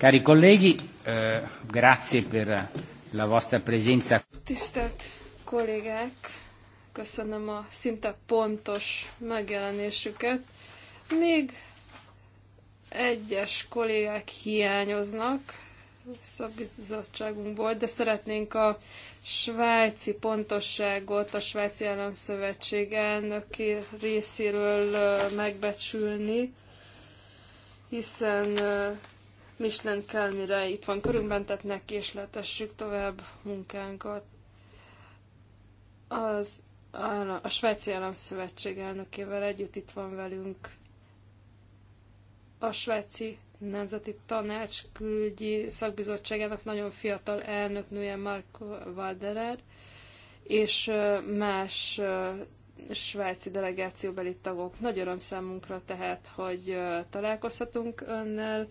Cari colleghi, eh, grazie per la vostra presenza. Tisztelt kollégák, köszönöm a szinte pontos megjelenésüket. Még egyes kollégák hiányoznak szabizottságunkból, de szeretnénk a svájci pontosságot a Svájci Államszövetség elnöki részéről megbecsülni, hiszen Michelin kell, mire itt van körünkben, tehát ne késletessük tovább munkánkat. Az a Svájci Államszövetség elnökével együtt itt van velünk a Svájci Nemzeti Tanács külügyi szakbizottságának nagyon fiatal elnöknője Marco Valderer, és más svájci delegációbeli tagok. Nagy öröm számunkra tehát, hogy találkozhatunk önnel,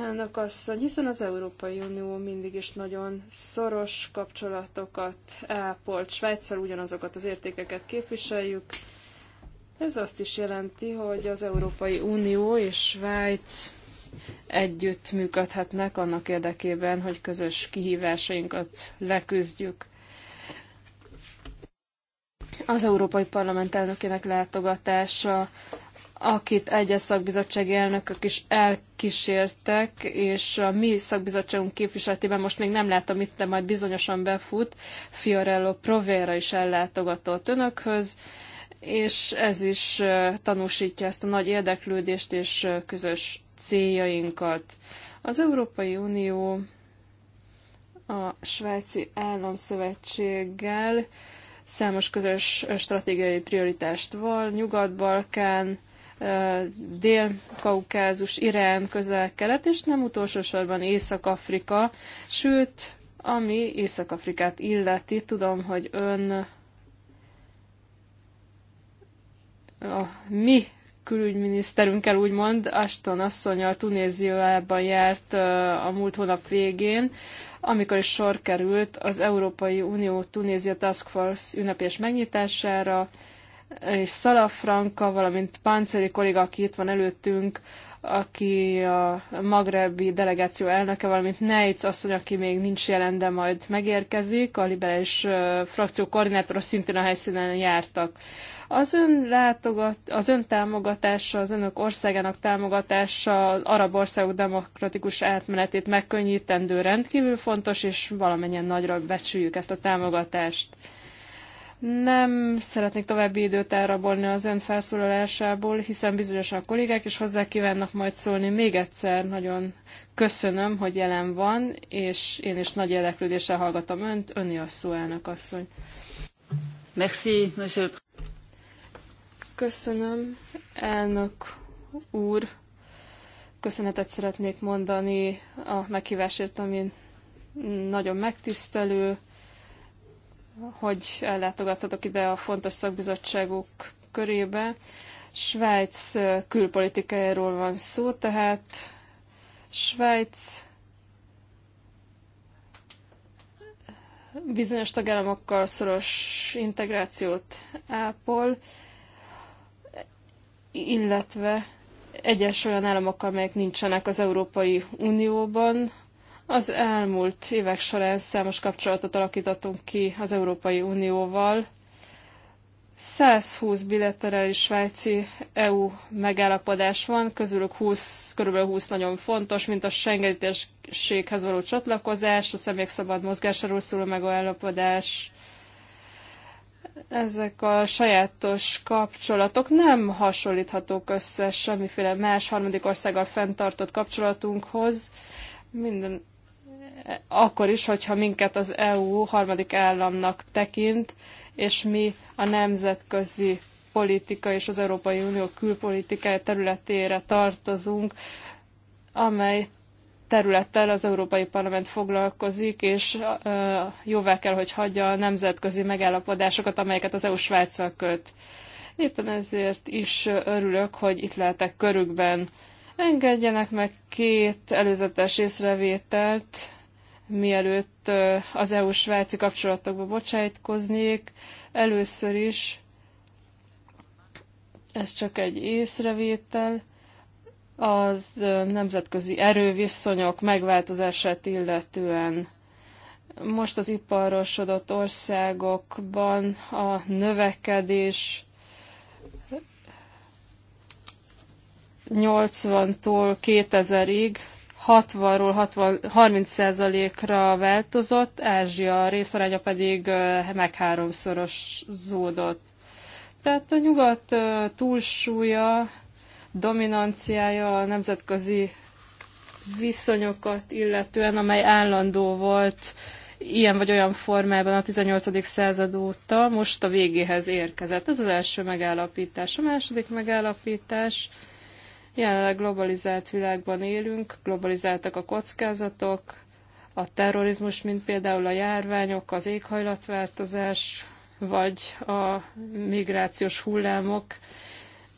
elnök asszony, hiszen az Európai Unió mindig is nagyon szoros kapcsolatokat ápolt Svájccal, ugyanazokat az értékeket képviseljük. Ez azt is jelenti, hogy az Európai Unió és Svájc együtt működhetnek annak érdekében, hogy közös kihívásainkat leküzdjük. Az Európai Parlament elnökének látogatása akit egyes szakbizottsági elnökök is elkísértek, és a mi szakbizottságunk képviseletében most még nem látom itt, de majd bizonyosan befut, Fiorello Provera is ellátogatott önökhöz, és ez is tanúsítja ezt a nagy érdeklődést és közös céljainkat. Az Európai Unió a Svájci Államszövetséggel számos közös stratégiai prioritást van, Nyugat-Balkán, Dél-Kaukázus, Irán, Közel-Kelet, és nem utolsó sorban Észak-Afrika, sőt, ami Észak-Afrikát illeti, tudom, hogy ön a mi külügyminiszterünkkel, úgymond, Aston asszonyal Tunéziában járt a múlt hónap végén, amikor is sor került az Európai Unió Tunézia Task Force ünnepés megnyitására, és Szalafranka, valamint Páncéli kolléga, aki itt van előttünk, aki a magrebi delegáció elnöke, valamint Neitz asszony, aki még nincs jelen, de majd megérkezik, a liberális frakció koordinátora szintén a helyszínen jártak. Az ön, látogat, az ön támogatása, az önök országának támogatása az arab országok demokratikus átmenetét megkönnyítendő rendkívül fontos, és valamennyien nagyra becsüljük ezt a támogatást. Nem szeretnék további időt elrabolni az ön felszólalásából, hiszen bizonyos a kollégák is hozzá kívánnak majd szólni. Még egyszer nagyon köszönöm, hogy jelen van, és én is nagy érdeklődéssel hallgatom önt. Önni a szó, elnök asszony. Merci, monsieur. Köszönöm, elnök úr. Köszönetet szeretnék mondani a meghívásért, ami nagyon megtisztelő hogy ellátogathatok ide a fontos szakbizottságok körébe. Svájc külpolitikájáról van szó, tehát Svájc bizonyos tagállamokkal szoros integrációt ápol, illetve egyes olyan államok, amelyek nincsenek az Európai Unióban, az elmúlt évek során számos kapcsolatot alakítottunk ki az Európai Unióval. 120 bilaterális svájci EU megállapodás van, közülük 20, kb. 20 nagyon fontos, mint a Schengeni térséghez való csatlakozás, a személyek szabad mozgásáról szóló megállapodás, ezek a sajátos kapcsolatok nem hasonlíthatók össze semmiféle más harmadik országgal fenntartott kapcsolatunkhoz. Minden akkor is, hogyha minket az EU harmadik államnak tekint, és mi a nemzetközi politika és az Európai Unió külpolitikai területére tartozunk, amely területtel az Európai Parlament foglalkozik, és jóvá kell, hogy hagyja a nemzetközi megállapodásokat, amelyeket az EU Svájccal köt. Éppen ezért is örülök, hogy itt lehetek körükben. Engedjenek meg két előzetes észrevételt mielőtt az EU-svájci kapcsolatokba bocsájtkoznék. Először is, ez csak egy észrevétel, az nemzetközi erőviszonyok megváltozását illetően most az iparosodott országokban a növekedés 80-tól 2000-ig 60-ról 30%-ra változott, Ázsia részaránya pedig meg háromszoros zódott. Tehát a nyugat túlsúlya, dominanciája a nemzetközi viszonyokat illetően, amely állandó volt ilyen vagy olyan formában a 18. század óta, most a végéhez érkezett. Ez az első megállapítás. A második megállapítás, Jelenleg globalizált világban élünk, globalizáltak a kockázatok, a terrorizmus, mint például a járványok, az éghajlatváltozás, vagy a migrációs hullámok,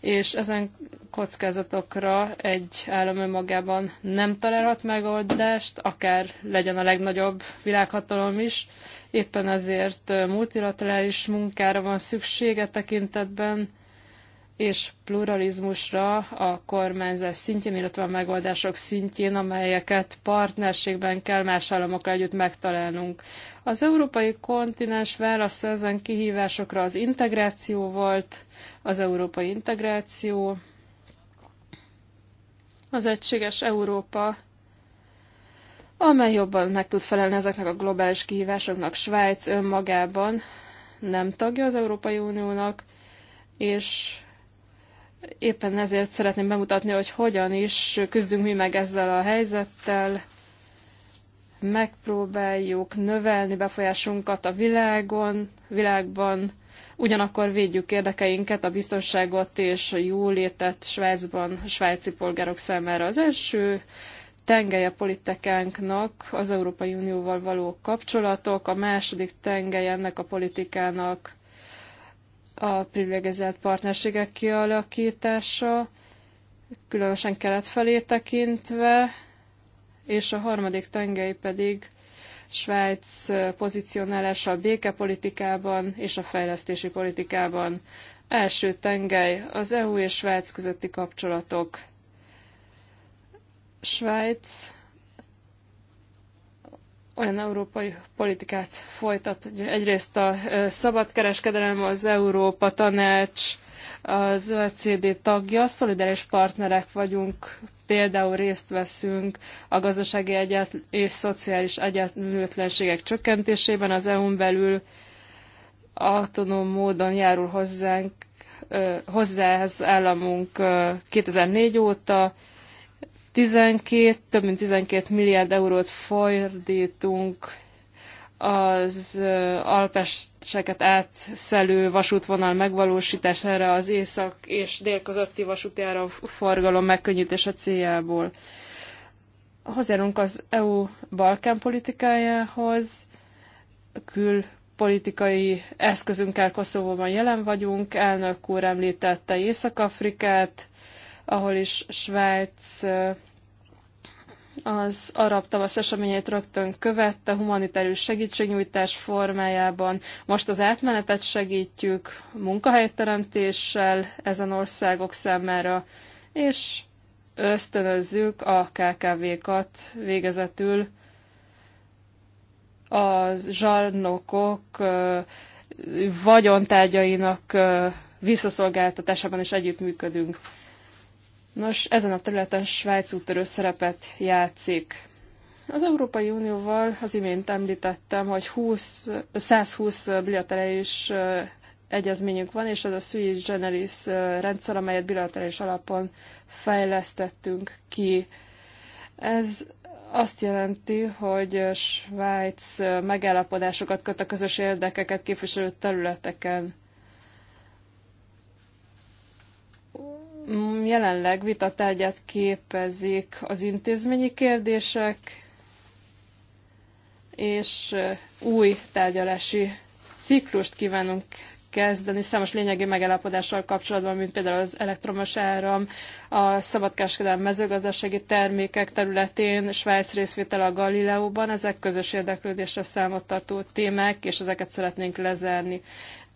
és ezen kockázatokra egy állam önmagában nem találhat megoldást, akár legyen a legnagyobb világhatalom is. Éppen ezért multilaterális munkára van szüksége tekintetben, és pluralizmusra a kormányzás szintjén, illetve a megoldások szintjén, amelyeket partnerségben kell más államokkal együtt megtalálnunk. Az európai kontinens válasz ezen kihívásokra az integráció volt, az európai integráció, az egységes Európa, amely jobban meg tud felelni ezeknek a globális kihívásoknak. Svájc önmagában nem tagja az Európai Uniónak, és Éppen ezért szeretném bemutatni, hogy hogyan is küzdünk mi meg ezzel a helyzettel. Megpróbáljuk növelni befolyásunkat a világon, világban, ugyanakkor védjük érdekeinket, a biztonságot és a jólétet Svájcban, a svájci polgárok számára. Az első tengelye politikánknak az Európai Unióval való kapcsolatok, a második tengelye ennek a politikának a privilegizált partnerségek kialakítása, különösen kelet felé tekintve, és a harmadik tengely pedig Svájc pozícionálása a békepolitikában és a fejlesztési politikában. Első tengely az EU és Svájc közötti kapcsolatok. Svájc olyan európai politikát folytat, hogy egyrészt a szabadkereskedelem, az Európa Tanács, az OECD tagja, szolidáris partnerek vagyunk, például részt veszünk a gazdasági egyet és szociális egyenlőtlenségek csökkentésében az EU-n belül autonóm módon járul hozzánk, hozzá az államunk 2004 óta, 12, több mint 12 milliárd eurót fordítunk az alpeseket átszelő vasútvonal megvalósítására az észak és dél közötti vasúti forgalom megkönnyítése céljából. Hozzájárunk az EU Balkán politikájához, külpolitikai eszközünkkel Koszovóban jelen vagyunk, elnök úr említette Észak-Afrikát, ahol is Svájc az arab tavasz eseményeit rögtön követte humanitárius segítségnyújtás formájában. Most az átmenetet segítjük munkahelyteremtéssel ezen országok számára, és ösztönözzük a KKV-kat végezetül a zsarnokok vagyontárgyainak visszaszolgáltatásában is együttműködünk. Nos, ezen a területen Svájc úttörő szerepet játszik. Az Európai Unióval az imént említettem, hogy 20, 120 bilaterális egyezményünk van, és ez a sui generis rendszer, amelyet bilaterális alapon fejlesztettünk ki. Ez azt jelenti, hogy Svájc megállapodásokat köt a közös érdekeket képviselő területeken. Jelenleg vitatárgyát képezik az intézményi kérdések és új tárgyalási ciklust kívánunk kezdeni számos lényegi megállapodással kapcsolatban, mint például az elektromos áram, a szabadkereskedelmi mezőgazdasági termékek területén, Svájc részvétel a Galileóban, ezek közös érdeklődésre számot tartó témák, és ezeket szeretnénk lezárni.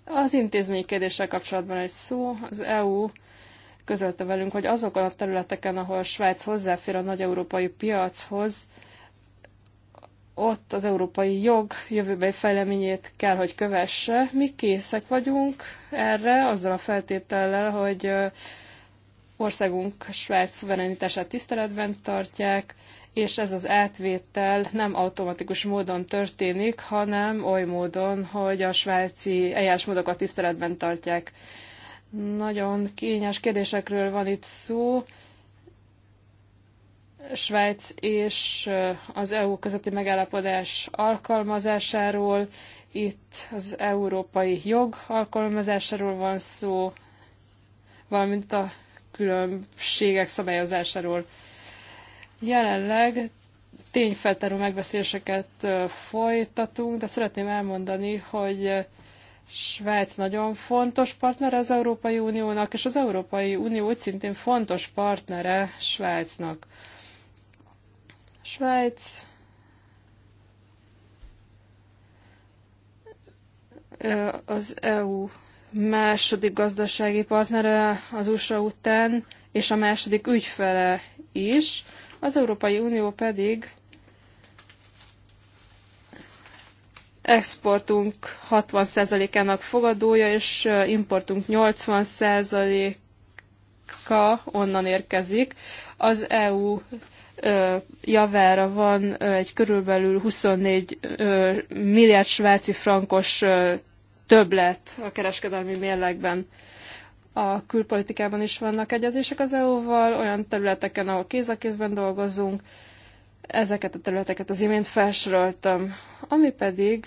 Az intézményi kérdéssel kapcsolatban egy szó, az EU közölte velünk, hogy azokon a területeken, ahol a Svájc hozzáfér a nagy európai piachoz, ott az európai jog jövőbeli fejleményét kell, hogy kövesse. Mi készek vagyunk erre, azzal a feltétellel, hogy országunk Svájc szuverenitását tiszteletben tartják, és ez az átvétel nem automatikus módon történik, hanem oly módon, hogy a svájci eljárásmódokat tiszteletben tartják. Nagyon kényes kérdésekről van itt szó. Svájc és az EU közötti megállapodás alkalmazásáról, itt az európai jog alkalmazásáról van szó, valamint a különbségek szabályozásáról. Jelenleg tényfeltáró megbeszéléseket folytatunk, de szeretném elmondani, hogy Svájc nagyon fontos partner az Európai Uniónak, és az Európai Unió úgy szintén fontos partnere Svájcnak. Svájc az EU második gazdasági partnere az USA után, és a második ügyfele is, az Európai Unió pedig exportunk 60%-ának fogadója, és importunk 80%-a onnan érkezik. Az EU javára van egy körülbelül 24 milliárd svájci frankos többlet a kereskedelmi mérlegben. A külpolitikában is vannak egyezések az EU-val, olyan területeken, ahol kéz a kézben dolgozunk, Ezeket a területeket az imént felsoroltam. Ami pedig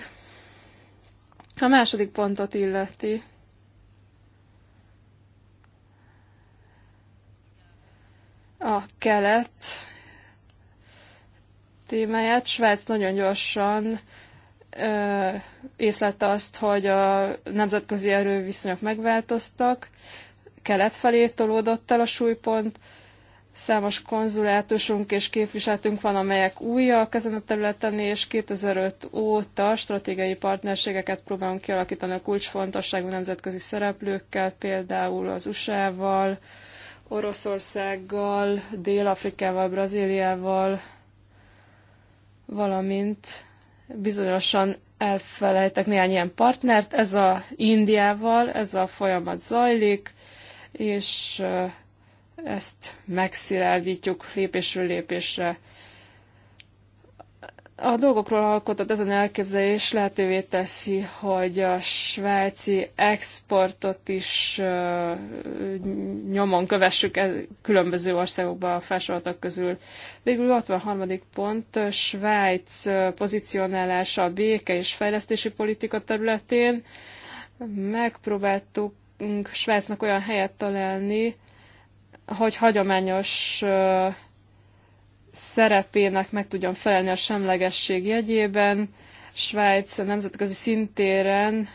a második pontot illeti, a kelet témáját. Svájc nagyon gyorsan ö, észlette azt, hogy a nemzetközi erőviszonyok megváltoztak, kelet felé tolódott el a súlypont, Számos konzulátusunk és képviseletünk van, amelyek újak ezen a területen, és 2005 óta stratégiai partnerségeket próbálunk kialakítani a kulcsfontosságú nemzetközi szereplőkkel, például az USA-val, Oroszországgal, Dél-Afrikával, Brazíliával, valamint bizonyosan elfelejtek néhány ilyen partnert. Ez a Indiával, ez a folyamat zajlik, és ezt megszilárdítjuk lépésről lépésre. A dolgokról alkotott ezen elképzelés lehetővé teszi, hogy a svájci exportot is nyomon kövessük e- különböző országokba a felsoroltak közül. Végül 63. pont, Svájc pozicionálása a béke és fejlesztési politika területén. Megpróbáltuk Svájcnak olyan helyet találni, hogy hagyományos szerepének meg tudjon felelni a semlegesség jegyében. Svájc a nemzetközi szintéren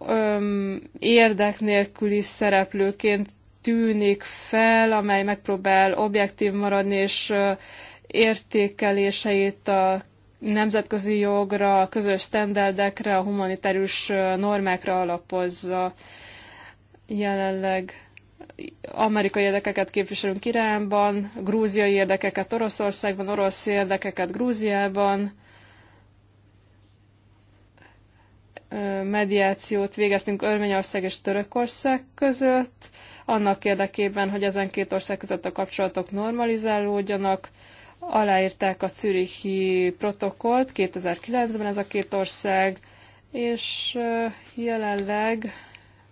öm, érdek nélküli szereplőként tűnik fel, amely megpróbál objektív maradni, és ö, értékeléseit a nemzetközi jogra, a közös standardekre, a humanitárius normákra alapozza jelenleg amerikai érdekeket képviselünk Iránban, grúziai érdekeket Oroszországban, orosz érdekeket Grúziában, mediációt végeztünk Örményország és Törökország között, annak érdekében, hogy ezen két ország között a kapcsolatok normalizálódjanak. Aláírták a Zürichi protokollt 2009-ben ez a két ország, és jelenleg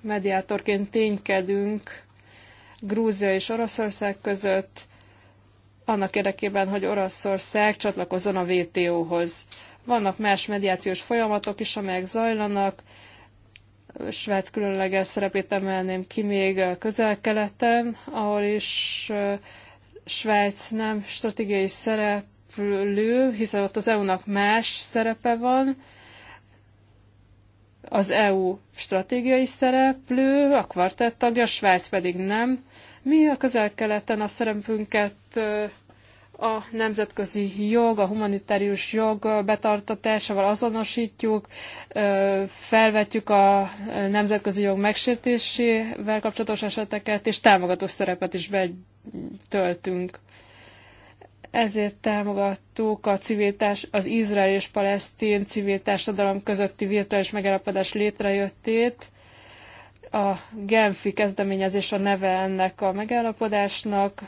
mediátorként ténykedünk Grúzia és Oroszország között, annak érdekében, hogy Oroszország csatlakozzon a WTO-hoz. Vannak más mediációs folyamatok is, amelyek zajlanak. Svájc különleges szerepét emelném ki még közel-keleten, ahol is Svájc nem stratégiai szereplő, hiszen ott az EU-nak más szerepe van, az EU stratégiai szereplő, a kvartett tagja, Svájc pedig nem. Mi a közel-keleten a szerepünket a nemzetközi jog, a humanitárius jog betartatásával azonosítjuk, felvetjük a nemzetközi jog megsértésével kapcsolatos eseteket, és támogató szerepet is betöltünk ezért támogattuk a civil az izrael és palesztin civil társadalom közötti virtuális megállapodás létrejöttét. A Genfi kezdeményezés a neve ennek a megállapodásnak.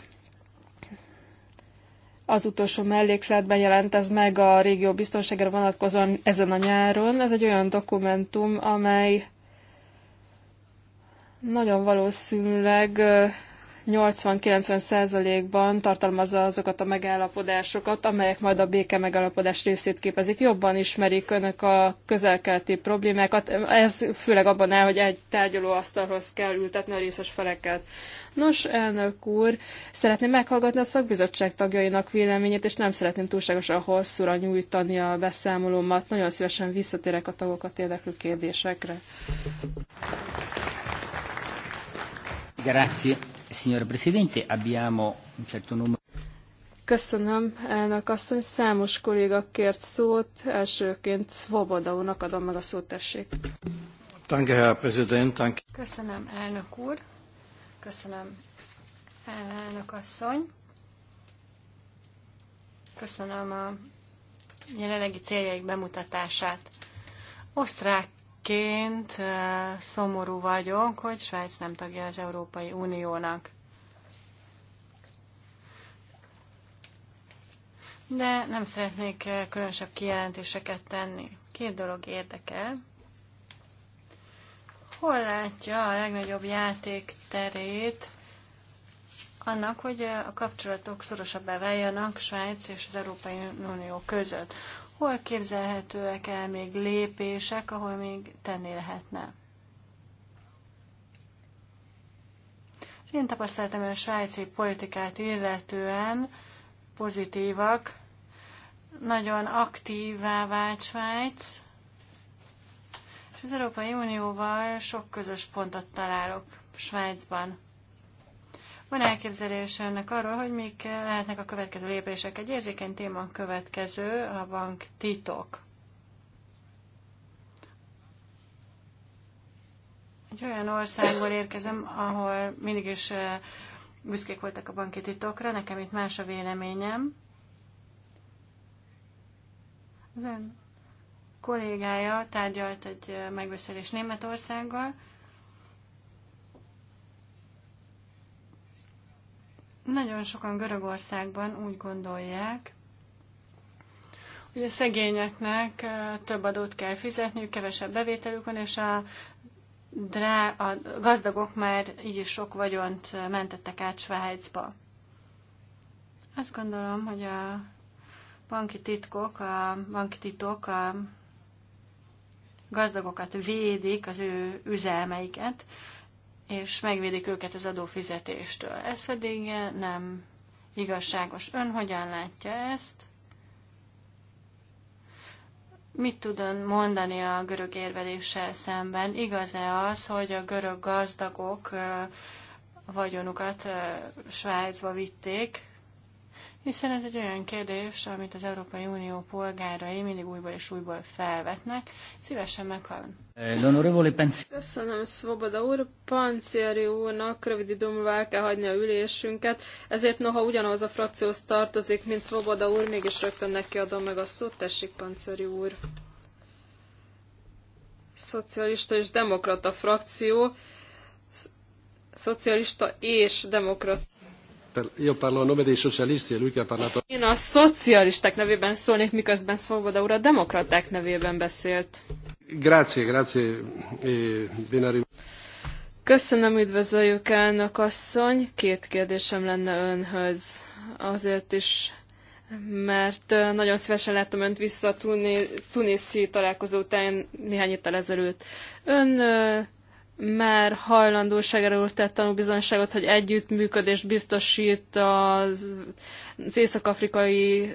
Az utolsó mellékletben jelent ez meg a régió biztonságára vonatkozóan ezen a nyáron. Ez egy olyan dokumentum, amely nagyon valószínűleg 80-90 százalékban tartalmazza azokat a megállapodásokat, amelyek majd a béke megállapodás részét képezik. Jobban ismerik önök a közelkelti problémákat. Ez főleg abban áll, hogy egy tárgyalóasztalhoz kell ültetni a részes feleket. Nos, elnök úr, szeretném meghallgatni a szakbizottság tagjainak véleményét, és nem szeretném túlságosan hosszúra nyújtani a beszámolómat. Nagyon szívesen visszatérek a tagokat érdeklő kérdésekre. Grazie. Presidente, abbiamo un certo numero... Köszönöm, elnök asszony. Számos kolléga kért szót. Elsőként Svoboda úrnak adom meg a szót, tessék. Danke, Herr Präsident. Danke. Köszönöm, elnök úr. Köszönöm, elnök asszony. Köszönöm a jelenlegi céljaik bemutatását. Osztrák Ként szomorú vagyok, hogy Svájc nem tagja az Európai Uniónak. De nem szeretnék különösebb kijelentéseket tenni. Két dolog érdekel. Hol látja a legnagyobb játékterét annak, hogy a kapcsolatok szorosabbá váljanak Svájc és az Európai Unió között? Hol képzelhetőek el még lépések, ahol még tenni lehetne? én tapasztaltam, hogy a svájci politikát illetően pozitívak, nagyon aktívvá vált Svájc, és az Európai Unióval sok közös pontot találok Svájcban. Van elképzelés önnek arról, hogy mik lehetnek a következő lépések. Egy érzékeny téma a következő, a bank titok. Egy olyan országból érkezem, ahol mindig is eh, büszkék voltak a banki titokra, nekem itt más a véleményem. Az ön kollégája tárgyalt egy eh, megbeszélés Németországgal, Nagyon sokan Görögországban úgy gondolják, hogy a szegényeknek több adót kell fizetniük, kevesebb bevételük van, és a, drá, a gazdagok már így is sok vagyont mentettek át Svájcba. Azt gondolom, hogy a banki titkok, a banki titok a gazdagokat védik, az ő üzelmeiket, és megvédik őket az adófizetéstől. Ez pedig nem igazságos. Ön hogyan látja ezt? Mit tud ön mondani a görög érveléssel szemben? Igaz-e az, hogy a görög gazdagok vagyonukat Svájcba vitték, hiszen ez egy olyan kérdés, amit az Európai Unió polgárai mindig újból és újból felvetnek. Szívesen meghallom. Köszönöm Svoboda úr. Pancieri úrnak rövid idő múlva el kell hagyni a ülésünket, ezért noha ugyanaz a frakcióhoz tartozik, mint Svoboda úr, mégis rögtön neki adom meg a szót. Tessék, Pancieri úr. Szocialista és demokrata frakció. Szocialista és demokrata. Io parlo a nome dei socialisti, lui che ha parlato. Én a szocialisták nevében szólnék, miközben Svoboda úr a demokraták nevében beszélt. Grazie, grazie. E, Köszönöm, üdvözöljük elnök asszony. Két kérdésem lenne önhöz. Azért is mert nagyon szívesen láttam önt vissza a tuniszi találkozó után néhány héttel ezelőtt. Ön már hajlandóságára úr tett tanúbizonyságot, hogy együttműködést biztosít az, az észak-afrikai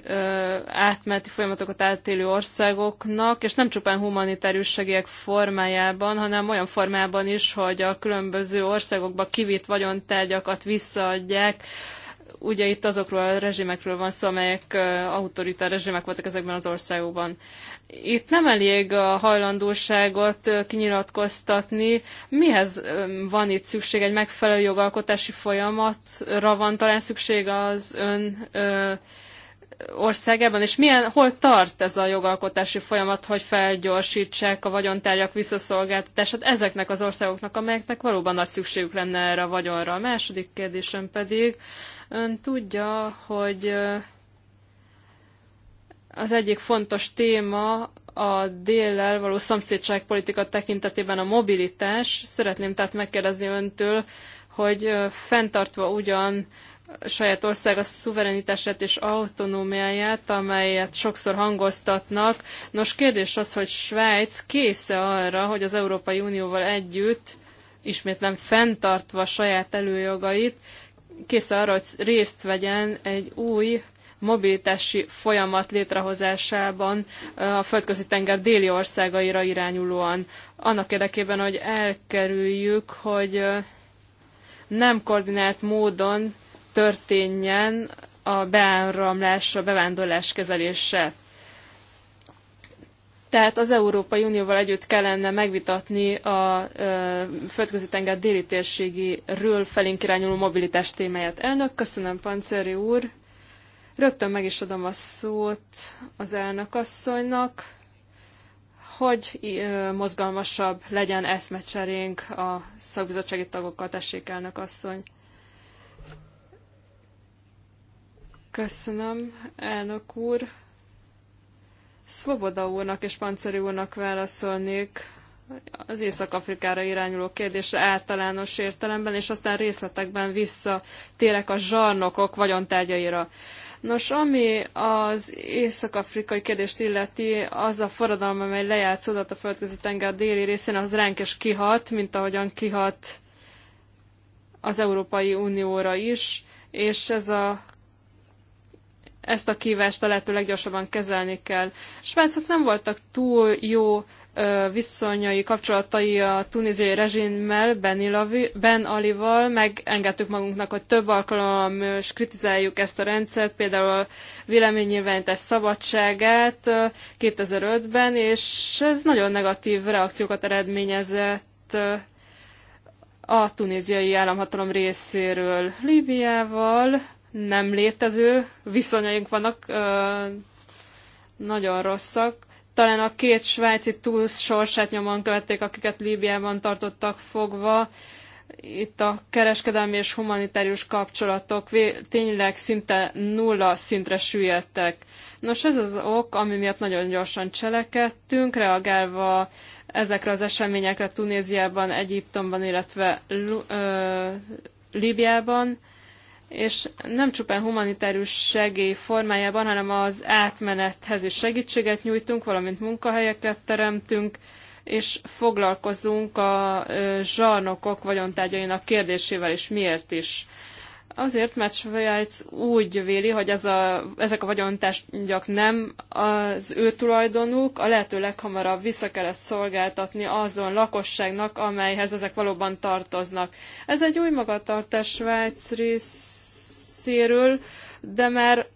átmeneti folyamatokat átélő országoknak, és nem csupán humanitárius segélyek formájában, hanem olyan formában is, hogy a különböző országokba kivitt vagyontárgyakat visszaadják, ugye itt azokról a rezsimekről van szó, amelyek autoritár rezsimek voltak ezekben az országokban itt nem elég a hajlandóságot kinyilatkoztatni. Mihez van itt szükség? Egy megfelelő jogalkotási folyamatra van talán szükség az ön ö, országában, és milyen, hol tart ez a jogalkotási folyamat, hogy felgyorsítsák a vagyontárgyak visszaszolgáltatását ezeknek az országoknak, amelyeknek valóban nagy szükségük lenne erre a vagyonra. A második kérdésem pedig, ön tudja, hogy az egyik fontos téma a déllel való szomszédságpolitika tekintetében a mobilitás. Szeretném tehát megkérdezni öntől, hogy fenntartva ugyan saját országa szuverenitását és autonómiáját, amelyet sokszor hangoztatnak. Nos, kérdés az, hogy Svájc késze arra, hogy az Európai Unióval együtt, ismétlen fenntartva saját előjogait, késze arra, hogy részt vegyen egy új mobilitási folyamat létrehozásában a földközi tenger déli országaira irányulóan. Annak érdekében, hogy elkerüljük, hogy nem koordinált módon történjen a beáramlás, a bevándorlás kezelése. Tehát az Európai Unióval együtt kellene megvitatni a földközi tenger déli térségi ről felénk irányuló mobilitás témáját. Elnök, köszönöm, Panceri úr. Rögtön meg is adom a szót az asszonynak, hogy mozgalmasabb legyen eszmecserénk a szakbizottsági tagokkal, tessék asszony. Köszönöm, elnök úr. Svoboda úrnak és Panceri úrnak válaszolnék az Észak-Afrikára irányuló kérdésre általános értelemben, és aztán részletekben visszatérek a zsarnokok vagyontárgyaira. Nos, ami az észak-afrikai kérdést illeti, az a forradalom, amely lejátszódott a földközi tenger déli részén, az ránk is kihat, mint ahogyan kihat az Európai Unióra is, és ez a ezt a kívást a lehető leggyorsabban kezelni kell. Svájcok nem voltak túl jó viszonyai, kapcsolatai a tunéziai rezsimmel, ben, Ilavi, ben Alival, megengedtük magunknak, hogy több alkalommal is kritizáljuk ezt a rendszert, például a véleménynyilvánítás szabadságát 2005-ben, és ez nagyon negatív reakciókat eredményezett a tunéziai államhatalom részéről Líbiával, nem létező viszonyaink vannak, nagyon rosszak, talán a két svájci túlsz sorsát nyomon követték, akiket Líbiában tartottak fogva. Itt a kereskedelmi és humanitárius kapcsolatok tényleg szinte nulla szintre süllyedtek. Nos, ez az ok, ami miatt nagyon gyorsan cselekedtünk, reagálva ezekre az eseményekre Tunéziában, Egyiptomban, illetve Lu- Líbiában és nem csupán humanitárius segély formájában, hanem az átmenethez is segítséget nyújtunk, valamint munkahelyeket teremtünk, és foglalkozunk a zsarnokok vagyontárgyainak kérdésével is. Miért is? Azért, mert Svájc úgy véli, hogy ez a, ezek a vagyontárgyak nem az ő tulajdonuk, a lehető leghamarabb vissza kellett szolgáltatni azon lakosságnak, amelyhez ezek valóban tartoznak. Ez egy új magatartás Svájc rész részéről, de már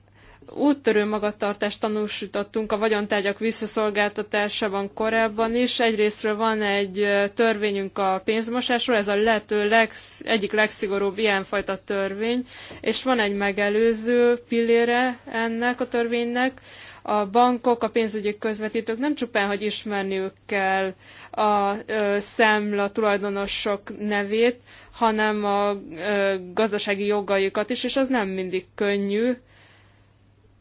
úttörő magatartást tanúsítottunk a vagyontárgyak visszaszolgáltatásában korábban is. Egyrésztről van egy törvényünk a pénzmosásról, ez a lehető legsz, egyik legszigorúbb ilyenfajta törvény, és van egy megelőző pillére ennek a törvénynek, a bankok, a pénzügyi közvetítők nem csupán, hogy ismerniük kell a szemla számla tulajdonosok nevét, hanem a gazdasági jogaikat is, és az nem mindig könnyű.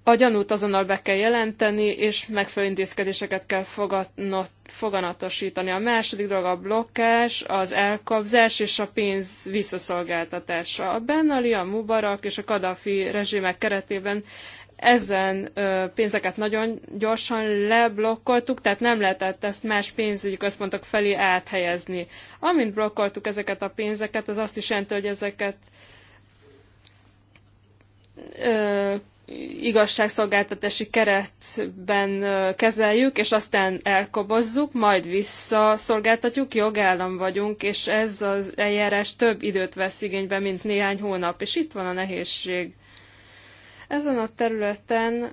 A gyanút azonnal be kell jelenteni, és megfelelő intézkedéseket kell fogadnot, foganatosítani. A második dolog a blokkás, az elkobzás és a pénz visszaszolgáltatása. A Bennali, a Mubarak és a Kadafi rezsimek keretében ezen pénzeket nagyon gyorsan leblokkoltuk, tehát nem lehetett ezt más pénzügyi központok felé áthelyezni. Amint blokkoltuk ezeket a pénzeket, az azt is jelenti, hogy ezeket ö, igazságszolgáltatási keretben kezeljük, és aztán elkobozzuk, majd visszaszolgáltatjuk, jogállam vagyunk, és ez az eljárás több időt vesz igénybe, mint néhány hónap, és itt van a nehézség ezen a területen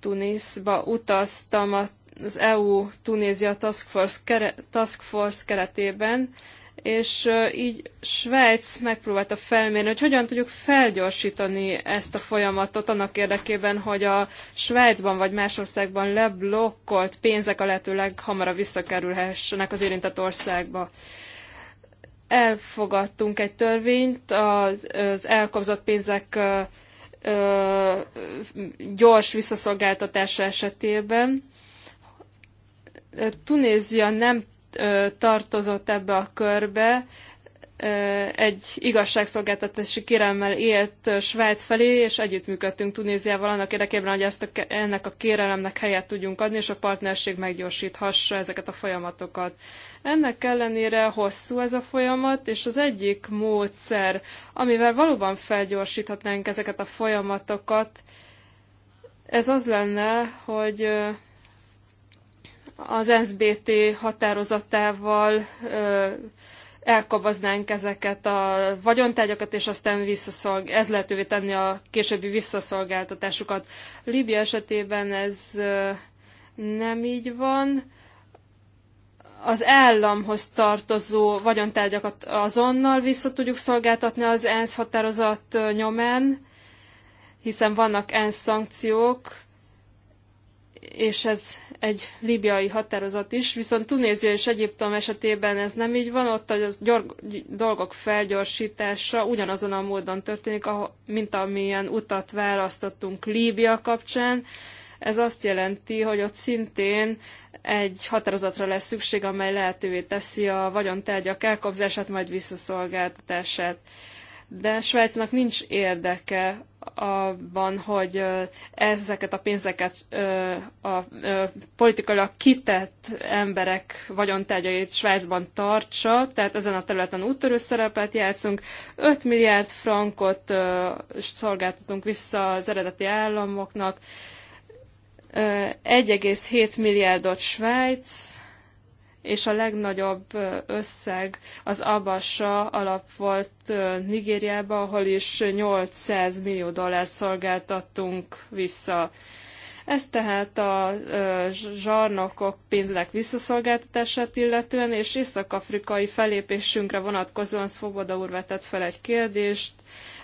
Tuniszba utaztam az EU-Tunézia Task Force, Task Force keretében, és így Svájc megpróbálta felmérni, hogy hogyan tudjuk felgyorsítani ezt a folyamatot annak érdekében, hogy a Svájcban vagy más országban leblokkolt pénzek a lehető leghamarabb visszakerülhessenek az érintett országba elfogadtunk egy törvényt az, az elkobzott pénzek ö, gyors visszaszolgáltatása esetében. Tunézia nem tartozott ebbe a körbe, egy igazságszolgáltatási kérelemmel élt Svájc felé, és együttműködtünk Tunéziával annak érdekében, hogy ezt a, ennek a kérelemnek helyet tudjunk adni, és a partnerség meggyorsíthassa ezeket a folyamatokat. Ennek ellenére hosszú ez a folyamat, és az egyik módszer, amivel valóban felgyorsíthatnánk ezeket a folyamatokat, ez az lenne, hogy az SBT határozatával elkoboznánk ezeket a vagyontárgyakat, és aztán visszaszolg, ez lehetővé tenni a későbbi visszaszolgáltatásukat. Líbia esetében ez nem így van. Az államhoz tartozó vagyontárgyakat azonnal vissza tudjuk szolgáltatni az ENSZ határozat nyomán, hiszen vannak ENSZ szankciók, és ez egy libiai határozat is, viszont Tunézia és Egyiptom esetében ez nem így van, ott a dolgok felgyorsítása ugyanazon a módon történik, mint amilyen utat választottunk Líbia kapcsán. Ez azt jelenti, hogy ott szintén egy határozatra lesz szükség, amely lehetővé teszi a vagyontárgyak elkobzását, majd visszaszolgáltatását. De Svájcnak nincs érdeke abban, hogy ezeket a pénzeket a politikailag kitett emberek vagyontárgyait Svájcban tartsa, tehát ezen a területen úttörő szerepet játszunk. 5 milliárd frankot szolgáltatunk vissza az eredeti államoknak, 1,7 milliárdot Svájc, és a legnagyobb összeg az Abassa alap volt Nigériába, ahol is 800 millió dollárt szolgáltattunk vissza. Ez tehát a zsarnokok pénznek visszaszolgáltatását illetően, és észak-afrikai felépésünkre vonatkozóan Szvoboda úr vetett fel egy kérdést.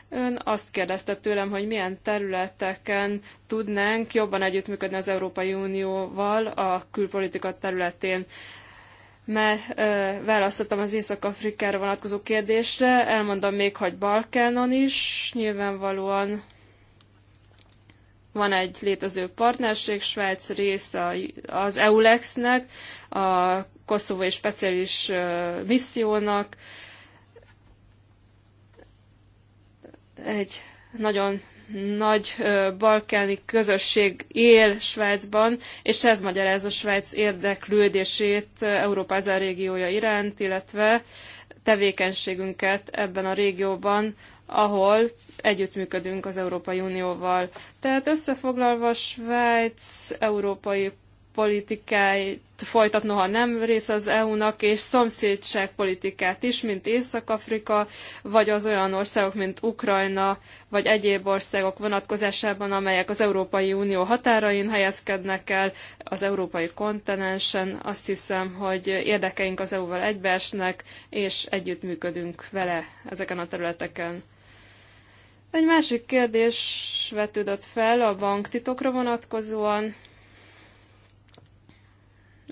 Ön azt kérdezte tőlem, hogy milyen területeken tudnánk jobban együttműködni az Európai Unióval a külpolitika területén már ö, választottam az Észak-Afrikára vonatkozó kérdésre, elmondom még, hogy Balkánon is, nyilvánvalóan van egy létező partnerség, Svájc része az EULEX-nek, a koszovói speciális ö, missziónak, egy nagyon nagy balkáni közösség él Svájcban, és ez magyarázza Svájc érdeklődését Európa ezen régiója iránt, illetve tevékenységünket ebben a régióban, ahol együttműködünk az Európai Unióval. Tehát összefoglalva Svájc európai politikáit folytat, noha nem rész az EU-nak, és szomszédságpolitikát is, mint Észak-Afrika, vagy az olyan országok, mint Ukrajna, vagy egyéb országok vonatkozásában, amelyek az Európai Unió határain helyezkednek el, az európai kontinensen. Azt hiszem, hogy érdekeink az EU-val egybeesnek, és együttműködünk vele ezeken a területeken. Egy másik kérdés vetődött fel a banktitokra vonatkozóan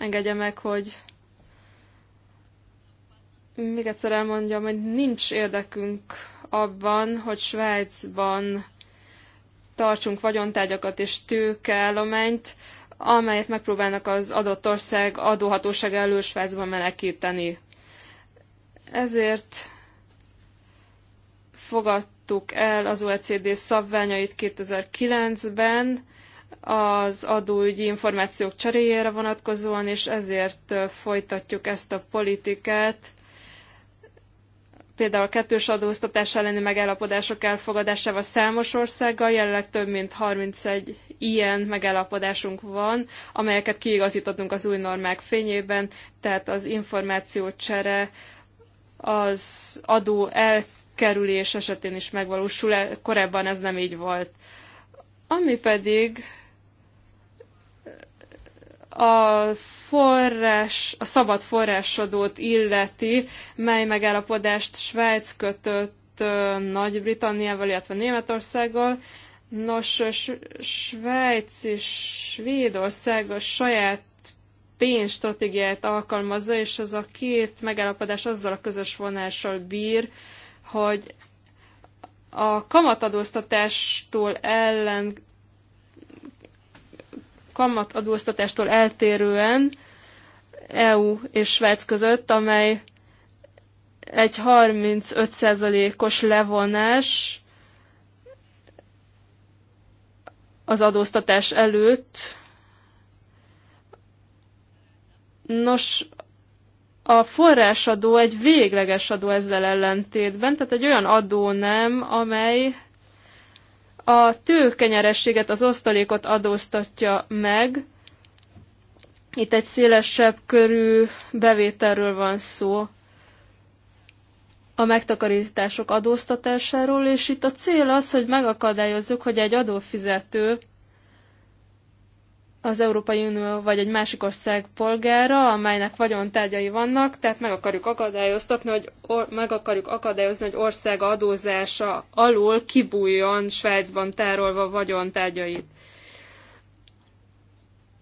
engedje meg, hogy még egyszer elmondjam, hogy nincs érdekünk abban, hogy Svájcban tartsunk vagyontárgyakat és tőkeállományt, amelyet megpróbálnak az adott ország adóhatóság elől Svájcban menekíteni. Ezért fogadtuk el az OECD szabványait 2009-ben, az adóügyi információk cseréjére vonatkozóan, és ezért folytatjuk ezt a politikát, például a kettős adóztatás elleni megállapodások elfogadásával számos országgal, jelenleg több mint 31 ilyen megállapodásunk van, amelyeket kiigazítottunk az új normák fényében, tehát az információcsere az adó elkerülés esetén is megvalósul, e, korábban ez nem így volt. Ami pedig a forrás, a szabad forrásadót illeti, mely megállapodást Svájc kötött Nagy-Britanniával, illetve Németországgal. Nos, Svájc és Svédország a saját pénzstratégiáját alkalmazza, és ez a két megállapodás azzal a közös vonással bír, hogy a kamatadóztatástól ellen kamatadóztatástól eltérően EU és Svájc között, amely egy 35%-os levonás az adóztatás előtt. Nos, a forrásadó egy végleges adó ezzel ellentétben, tehát egy olyan adó nem, amely a tőkenyerességet, az osztalékot adóztatja meg. Itt egy szélesebb körű bevételről van szó a megtakarítások adóztatásáról, és itt a cél az, hogy megakadályozzuk, hogy egy adófizető az Európai Unió vagy egy másik ország polgára, amelynek vagyontárgyai vannak, tehát meg akarjuk akadályoztatni, hogy or- meg akarjuk akadályozni, hogy ország adózása alul kibújjon Svájcban tárolva vagyontárgyait.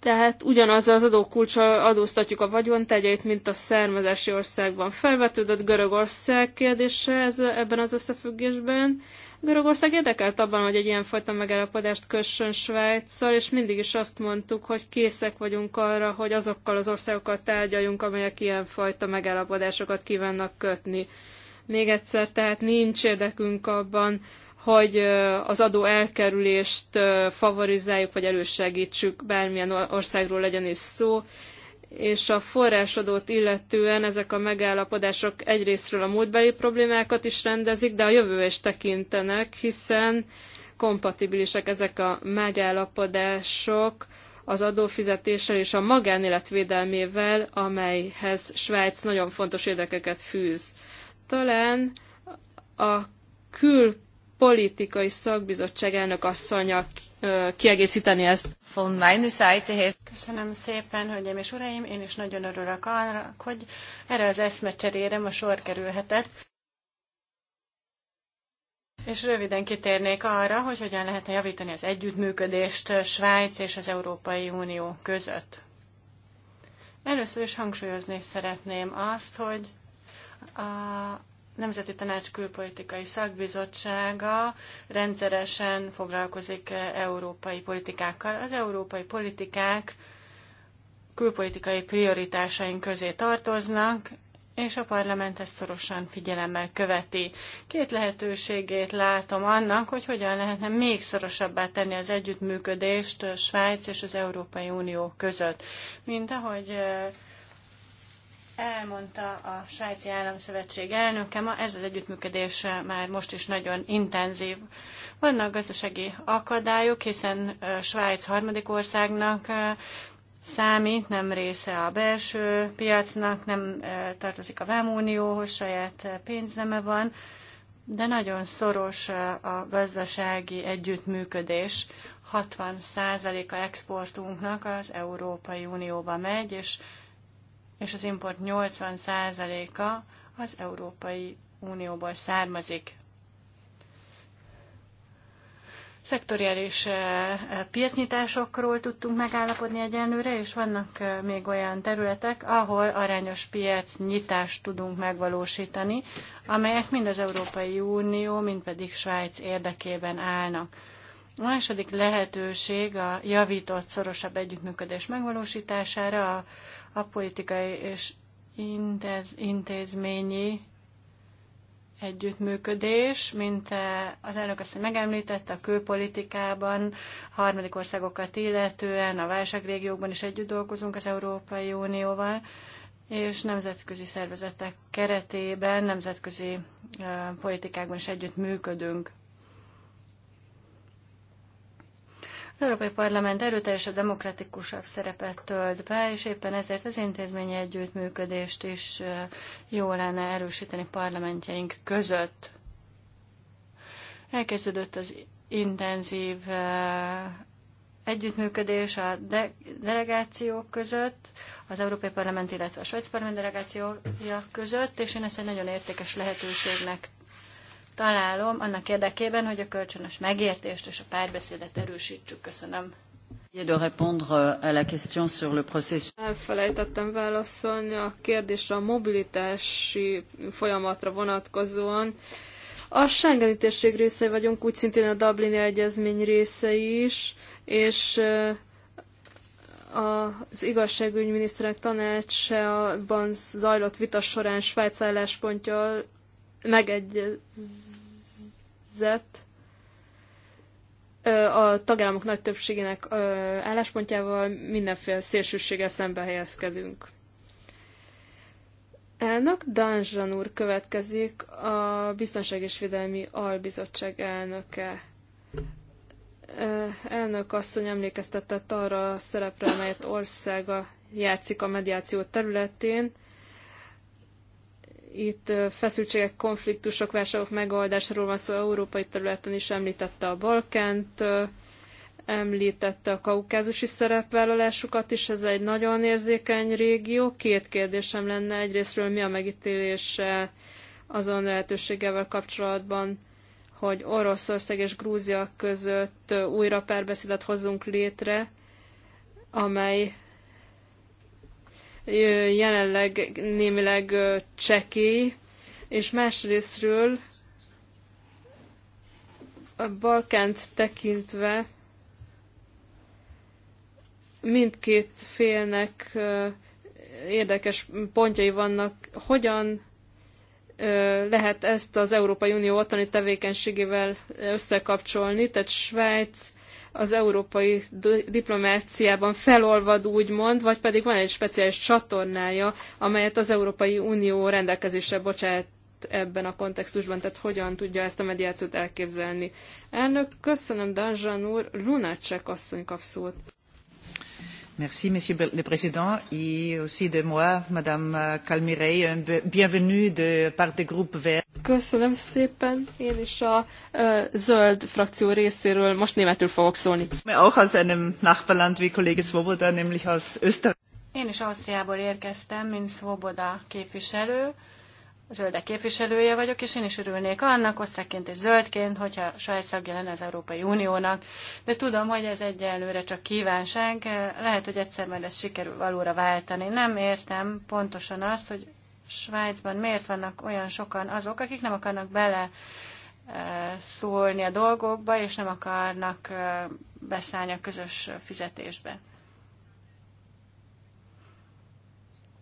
Tehát ugyanaz az adókulcsa adóztatjuk a vagyontegyeit, mint a származási országban. Felvetődött Görögország kérdése ez, ebben az összefüggésben. Görögország érdekelt abban, hogy egy ilyenfajta megállapodást kössön Svájccal, és mindig is azt mondtuk, hogy készek vagyunk arra, hogy azokkal az országokkal tárgyaljunk, amelyek ilyenfajta megállapodásokat kívánnak kötni. Még egyszer, tehát nincs érdekünk abban, hogy az adó elkerülést favorizáljuk, vagy elősegítsük, bármilyen országról legyen is szó, és a forrásadót illetően ezek a megállapodások egyrésztről a múltbeli problémákat is rendezik, de a jövő is tekintenek, hiszen kompatibilisek ezek a megállapodások az adófizetéssel és a magánélet védelmével, amelyhez Svájc nagyon fontos érdekeket fűz. Talán a kül politikai szakbizottság elnök asszonya kiegészíteni ezt. Von meiner Seite Köszönöm szépen, hölgyeim és uraim, én is nagyon örülök arra, hogy erre az eszmecserére ma sor kerülhetett. És röviden kitérnék arra, hogy hogyan lehetne javítani az együttműködést Svájc és az Európai Unió között. Először is hangsúlyozni szeretném azt, hogy a Nemzeti Tanács Külpolitikai Szakbizottsága rendszeresen foglalkozik eh, európai politikákkal. Az európai politikák külpolitikai prioritásaink közé tartoznak, és a parlament ezt szorosan figyelemmel követi. Két lehetőségét látom annak, hogy hogyan lehetne még szorosabbá tenni az együttműködést Svájc és az Európai Unió között. Mint ahogy eh, elmondta a Svájci Államszövetség elnöke, ma ez az együttműködés már most is nagyon intenzív. Vannak gazdasági akadályok, hiszen Svájc harmadik országnak számít, nem része a belső piacnak, nem tartozik a Vámunióhoz, saját pénzneme van, de nagyon szoros a gazdasági együttműködés. 60%-a exportunknak az Európai Unióba megy, és és az import 80%-a az Európai Unióból származik. Szektoriális eh, eh, piacnyitásokról tudtunk megállapodni egyenlőre, és vannak eh, még olyan területek, ahol arányos piacnyitást tudunk megvalósítani, amelyek mind az Európai Unió, mind pedig Svájc érdekében állnak. A második lehetőség a javított, szorosabb együttműködés megvalósítására a a politikai és intéz, intézményi együttműködés, mint eh, az elnök azt megemlítette, a külpolitikában, harmadik országokat illetően, a válságrégiókban is együtt dolgozunk az Európai Unióval, és nemzetközi szervezetek keretében, nemzetközi eh, politikákban is együtt működünk. Az Európai Parlament a demokratikusabb szerepet tölt be, és éppen ezért az intézményi együttműködést is jó lenne erősíteni parlamentjeink között. Elkezdődött az intenzív együttműködés a de- delegációk között, az Európai Parlament, illetve a Svájci Parlament delegációja között, és én ezt egy nagyon értékes lehetőségnek találom annak érdekében, hogy a kölcsönös megértést és a párbeszédet erősítsük. Köszönöm. Euh, Elfelejtettem válaszolni a kérdésre a mobilitási folyamatra vonatkozóan. A Schengeni térség része vagyunk, úgy szintén a Dublini Egyezmény része is, és euh, az igazságügyminiszterek tanácsában zajlott vita során Svájc álláspontja megegyez, egyezett a tagállamok nagy többségének álláspontjával mindenféle szélsőséggel szembe helyezkedünk. Elnök Danzsan úr következik, a Biztonság és Védelmi Albizottság elnöke. Elnök asszony emlékeztetett arra a szerepre, amelyet országa játszik a mediáció területén, itt feszültségek, konfliktusok, válságok megoldásáról van szó európai területen is, említette a Balkánt, említette a kaukázusi szerepvállalásukat is, ez egy nagyon érzékeny régió. Két kérdésem lenne egyrésztről, mi a megítélése azon lehetőségevel kapcsolatban, hogy Oroszország és Grúzia között újra párbeszédet hozzunk létre, amely jelenleg némileg csekély, és másrésztről a Balkánt tekintve mindkét félnek érdekes pontjai vannak. Hogyan lehet ezt az Európai Unió otthoni tevékenységével összekapcsolni, tehát Svájc az európai diplomáciában felolvad, úgymond, vagy pedig van egy speciális csatornája, amelyet az Európai Unió rendelkezésre bocsát ebben a kontextusban, tehát hogyan tudja ezt a mediációt elképzelni. Elnök, köszönöm, Danzsan úr, Lunacek asszony kap szót. Merci, Monsieur le Président, et aussi de moi, Madame bienvenue de part du groupe Vert. Köszönöm szépen, én is a uh, zöld frakció részéről most németül fogok szólni. Hm, auch aus einem Nachbarland wie Kollege Svoboda, nämlich aus Österreich. Én is Ausztriából érkeztem, mint Svoboda képviselő zöldek képviselője vagyok, és én is örülnék annak, osztrákként és zöldként, hogyha saját szagja lenne az Európai Uniónak, de tudom, hogy ez egyelőre csak kívánság, lehet, hogy egyszer majd ez sikerül valóra váltani. Nem értem pontosan azt, hogy Svájcban miért vannak olyan sokan azok, akik nem akarnak bele eh, szólni a dolgokba, és nem akarnak eh, beszállni a közös fizetésbe.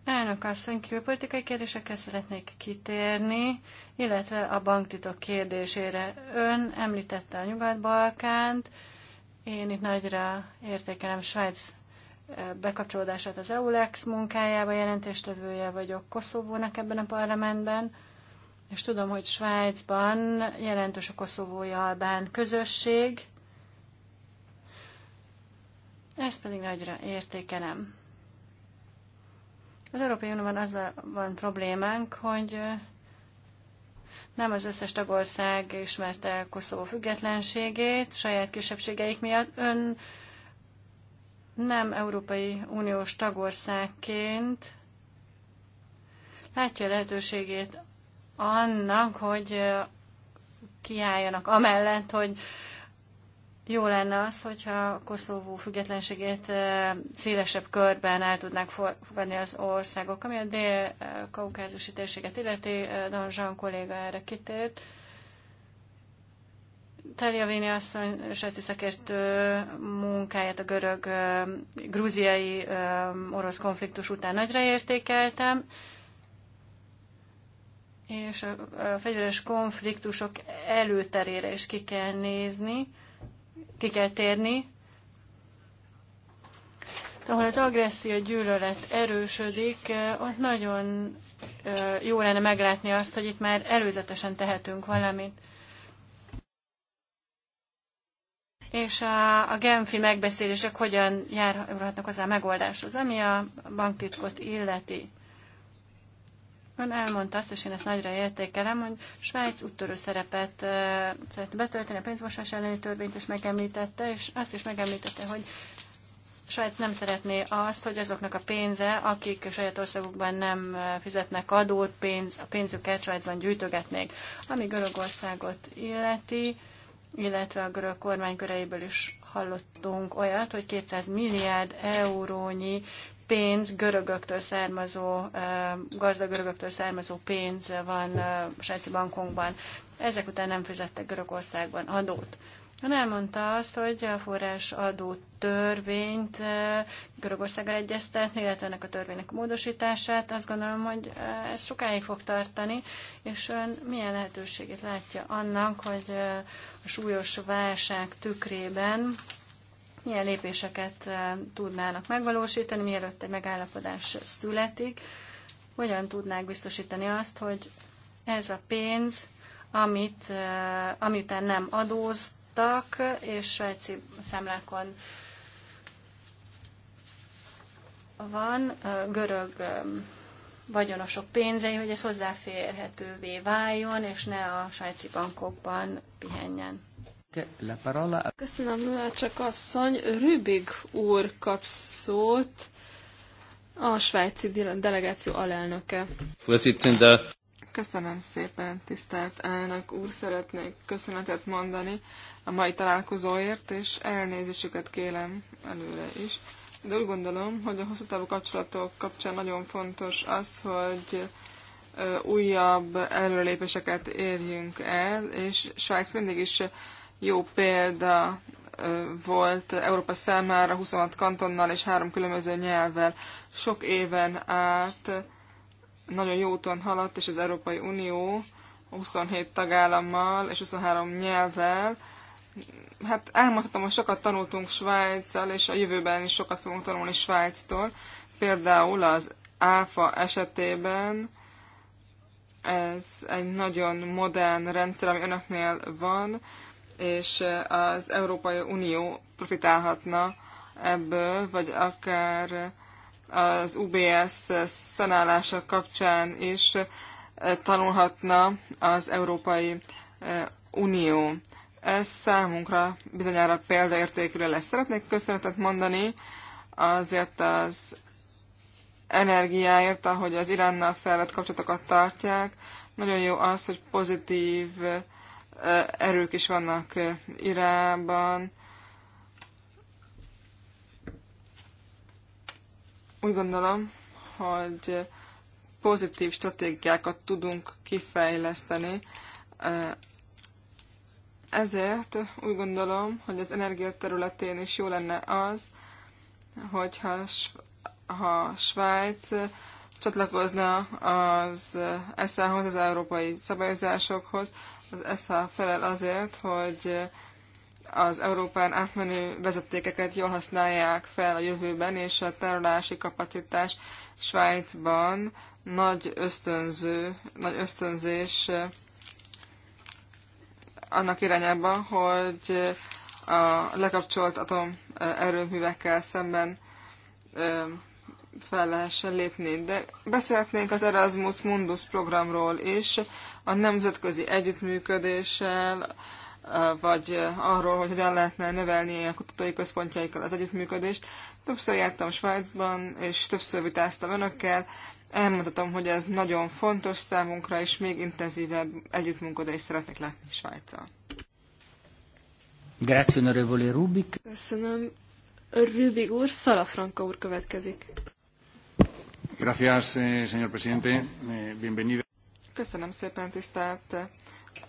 Elnök asszony, külpolitikai kérdésekre szeretnék kitérni, illetve a banktitok kérdésére. Ön említette a Nyugat-Balkánt, én itt nagyra értékelem Svájc e, bekapcsolódását az EULEX munkájába, jelentéstevője vagyok Koszovónak ebben a parlamentben, és tudom, hogy Svájcban jelentős a koszovói albán közösség, ezt pedig nagyra értékelem. Az Európai Unióban a van problémánk, hogy nem az összes tagország ismerte el Koszovó függetlenségét saját kisebbségeik miatt. Ön nem Európai Uniós tagországként látja a lehetőségét annak, hogy kiálljanak amellett, hogy jó lenne az, hogyha Koszovó függetlenségét szélesebb körben el tudnák fogadni az országok, ami a dél-kaukázusi térséget illeti, Don Jean kolléga erre kitért. Véni asszony, Seci szakértő munkáját a görög, grúziai orosz konfliktus után nagyra értékeltem, és a fegyveres konfliktusok előterére is ki kell nézni ki kell térni, ahol az agresszió gyűlölet erősödik, eh, ott nagyon eh, jó lenne meglátni azt, hogy itt már előzetesen tehetünk valamit. És a, a Genfi megbeszélések hogyan járhatnak hozzá a megoldáshoz, ami a banktitkot illeti. Ön elmondta azt, és én ezt nagyra értékelem, hogy Svájc úttörő szerepet uh, szeretne betölteni, a pénzmosás elleni törvényt és megemlítette, és azt is megemlítette, hogy Svájc nem szeretné azt, hogy azoknak a pénze, akik a saját országukban nem fizetnek adót, pénz, a pénzüket Svájcban gyűjtögetnék. Ami Görögországot illeti, uh, illetve a görög kormány köréből is hallottunk olyat, hogy 200 milliárd eurónyi pénz, görögöktől származó, gazdag görögöktől származó pénz van svájci bankokban. Ezek után nem fizettek Görögországban adót. Ön elmondta azt, hogy a forrásadó törvényt eh, Görögországgal egyeztetni, illetve ennek a törvénynek a módosítását. Azt gondolom, hogy eh, ez sokáig fog tartani, és ön milyen lehetőségét látja annak, hogy eh, a súlyos válság tükrében milyen lépéseket tudnának megvalósítani, mielőtt egy megállapodás születik, hogyan tudnák biztosítani azt, hogy ez a pénz, amit, amit nem adóz, adtak, és svájci szemlékon van görög vagyonosok pénzei, hogy ez hozzáférhetővé váljon, és ne a svájci bankokban pihenjen. Köszönöm, csak asszony. Rübig úr kap szót, a svájci delegáció alelnöke. Köszönöm szépen, tisztelt elnök úr, szeretnék köszönetet mondani a mai találkozóért, és elnézésüket kérem előre is. De úgy gondolom, hogy a hosszú távú kapcsolatok kapcsán nagyon fontos az, hogy újabb előrelépéseket érjünk el, és Svájc mindig is jó példa volt Európa számára 26 kantonnal és három különböző nyelvvel. Sok éven át nagyon jó úton haladt, és az Európai Unió 27 tagállammal és 23 nyelvvel hát elmondhatom, hogy sokat tanultunk Svájccal, és a jövőben is sokat fogunk tanulni Svájctól. Például az ÁFA esetében ez egy nagyon modern rendszer, ami önöknél van, és az Európai Unió profitálhatna ebből, vagy akár az UBS szanálása kapcsán is tanulhatna az Európai Unió. Ez számunkra bizonyára példaértékűre lesz. Szeretnék köszönetet mondani azért az energiáért, ahogy az Iránnal felvett kapcsolatokat tartják. Nagyon jó az, hogy pozitív erők is vannak Irában. Úgy gondolom, hogy pozitív stratégiákat tudunk kifejleszteni ezért úgy gondolom, hogy az energia területén is jó lenne az, hogyha ha Svájc csatlakozna az ESZA-hoz, az európai szabályozásokhoz, az ESZA felel azért, hogy az Európán átmenő vezetékeket jól használják fel a jövőben, és a tárolási kapacitás Svájcban nagy ösztönző, nagy ösztönzés annak irányába, hogy a lekapcsolt atomerőművekkel eh, szemben eh, fel lehessen lépni. De beszélhetnénk az Erasmus Mundus programról is, a nemzetközi együttműködéssel, eh, vagy arról, hogy hogyan lehetne növelni a kutatói központjaikkal az együttműködést. Többször jártam Svájcban, és többször vitáztam önökkel, elmondhatom, hogy ez nagyon fontos számunkra, és még intenzívebb együttmunkodat is szeretnék látni Svájccal. Grazie, onorevole Rubik. Köszönöm. Rubik úr, Szalafranka úr következik. Gracias, eh, señor presidente. Eh, bienvenido. Köszönöm szépen, tisztelt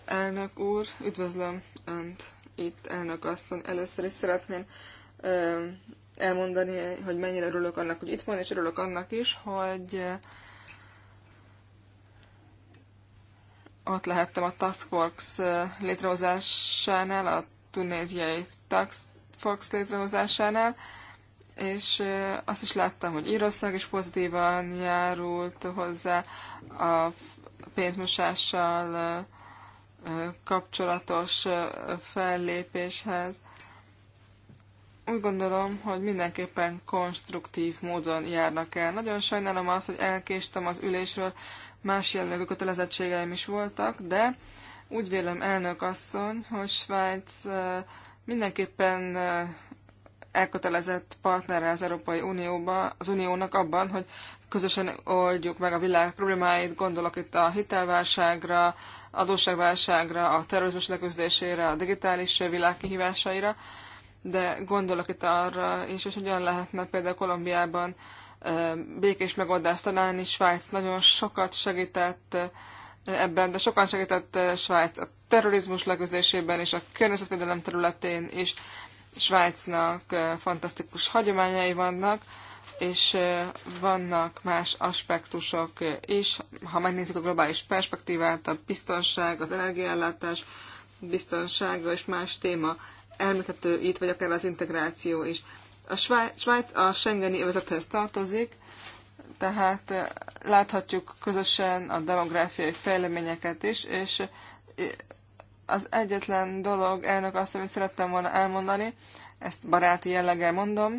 elnök úr. Üdvözlöm Önt itt, elnök asszony. Először is szeretném eh, elmondani, hogy mennyire örülök annak, hogy itt van, és örülök annak is, hogy ott lehettem a Task Force eh, létrehozásánál, a tunéziai Task Force létrehozásánál, és eh, azt is láttam, hogy Írország is pozitívan járult hozzá a pénzmosással eh, kapcsolatos fellépéshez. Úgy gondolom, hogy mindenképpen konstruktív módon járnak el. Nagyon sajnálom azt, hogy elkéstem az ülésről, más jellegű kötelezettségeim is voltak, de úgy vélem elnök asszony, hogy Svájc mindenképpen elkötelezett partnere az Európai Unióba, az Uniónak abban, hogy közösen oldjuk meg a világ problémáit, gondolok itt a hitelválságra, adósságválságra, a terrorizmus leküzdésére, a digitális világ kihívásaira, de gondolok itt arra is, hogy hogyan lehetne például Kolumbiában békés megoldást találni. Svájc nagyon sokat segített ebben, de sokan segített Svájc a terrorizmus leküzdésében és a környezetvédelem területén is. Svájcnak fantasztikus hagyományai vannak, és vannak más aspektusok is. Ha megnézzük a globális perspektívát, a biztonság, az energiállátás biztonsága és más téma elmíthető itt, vagy akár az integráció is. A Svájc a Schengeni övezethez tartozik, tehát eh, láthatjuk közösen a demográfiai fejleményeket is, és eh, az egyetlen dolog, elnök azt, amit szerettem volna elmondani, ezt baráti jelleggel mondom,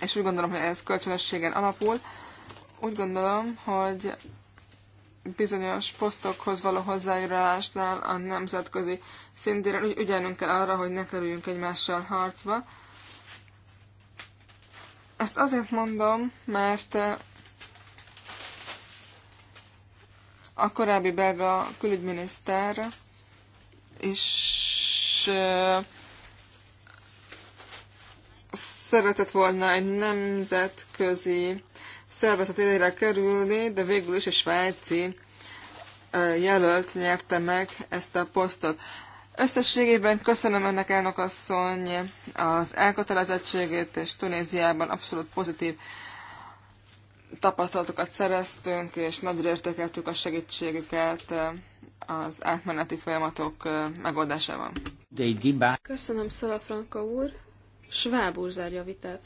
és úgy gondolom, hogy ez kölcsönösségen alapul, úgy gondolom, hogy bizonyos posztokhoz való hozzájárulásnál a nemzetközi szintéren úgy ügyelnünk kell arra, hogy ne kerüljünk egymással harcba. Ezt azért mondom, mert eh, a korábbi belga külügyminiszter is eh, szeretett volna egy nemzetközi szervezet élére kerülni, de végül is a svájci jelölt nyerte meg ezt a posztot. Összességében köszönöm ennek elnökasszony az elkötelezettségét, és Tunéziában abszolút pozitív tapasztalatokat szereztünk, és nagyra értékeltük a segítségüket az átmeneti folyamatok megoldásában. Köszönöm Franka úr. Schwab úr zárja a vitát.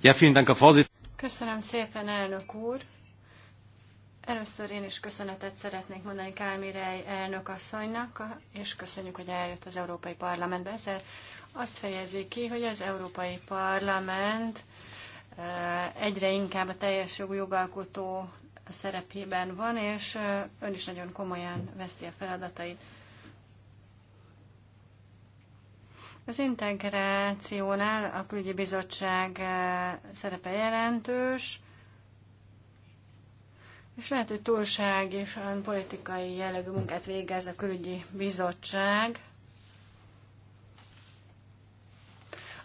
Ja, vielen Dank, Köszönöm szépen, elnök úr! Először én is köszönetet szeretnék mondani Kálmirej elnök asszonynak, és köszönjük, hogy eljött az Európai Parlamentbe. Ezzel azt fejezi ki, hogy az Európai Parlament eh, egyre inkább a teljes jogú jogalkotó szerepében van, és eh, ön is nagyon komolyan veszi a feladatait. Az integrációnál a külügyi bizottság eh, szerepe jelentős, és lehet, hogy és politikai jellegű munkát végez a külügyi bizottság,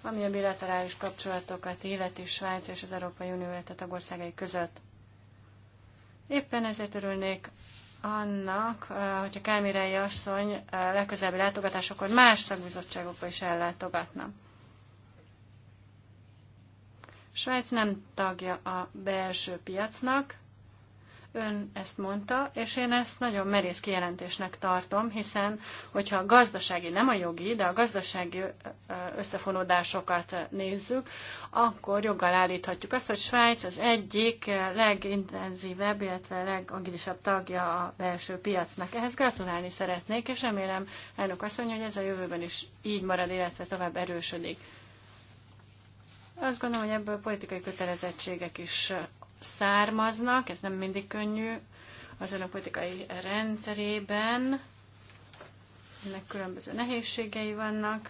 ami a bilaterális kapcsolatokat illeti Svájc és az Európai Unió tagországai között. Éppen ezért örülnék annak, hogyha Kálmirei asszony legközelebbi látogatásokon más szakbizottságokba is ellátogatna. Svájc nem tagja a belső piacnak, Ön ezt mondta, és én ezt nagyon merész kijelentésnek tartom, hiszen hogyha a gazdasági, nem a jogi, de a gazdasági összefonódásokat nézzük, akkor joggal állíthatjuk azt, hogy Svájc az egyik legintenzívebb, illetve legagilisabb tagja a belső piacnak. Ehhez gratulálni szeretnék, és remélem, elnök asszony, hogy ez a jövőben is így marad, illetve tovább erősödik. Azt gondolom, hogy ebből politikai kötelezettségek is származnak, ez nem mindig könnyű az önök politikai rendszerében, ennek különböző nehézségei vannak,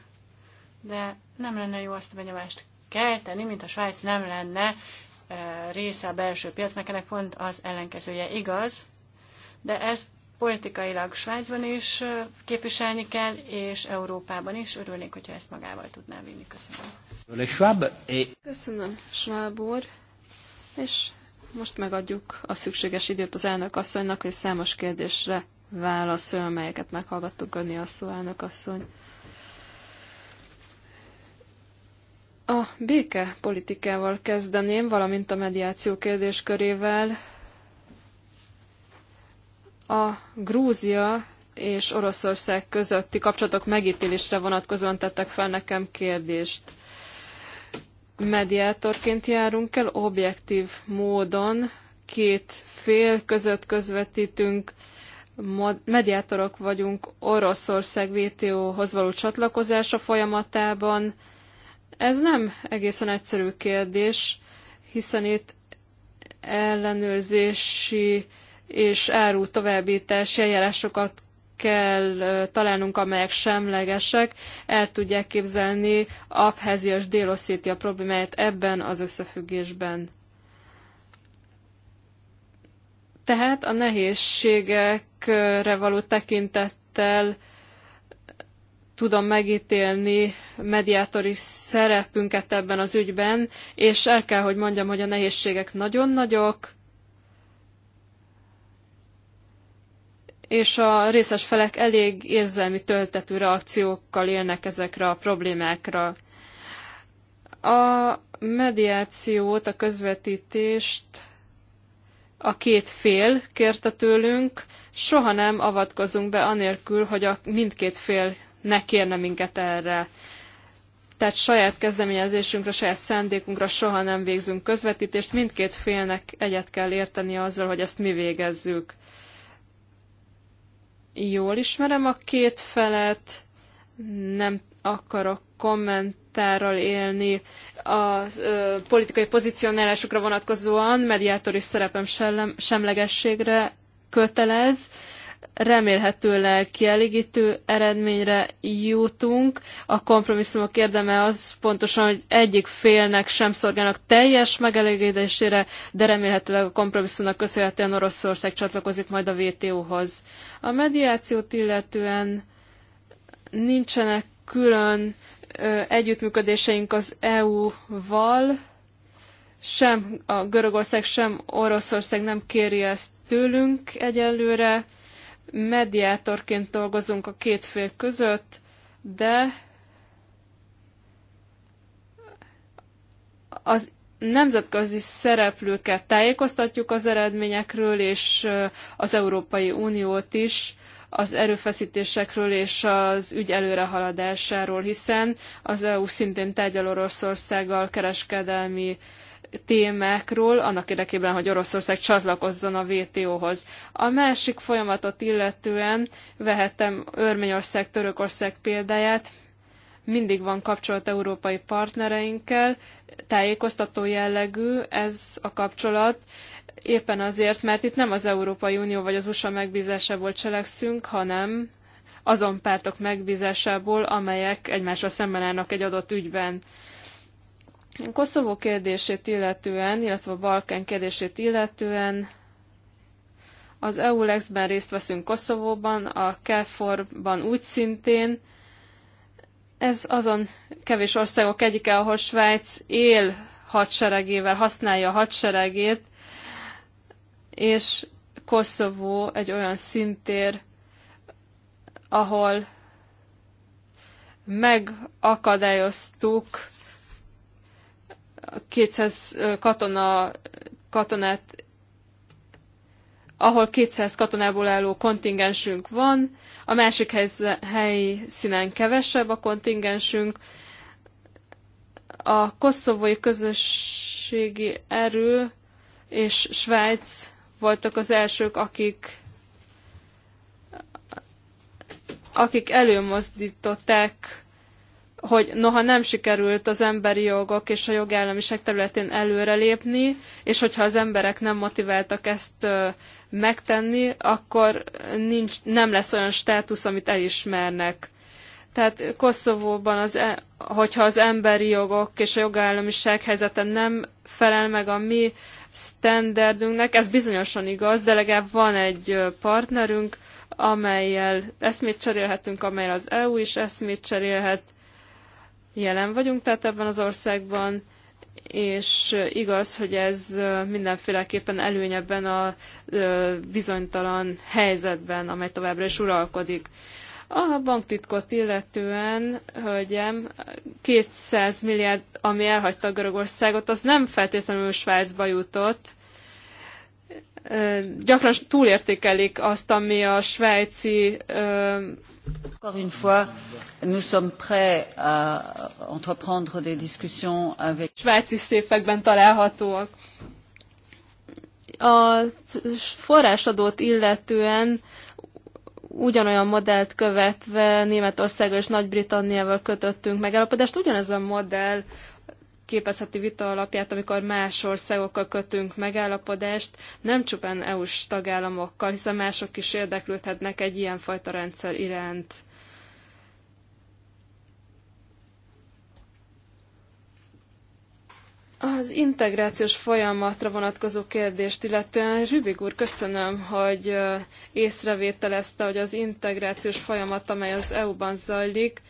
de nem lenne jó azt a benyomást kelteni, mint a Svájc nem lenne e, része a belső piacnak, ennek pont az ellenkezője igaz, de ezt politikailag Svájcban is e, képviselni kell, és Európában is. Örülnék, hogyha ezt magával tudná vinni. Köszönöm. Köszönöm, Schwab úr. És most megadjuk a szükséges időt az elnök asszonynak, hogy számos kérdésre válaszol, amelyeket meghallgattuk Gönni Asszó elnök asszony. A béke politikával kezdeném, valamint a mediáció kérdéskörével. A Grúzia és Oroszország közötti kapcsolatok megítélésre vonatkozóan tettek fel nekem kérdést mediátorként járunk el, objektív módon két fél között közvetítünk, mediátorok vagyunk Oroszország vto hoz való csatlakozása folyamatában. Ez nem egészen egyszerű kérdés, hiszen itt ellenőrzési és áru továbbítási eljárásokat kell találnunk, amelyek semlegesek, el tudják képzelni Abházia és Délosszétia problémáját ebben az összefüggésben. Tehát a nehézségekre való tekintettel tudom megítélni mediátori szerepünket ebben az ügyben, és el kell, hogy mondjam, hogy a nehézségek nagyon nagyok, és a részes felek elég érzelmi töltetű reakciókkal élnek ezekre a problémákra. A mediációt, a közvetítést a két fél kérte tőlünk, soha nem avatkozunk be anélkül, hogy a mindkét fél ne kérne minket erre. Tehát saját kezdeményezésünkre, saját szándékunkra soha nem végzünk közvetítést, mindkét félnek egyet kell érteni azzal, hogy ezt mi végezzük jól ismerem a két felet, nem akarok kommentárral élni a ö, politikai pozicionálásukra vonatkozóan, mediátor is szerepem semlegességre kötelez, remélhetőleg kielégítő eredményre jutunk. A kompromisszumok érdeme az pontosan, hogy egyik félnek sem szolgálnak teljes megelégedésére, de remélhetőleg a kompromisszumnak köszönhetően Oroszország csatlakozik majd a WTO-hoz. A mediációt illetően nincsenek külön ö, együttműködéseink az EU-val, sem a Görögország, sem Oroszország nem kéri ezt tőlünk egyelőre mediátorként dolgozunk a két fél között, de az nemzetközi szereplőket tájékoztatjuk az eredményekről, és az Európai Uniót is az erőfeszítésekről és az ügy előrehaladásáról, hiszen az EU szintén tárgyal Oroszországgal kereskedelmi témákról, annak érdekében, hogy Oroszország csatlakozzon a WTO-hoz. A másik folyamatot illetően vehetem Örményország, Törökország példáját, mindig van kapcsolat európai partnereinkkel, tájékoztató jellegű ez a kapcsolat, éppen azért, mert itt nem az Európai Unió vagy az USA megbízásából cselekszünk, hanem azon pártok megbízásából, amelyek egymásra szemben állnak egy adott ügyben. Koszovó kérdését illetően, illetve a Balkán kérdését illetően az EULEX-ben részt veszünk Koszovóban, a KFOR-ban úgy szintén. Ez azon kevés országok egyike, ahol Svájc él hadseregével, használja a hadseregét, és Koszovó egy olyan szintér, ahol megakadályoztuk 200 katona, katonát, ahol 200 katonából álló kontingensünk van, a másik helyszínen kevesebb a kontingensünk, a koszovói közösségi erő és Svájc voltak az elsők, akik akik előmozdították hogy noha nem sikerült az emberi jogok és a jogállamiság területén előrelépni, és hogyha az emberek nem motiváltak ezt megtenni, akkor nincs, nem lesz olyan státusz, amit elismernek. Tehát Koszovóban, az, e- hogyha az emberi jogok és a jogállamiság helyzete nem felel meg a mi standardünknek, ez bizonyosan igaz, de legalább van egy partnerünk, amelyel eszmét cserélhetünk, amelyel az EU is eszmét cserélhet, jelen vagyunk, tehát ebben az országban, és igaz, hogy ez mindenféleképpen előny ebben a bizonytalan helyzetben, amely továbbra is uralkodik. A banktitkot illetően, hölgyem, 200 milliárd, ami elhagyta Görögországot, az nem feltétlenül Svájcba jutott, gyakran túlértékelik azt, ami a svájci... Encore une fois, nous sommes prêts à entreprendre des discussions avec... Svájci széfekben találhatóak. A forrásadót illetően ugyanolyan modellt követve Németországgal és Nagy-Britanniával kötöttünk megállapodást. Ugyanez a modell képezheti vita alapját, amikor más országokkal kötünk megállapodást, nem csupán EU-s tagállamokkal, hiszen mások is érdeklődhetnek egy ilyen fajta rendszer iránt. Az integrációs folyamatra vonatkozó kérdést, illetően Rübig úr, köszönöm, hogy észrevételezte, hogy az integrációs folyamat, amely az EU-ban zajlik,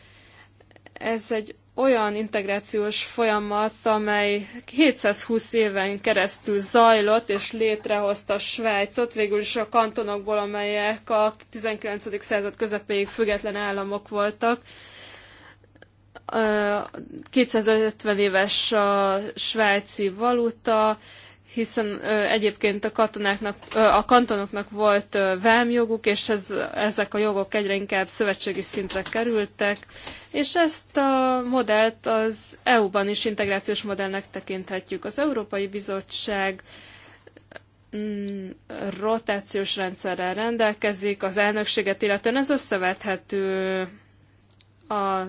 ez egy olyan integrációs folyamat, amely 720 éven keresztül zajlott és létrehozta Svájcot, végül is a kantonokból, amelyek a 19. század közepéig független államok voltak. 250 éves a svájci valuta, hiszen egyébként a, katonáknak, a kantonoknak volt vámjoguk, és ez, ezek a jogok egyre inkább szövetségi szintre kerültek, és ezt a modellt az EU-ban is integrációs modellnek tekinthetjük. Az Európai Bizottság mm, rotációs rendszerrel rendelkezik, az elnökséget illetően ez összevethető a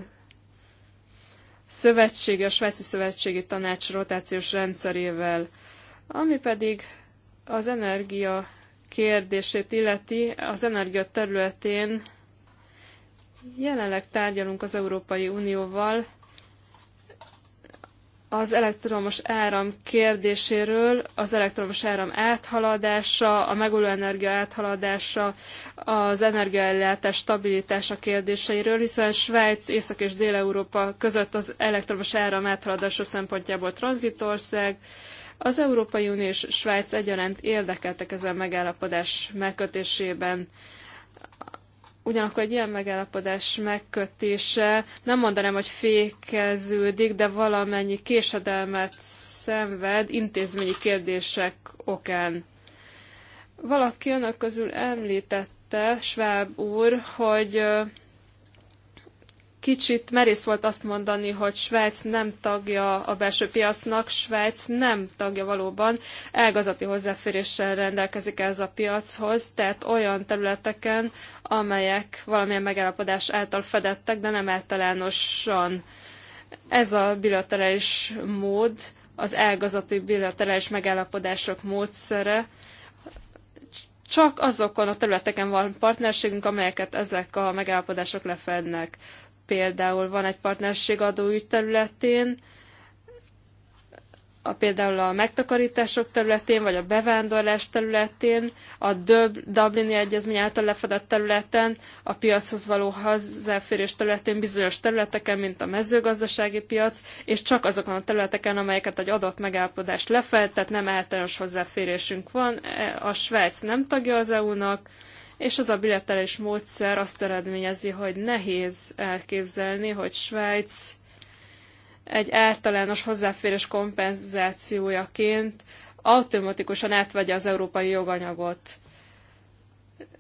szövetségi, a svájci szövetségi tanács rotációs rendszerével. Ami pedig az energia kérdését illeti, az energia területén jelenleg tárgyalunk az Európai Unióval az elektromos áram kérdéséről, az elektromos áram áthaladása, a megújuló energia áthaladása, az energiaellátás stabilitása kérdéseiről, hiszen Svájc, Észak- és Dél-Európa között az elektromos áram áthaladása szempontjából tranzitország, az Európai Unió és Svájc egyaránt érdekeltek ezen megállapodás megkötésében. Ugyanakkor egy ilyen megállapodás megkötése nem mondanám, hogy fékeződik, de valamennyi késedelmet szenved intézményi kérdések okán. Valaki önök közül említette, Schwab úr, hogy Kicsit merész volt azt mondani, hogy Svájc nem tagja a belső piacnak, Svájc nem tagja valóban, elgazati hozzáféréssel rendelkezik ez a piachoz, tehát olyan területeken, amelyek valamilyen megállapodás által fedettek, de nem általánosan. Ez a bilaterális mód, az ágazati bilaterális megállapodások módszere, csak azokon a területeken van partnerségünk, amelyeket ezek a megállapodások lefednek. Például van egy partnerség adóügy területén, a, például a megtakarítások területén, vagy a bevándorlás területén, a Dublini Egyezmény által lefedett területen, a piachoz való hozzáférés területén bizonyos területeken, mint a mezőgazdasági piac, és csak azokon a területeken, amelyeket egy adott megállapodás lefed, tehát nem általános hozzáférésünk van. E, a Svájc nem tagja az EU-nak, és az a bilaterális módszer azt eredményezi, hogy nehéz elképzelni, hogy Svájc egy általános hozzáférés kompenzációjaként automatikusan átvegye az európai joganyagot.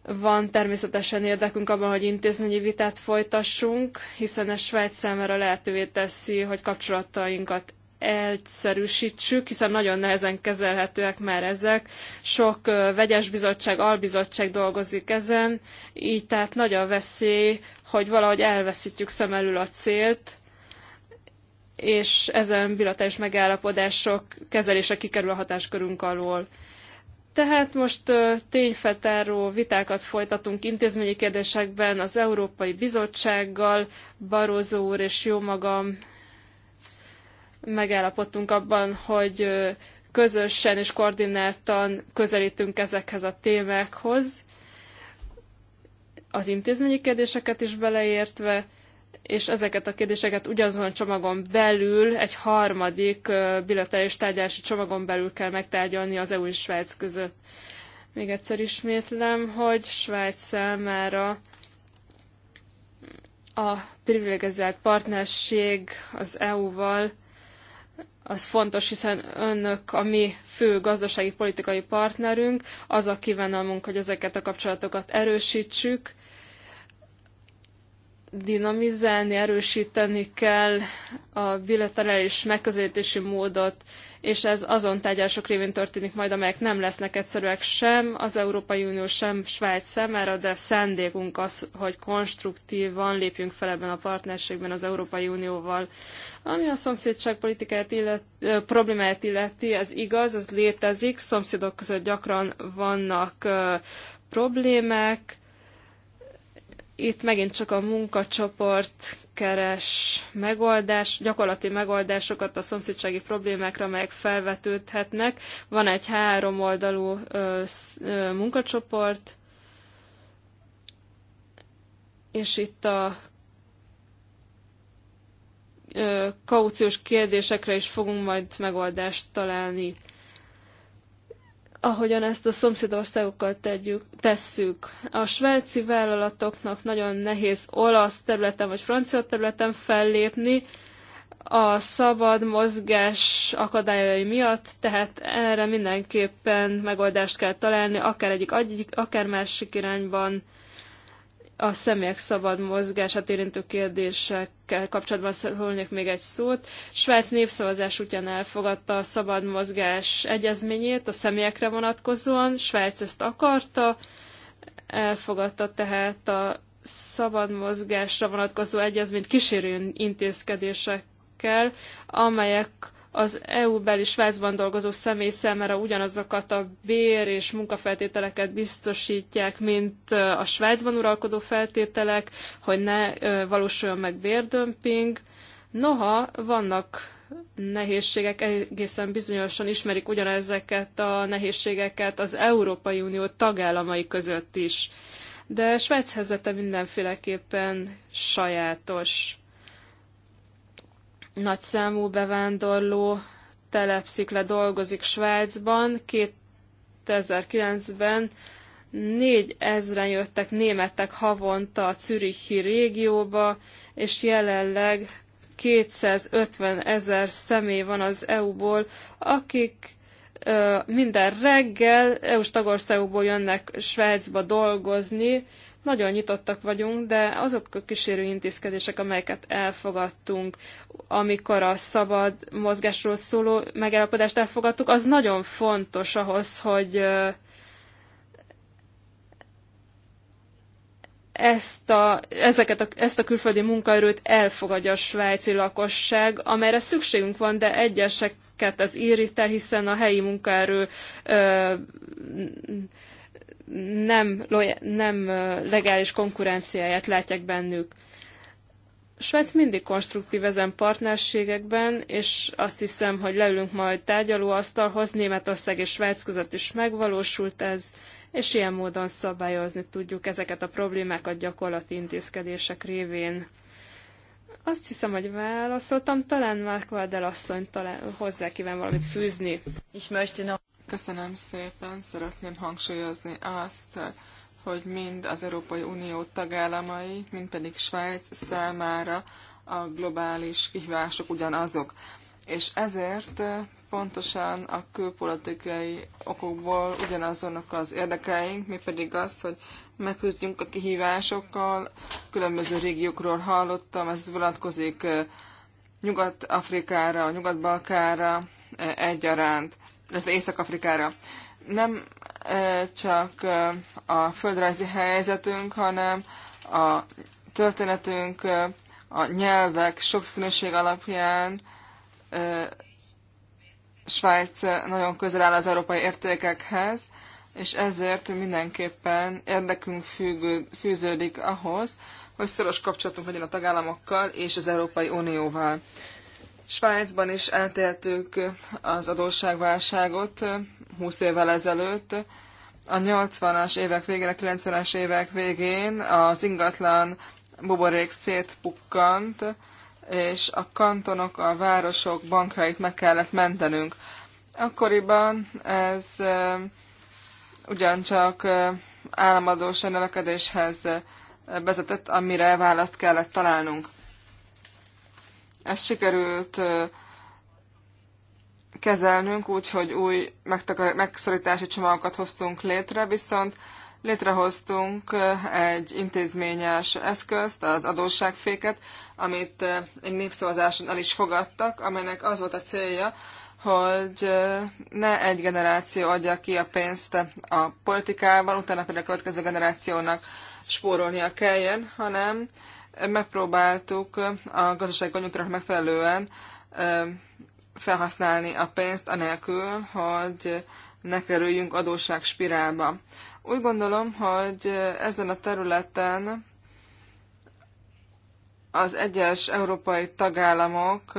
Van természetesen érdekünk abban, hogy intézményi vitát folytassunk, hiszen ez Svájc számára lehetővé teszi, hogy kapcsolatainkat egyszerűsítsük, hiszen nagyon nehezen kezelhetőek már ezek. Sok vegyes bizottság, albizottság dolgozik ezen, így tehát nagy a veszély, hogy valahogy elveszítjük szem elől a célt, és ezen bilaterális megállapodások kezelése kikerül a hatáskörünk alól. Tehát most tényfeltáró vitákat folytatunk intézményi kérdésekben az Európai Bizottsággal, Barózó úr és jó magam megállapodtunk abban, hogy közösen és koordináltan közelítünk ezekhez a témákhoz, az intézményi kérdéseket is beleértve, és ezeket a kérdéseket ugyanazon a csomagon belül, egy harmadik bilaterális tárgyalási csomagon belül kell megtárgyalni az EU és Svájc között. Még egyszer ismétlem, hogy Svájc számára a privilegizált partnerség az EU-val az fontos, hiszen önök a mi fő gazdasági politikai partnerünk, az a kívánalmunk, hogy ezeket a kapcsolatokat erősítsük, dinamizálni, erősíteni kell a bilaterális megközelítési módot, és ez azon tárgyalások révén történik majd, amelyek nem lesznek egyszerűek sem az Európai Unió, sem Svájc számára, de szándékunk az, hogy konstruktívan lépjünk fel ebben a partnerségben az Európai Unióval. Ami a szomszédság politikáját illet, problémáját illeti, ez igaz, ez létezik, szomszédok között gyakran vannak problémák, itt megint csak a munkacsoport keres megoldás, gyakorlati megoldásokat a szomszédsági problémákra, amelyek felvetődhetnek. Van egy háromoldalú munkacsoport, és itt a kauciós kérdésekre is fogunk majd megoldást találni ahogyan ezt a szomszédországokkal tegyük, tesszük. A svájci vállalatoknak nagyon nehéz olasz területen vagy francia területen fellépni a szabad mozgás akadályai miatt, tehát erre mindenképpen megoldást kell találni, akár egyik, akár másik irányban a személyek szabad mozgását érintő kérdésekkel kapcsolatban szólnék még egy szót. Svájc népszavazás után elfogadta a szabad mozgás egyezményét a személyekre vonatkozóan. Svájc ezt akarta, elfogadta tehát a szabad mozgásra vonatkozó egyezményt kísérő intézkedésekkel, amelyek az EU-beli Svájcban dolgozó személy számára ugyanazokat a bér és munkafeltételeket biztosítják, mint a Svájcban uralkodó feltételek, hogy ne valósuljon meg bérdömping. Noha vannak nehézségek, egészen bizonyosan ismerik ugyanezeket a nehézségeket az Európai Unió tagállamai között is. De Svájc helyzete mindenféleképpen sajátos nagyszámú bevándorló telepszik le, dolgozik Svájcban. 2009-ben 4000 ezren jöttek németek havonta a Zürichi régióba, és jelenleg 250 ezer személy van az EU-ból, akik ö, minden reggel EU-s tagországokból jönnek Svájcba dolgozni, nagyon nyitottak vagyunk, de azok a kísérő intézkedések, amelyeket elfogadtunk, amikor a szabad mozgásról szóló megállapodást elfogadtuk, az nagyon fontos ahhoz, hogy ezt a, ezeket a, ezt a külföldi munkaerőt elfogadja a svájci lakosság, amelyre szükségünk van, de egyeseket ez el, hiszen a helyi munkaerő ö, nem, nem legális konkurenciáját látják bennük. Svájc mindig konstruktív ezen partnerségekben, és azt hiszem, hogy leülünk majd tárgyalóasztalhoz, Németország és Svájc között is megvalósult ez, és ilyen módon szabályozni tudjuk ezeket a problémákat gyakorlati intézkedések révén. Azt hiszem, hogy válaszoltam, talán Mark Vardel asszony talán hozzá kíván valamit fűzni. Ich möchte noch... Köszönöm szépen, szeretném hangsúlyozni azt, hogy mind az Európai Unió tagállamai, mind pedig Svájc számára a globális kihívások ugyanazok. És ezért pontosan a külpolitikai okokból ugyanazonok az érdekeink, mi pedig az, hogy megküzdjünk a kihívásokkal. Különböző régiókról hallottam, ez vonatkozik Nyugat-Afrikára, Nyugat-Balkára egyaránt illetve Észak-Afrikára. Nem csak a földrajzi helyzetünk, hanem a történetünk, a nyelvek sokszínűség alapján Svájc nagyon közel áll az európai értékekhez, és ezért mindenképpen érdekünk függő, fűződik ahhoz, hogy szoros kapcsolatunk legyen a tagállamokkal és az Európai Unióval. Svájcban is átéltük az adósságválságot 20 évvel ezelőtt. A 80-as évek végén, a 90-es évek végén az ingatlan buborék szétpukkant, és a kantonok, a városok bankjait meg kellett mentenünk. Akkoriban ez ugyancsak államadóság növekedéshez vezetett, amire választ kellett találnunk. Ezt sikerült kezelnünk úgyhogy új megszorítási csomagokat hoztunk létre, viszont létrehoztunk egy intézményes eszközt, az adósságféket, amit egy népszavazáson el is fogadtak, amelynek az volt a célja, hogy ne egy generáció adja ki a pénzt a politikában, utána pedig a következő generációnak spórolnia kelljen, hanem megpróbáltuk a gazdasági konjunktúrának megfelelően felhasználni a pénzt, anélkül, hogy ne kerüljünk adósság spirálba. Úgy gondolom, hogy ezen a területen az egyes európai tagállamok,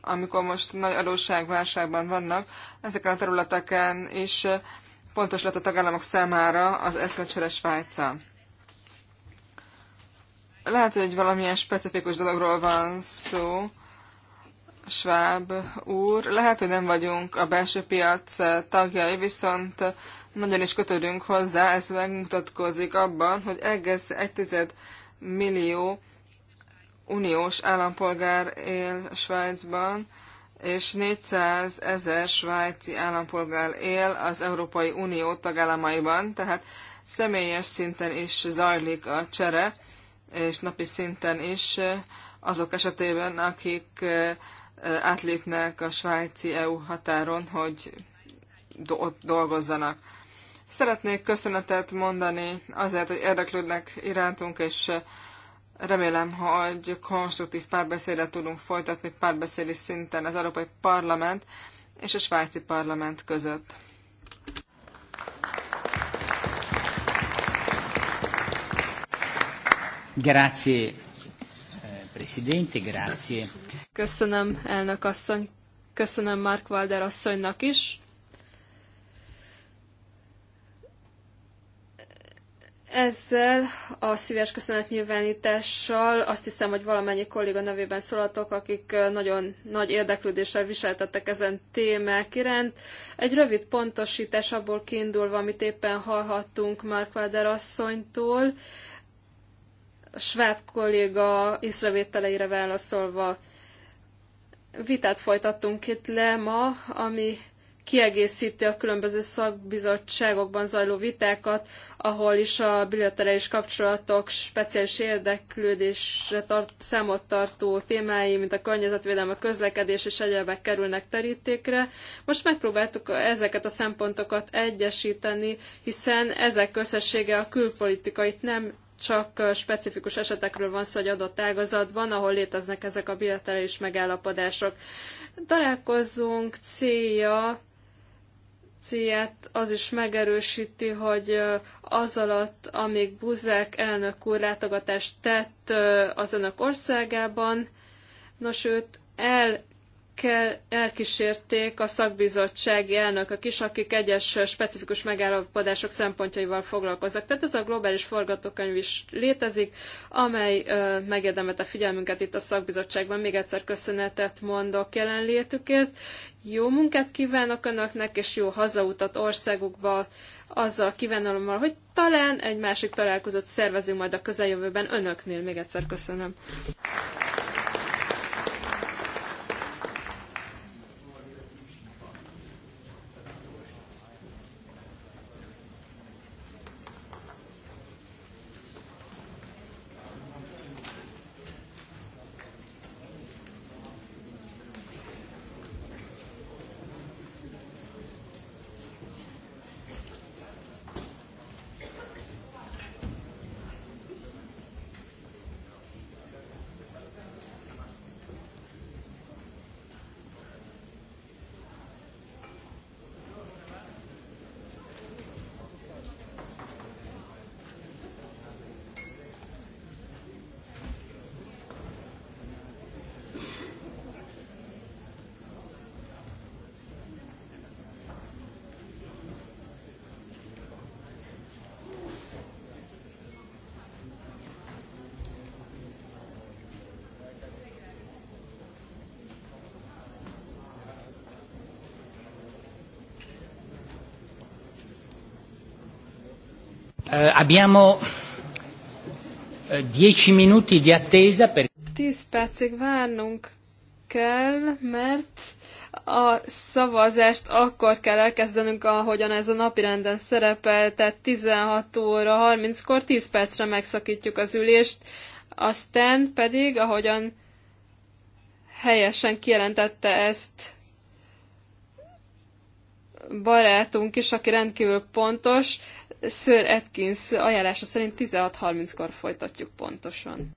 amikor most nagy adósságválságban vannak, ezeken a területeken is fontos lett a tagállamok számára az eszmecsere Svájcán. Lehet, hogy valamilyen specifikus dologról van szó, Schwab úr. Lehet, hogy nem vagyunk a belső piac tagjai, viszont nagyon is kötődünk hozzá, ez megmutatkozik abban, hogy egész tized millió uniós állampolgár él Svájcban, és 400 ezer svájci állampolgár él az Európai Unió tagállamaiban, tehát személyes szinten is zajlik a csere és napi szinten is azok esetében, akik átlépnek a svájci EU határon, hogy ott dolgozzanak. Szeretnék köszönetet mondani azért, hogy érdeklődnek irántunk, és remélem, hogy konstruktív párbeszédet tudunk folytatni párbeszédi szinten az Európai Parlament és a Svájci Parlament között. Grazie, Presidente, grazie. Köszönöm, elnök asszony. Köszönöm Mark Walder asszonynak is. Ezzel a szíves köszönetnyilvánítással azt hiszem, hogy valamennyi kolléga nevében szólatok, akik nagyon nagy érdeklődéssel viseltettek ezen témák iránt. Egy rövid pontosítás abból kiindulva, amit éppen hallhattunk Mark Walder asszonytól. Schwab kolléga észrevételeire válaszolva vitát folytattunk itt le ma, ami kiegészíti a különböző szakbizottságokban zajló vitákat, ahol is a bilaterális kapcsolatok speciális érdeklődésre tart, számot tartó témái, mint a környezetvédelem, a közlekedés és egyebek kerülnek terítékre. Most megpróbáltuk ezeket a szempontokat egyesíteni, hiszen ezek összessége a külpolitikait nem csak specifikus esetekről van szó hogy adott ágazatban, ahol léteznek ezek a bilaterális megállapodások. Találkozzunk célja, ciet, az is megerősíti, hogy az alatt, amíg Buzek elnök úr látogatást tett az önök országában, nos őt el elkísérték a szakbizottság elnökök is, akik egyes specifikus megállapodások szempontjaival foglalkoznak. Tehát ez a globális forgatókönyv is létezik, amely ö, a figyelmünket itt a szakbizottságban. Még egyszer köszönetet mondok jelenlétükért. Jó munkát kívánok önöknek, és jó hazautat országukba azzal a kívánalommal, hogy talán egy másik találkozót szervezünk majd a közeljövőben önöknél. Még egyszer köszönöm. Eh, abbiamo 10 eh, minuti di attesa per... percig várnunk kell, mert a szavazást akkor kell elkezdenünk, ahogyan ez a napirenden szerepel, tehát 16 óra 30-kor 10 percre megszakítjuk az ülést, aztán pedig, ahogyan helyesen kijelentette ezt barátunk is, aki rendkívül pontos, Sir Atkins ajánlása szerint 16.30-kor folytatjuk pontosan.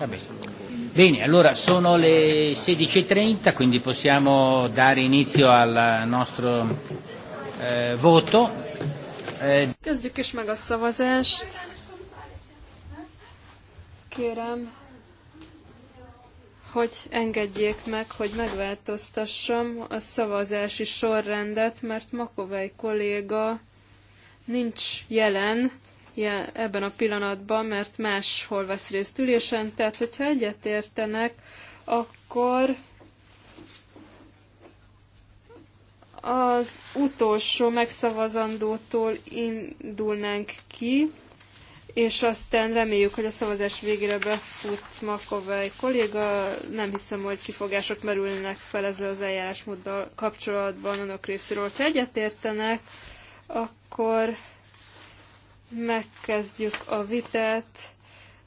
Va bene. bene, allora sono le 16.30, e quindi possiamo dare inizio al nostro eh, voto. Eh. Kezdjük is meg a szavazást. Kérem, hogy engedjék meg, hogy megváltoztassam a szavazási sorrendet, mert Makovej kolléga nincs jelen, ilyen, ebben a pillanatban, mert máshol vesz részt ülésen, tehát hogyha egyet értenek, akkor az utolsó megszavazandótól indulnánk ki, és aztán reméljük, hogy a szavazás végére befut Makovej kolléga. Nem hiszem, hogy kifogások merülnek fel ezzel az eljárásmóddal kapcsolatban önök részéről. Ha egyetértenek, akkor Megkezdjük a vitát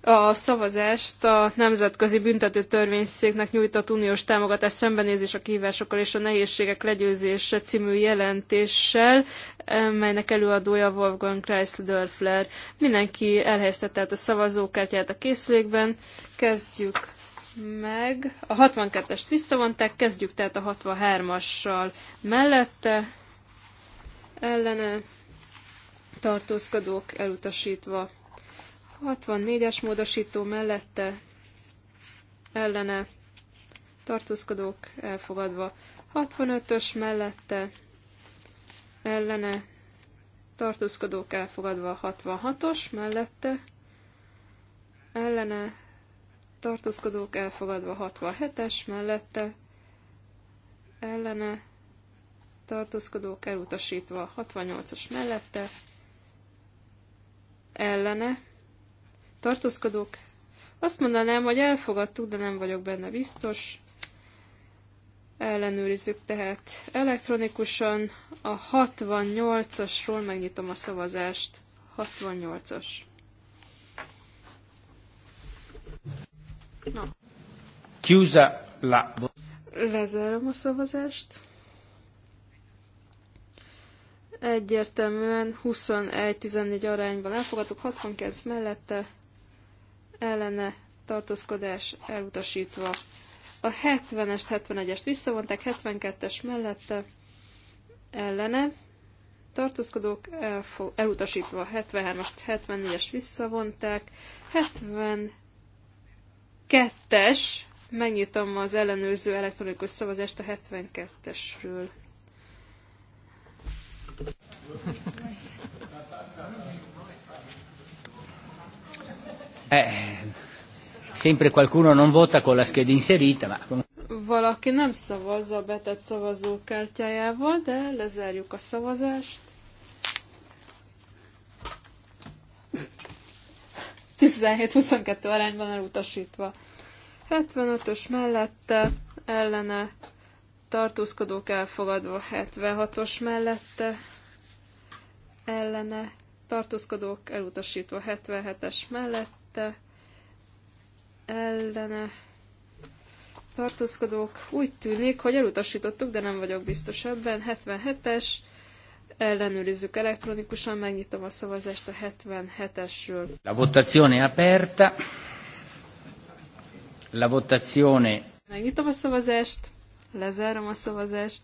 a szavazást a Nemzetközi Büntető Törvényszéknek nyújtott uniós támogatás szembenézés a kihívásokkal és a nehézségek legyőzése című jelentéssel, melynek előadója Wolfgang Kreisler. Mindenki elhelyeztette át a szavazókártyát a készülékben. Kezdjük meg. A 62-est visszavonták, kezdjük tehát a 63-assal mellette. Ellene tartózkodók elutasítva. 64-es módosító mellette ellene tartózkodók elfogadva. 65-ös mellette ellene tartózkodók elfogadva. 66-os mellette ellene tartózkodók elfogadva. 67-es mellette ellene tartózkodók elutasítva. 68 os mellette ellene tartózkodók. Azt mondanám, hogy elfogadtuk, de nem vagyok benne biztos. Ellenőrizzük tehát elektronikusan a 68-asról megnyitom a szavazást. 68-as. Na. Chiusa la... Lezárom a szavazást. Egyértelműen 21-14 arányban elfogadtuk, 69 mellette ellene tartózkodás elutasítva. A 70-est, 71-est visszavonták, 72-es mellette ellene tartózkodók elfog, elutasítva 73 as 74-est visszavonták, 72-es, megnyitom az ellenőrző elektronikus szavazást a 72-esről. Eh, sempre qualcuno non vota con la scheda inserita, ma... Valaki nem szavaz a betett szavazókártyájával, de lezárjuk a szavazást. 17-22 arányban elutasítva. 75-ös mellette ellene tartózkodók elfogadva 76-os mellette, ellene tartózkodók elutasítva 77-es mellette, ellene tartózkodók úgy tűnik, hogy elutasítottuk, de nem vagyok biztos ebben, 77-es, ellenőrizzük elektronikusan, megnyitom a szavazást a 77-esről. La votazione aperta. La votazione. Megnyitom a szavazást. Lezárom a szavazást.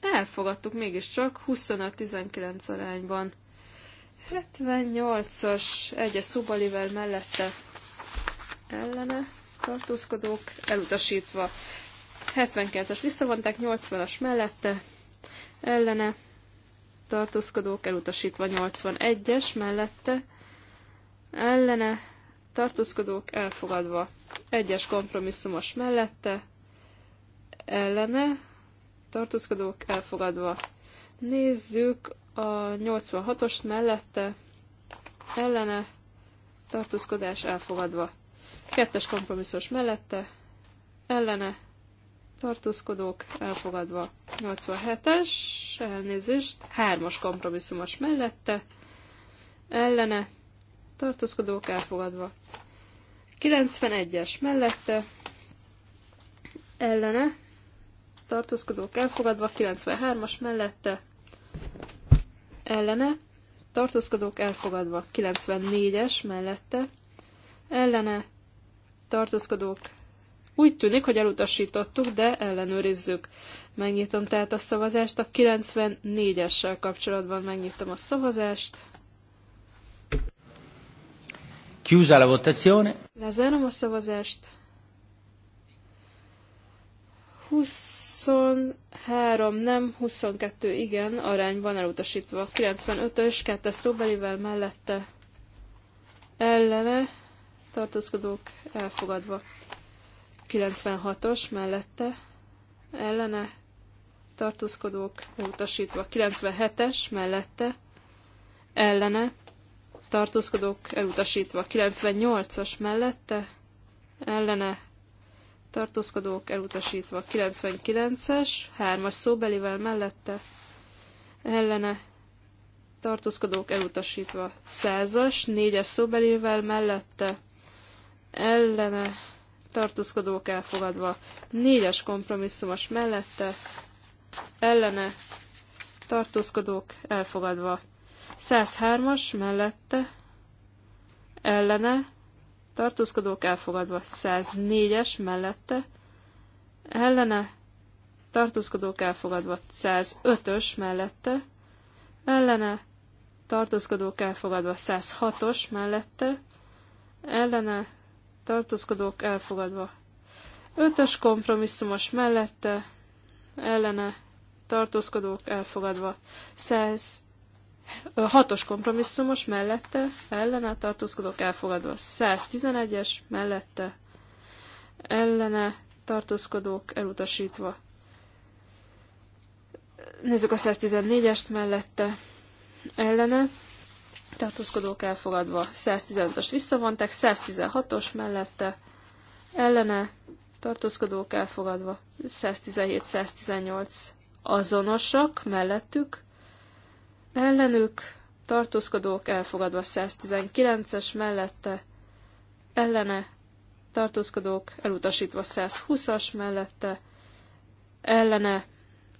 Elfogadtuk mégiscsak 25-19 arányban. 78-as egyes szubalivel mellette ellene tartózkodók elutasítva. 79-es visszavonták, 80-as mellette ellene tartózkodók elutasítva, 81-es mellette ellene tartózkodók elfogadva. Egyes kompromisszumos mellette, ellene, tartózkodók elfogadva. Nézzük a 86 os mellette, ellene, tartózkodás elfogadva. Kettes kompromisszos mellette, ellene, tartózkodók elfogadva. 87-es, elnézést, hármas kompromisszumos mellette, ellene, tartózkodók elfogadva. 91-es mellette, ellene, tartózkodók elfogadva, 93-as mellette, ellene, tartózkodók elfogadva, 94-es mellette, ellene, tartózkodók úgy tűnik, hogy elutasítottuk, de ellenőrizzük. Megnyitom tehát a szavazást, a 94-essel kapcsolatban megnyitom a szavazást. Chiusa la votazione. La zero Lezárom a Huszon három, nem, 22 igen, arány van elutasítva. 95-ös, kettes szóbelivel mellette ellene, tartózkodók elfogadva. 96-os mellette ellene, tartózkodók elutasítva. 97-es mellette ellene, tartózkodók elutasítva. 98-as mellette ellene tartózkodók elutasítva. 99-es, hármas as szóbelivel mellette ellene tartózkodók elutasítva. 100-as, négyes szóbelivel mellette ellene tartózkodók elfogadva. 4-es kompromisszumos mellette ellene tartózkodók elfogadva. 103-as mellette ellene tartózkodók elfogadva. 104-es mellette ellene tartózkodók elfogadva. 105-ös mellette ellene tartózkodók elfogadva. 106-os mellette ellene tartózkodók elfogadva. 5-ös kompromisszumos mellette ellene tartózkodók elfogadva. 100 Hatos kompromisszumos mellette, ellene tartózkodók elfogadva. 111-es mellette, ellene tartózkodók elutasítva. Nézzük a 114-est mellette, ellene tartózkodók elfogadva. 115 ost visszavonták, 116-os mellette, ellene tartózkodók elfogadva. 117-118 azonosak mellettük, ellenük, tartózkodók elfogadva 119-es mellette, ellene, tartózkodók elutasítva 120-as mellette, ellene,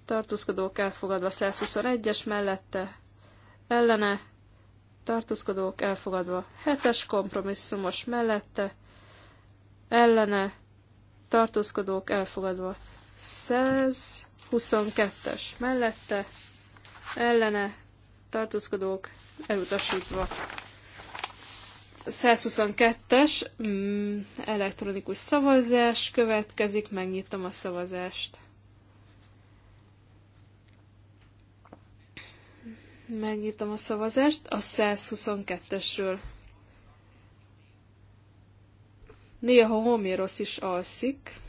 tartózkodók elfogadva 121-es mellette, ellene, tartózkodók elfogadva 7-es kompromisszumos mellette, ellene, tartózkodók elfogadva 122-es mellette, ellene tartózkodók elutasítva. 122-es mm, elektronikus szavazás következik, megnyitom a szavazást. Megnyitom a szavazást a 122-esről. Néha Homérosz is alszik.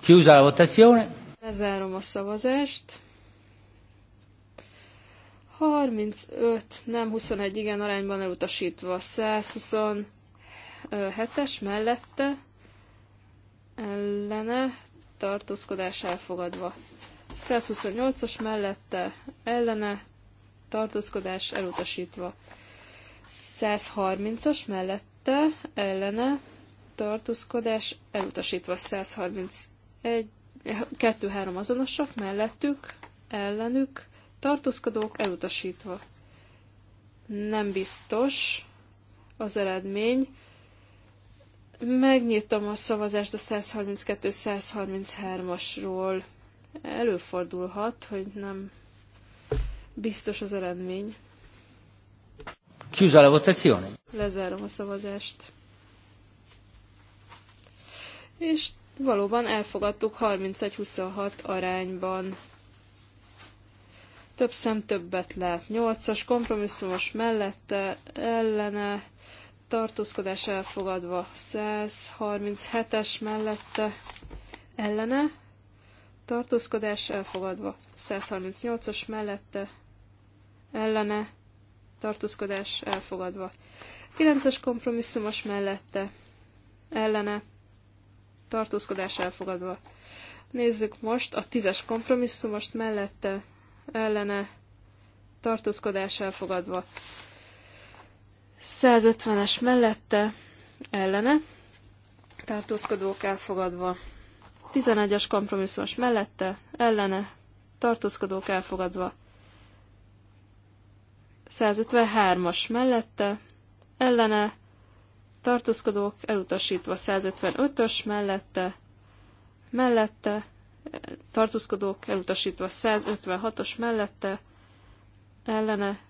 Chiusa la votazione. Lezárom a szavazást. 35, nem 21 igen arányban elutasítva. 127-es mellette ellene tartózkodás elfogadva. 128-as mellette ellene tartózkodás elutasítva. 130-as mellette ellene tartózkodás elutasítva. 131 2-3 azonosak mellettük, ellenük tartózkodók elutasítva. Nem biztos az eredmény. Megnyitom a szavazást a 132-133-asról. Előfordulhat, hogy nem biztos az eredmény. Chiusa la votazione. Lezárom a szavazást. És valóban elfogadtuk 31-26 arányban több szem többet lát. Nyolcas kompromisszumos mellette ellene tartózkodás elfogadva 137-es mellette ellene tartózkodás elfogadva 138-as mellette ellene tartózkodás elfogadva 9-es kompromisszumos mellette ellene tartózkodás elfogadva Nézzük most a 10-es kompromisszumost mellette ellene tartózkodás elfogadva. 150-es mellette ellene tartózkodók elfogadva. 11-es kompromisszumos mellette ellene tartózkodók elfogadva. 153-as mellette ellene tartózkodók elutasítva 155-ös mellette, mellette tartózkodók elutasítva 156-os mellette ellene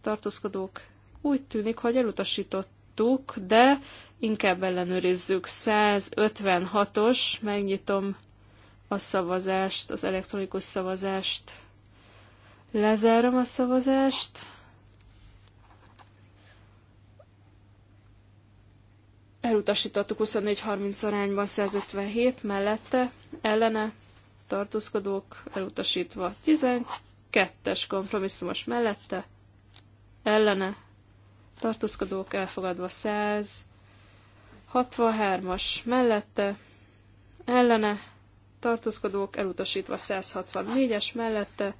tartózkodók. Úgy tűnik, hogy elutasítottuk, de inkább ellenőrizzük. 156-os, megnyitom a szavazást, az elektronikus szavazást. Lezárom a szavazást. Elutasítottuk 24-30 arányban 157 mellette, ellene tartózkodók elutasítva. 12-es kompromisszumos mellette, ellene, tartózkodók elfogadva 163-as mellette, ellene, tartózkodók elutasítva 164-es mellette,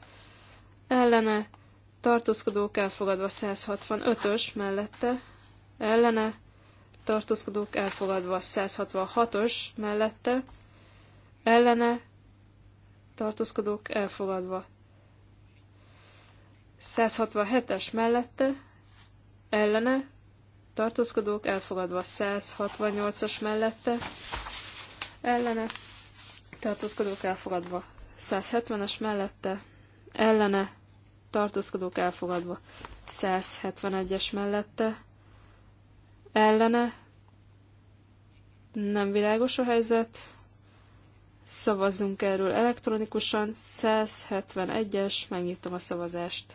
ellene, tartózkodók elfogadva 165-ös mellette, ellene, tartózkodók elfogadva 166-os mellette, ellene tartózkodók elfogadva. 167-es mellette, ellene, tartózkodók elfogadva. 168-as mellette, ellene, tartózkodók elfogadva. 170-es mellette, ellene, tartózkodók elfogadva. 171-es mellette, ellene, nem világos a helyzet, Szavazzunk erről elektronikusan. 171-es, megnyitom a szavazást.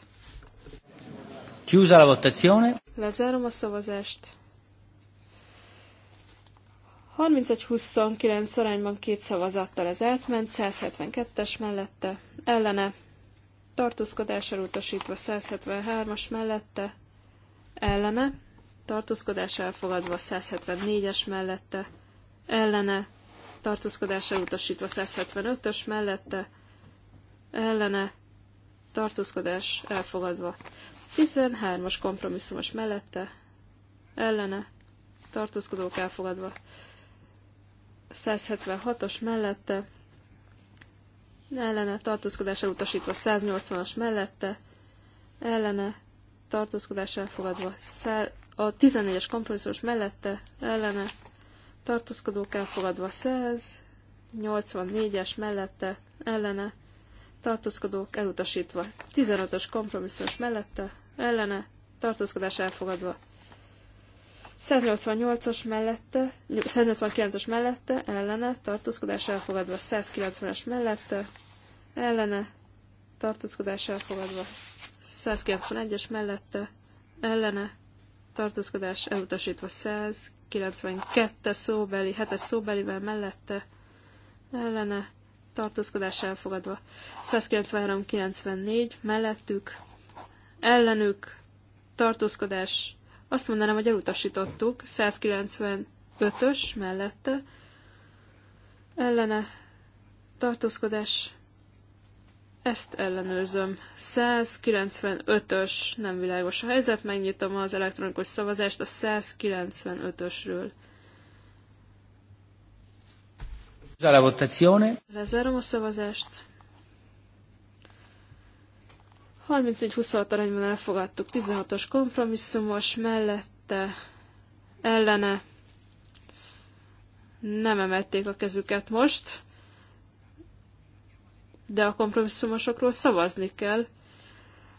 Chiusa la votazione. Lezárom a szavazást. 31-29 arányban két szavazattal ez átment, 172-es mellette, ellene, tartózkodás elutasítva 173-as mellette, ellene, tartózkodás elfogadva 174-es mellette, ellene, tartózkodás elutasítva 175-ös mellette ellene tartózkodás elfogadva 13-as kompromisszumos mellette ellene tartózkodók elfogadva 176-os mellette ellene tartózkodás elutasítva 180-as mellette ellene tartózkodás elfogadva a 14-es kompromisszumos mellette ellene tartózkodók elfogadva 184-es mellette ellene, tartózkodók elutasítva 15-ös kompromisszós mellette ellene, tartózkodás elfogadva 188-as mellette, 189-as mellette, ellene, tartózkodás elfogadva, 190-es mellette, ellene, tartózkodás elfogadva, 191-es mellette, ellene, tartózkodás elutasítva, 92-es szóbeli, 7-es szóbelivel mellette ellene tartózkodás elfogadva. 193-94 mellettük ellenük tartózkodás azt mondanám, hogy elutasítottuk, 195-ös mellette ellene tartózkodás ezt ellenőrzöm. 195-ös, nem világos a helyzet, megnyitom az elektronikus szavazást a 195-ösről. Lezárom a szavazást. 34-26 arányban elfogadtuk 16-os kompromisszumos, mellette, ellene nem emelték a kezüket most de a kompromisszumosokról szavazni kell.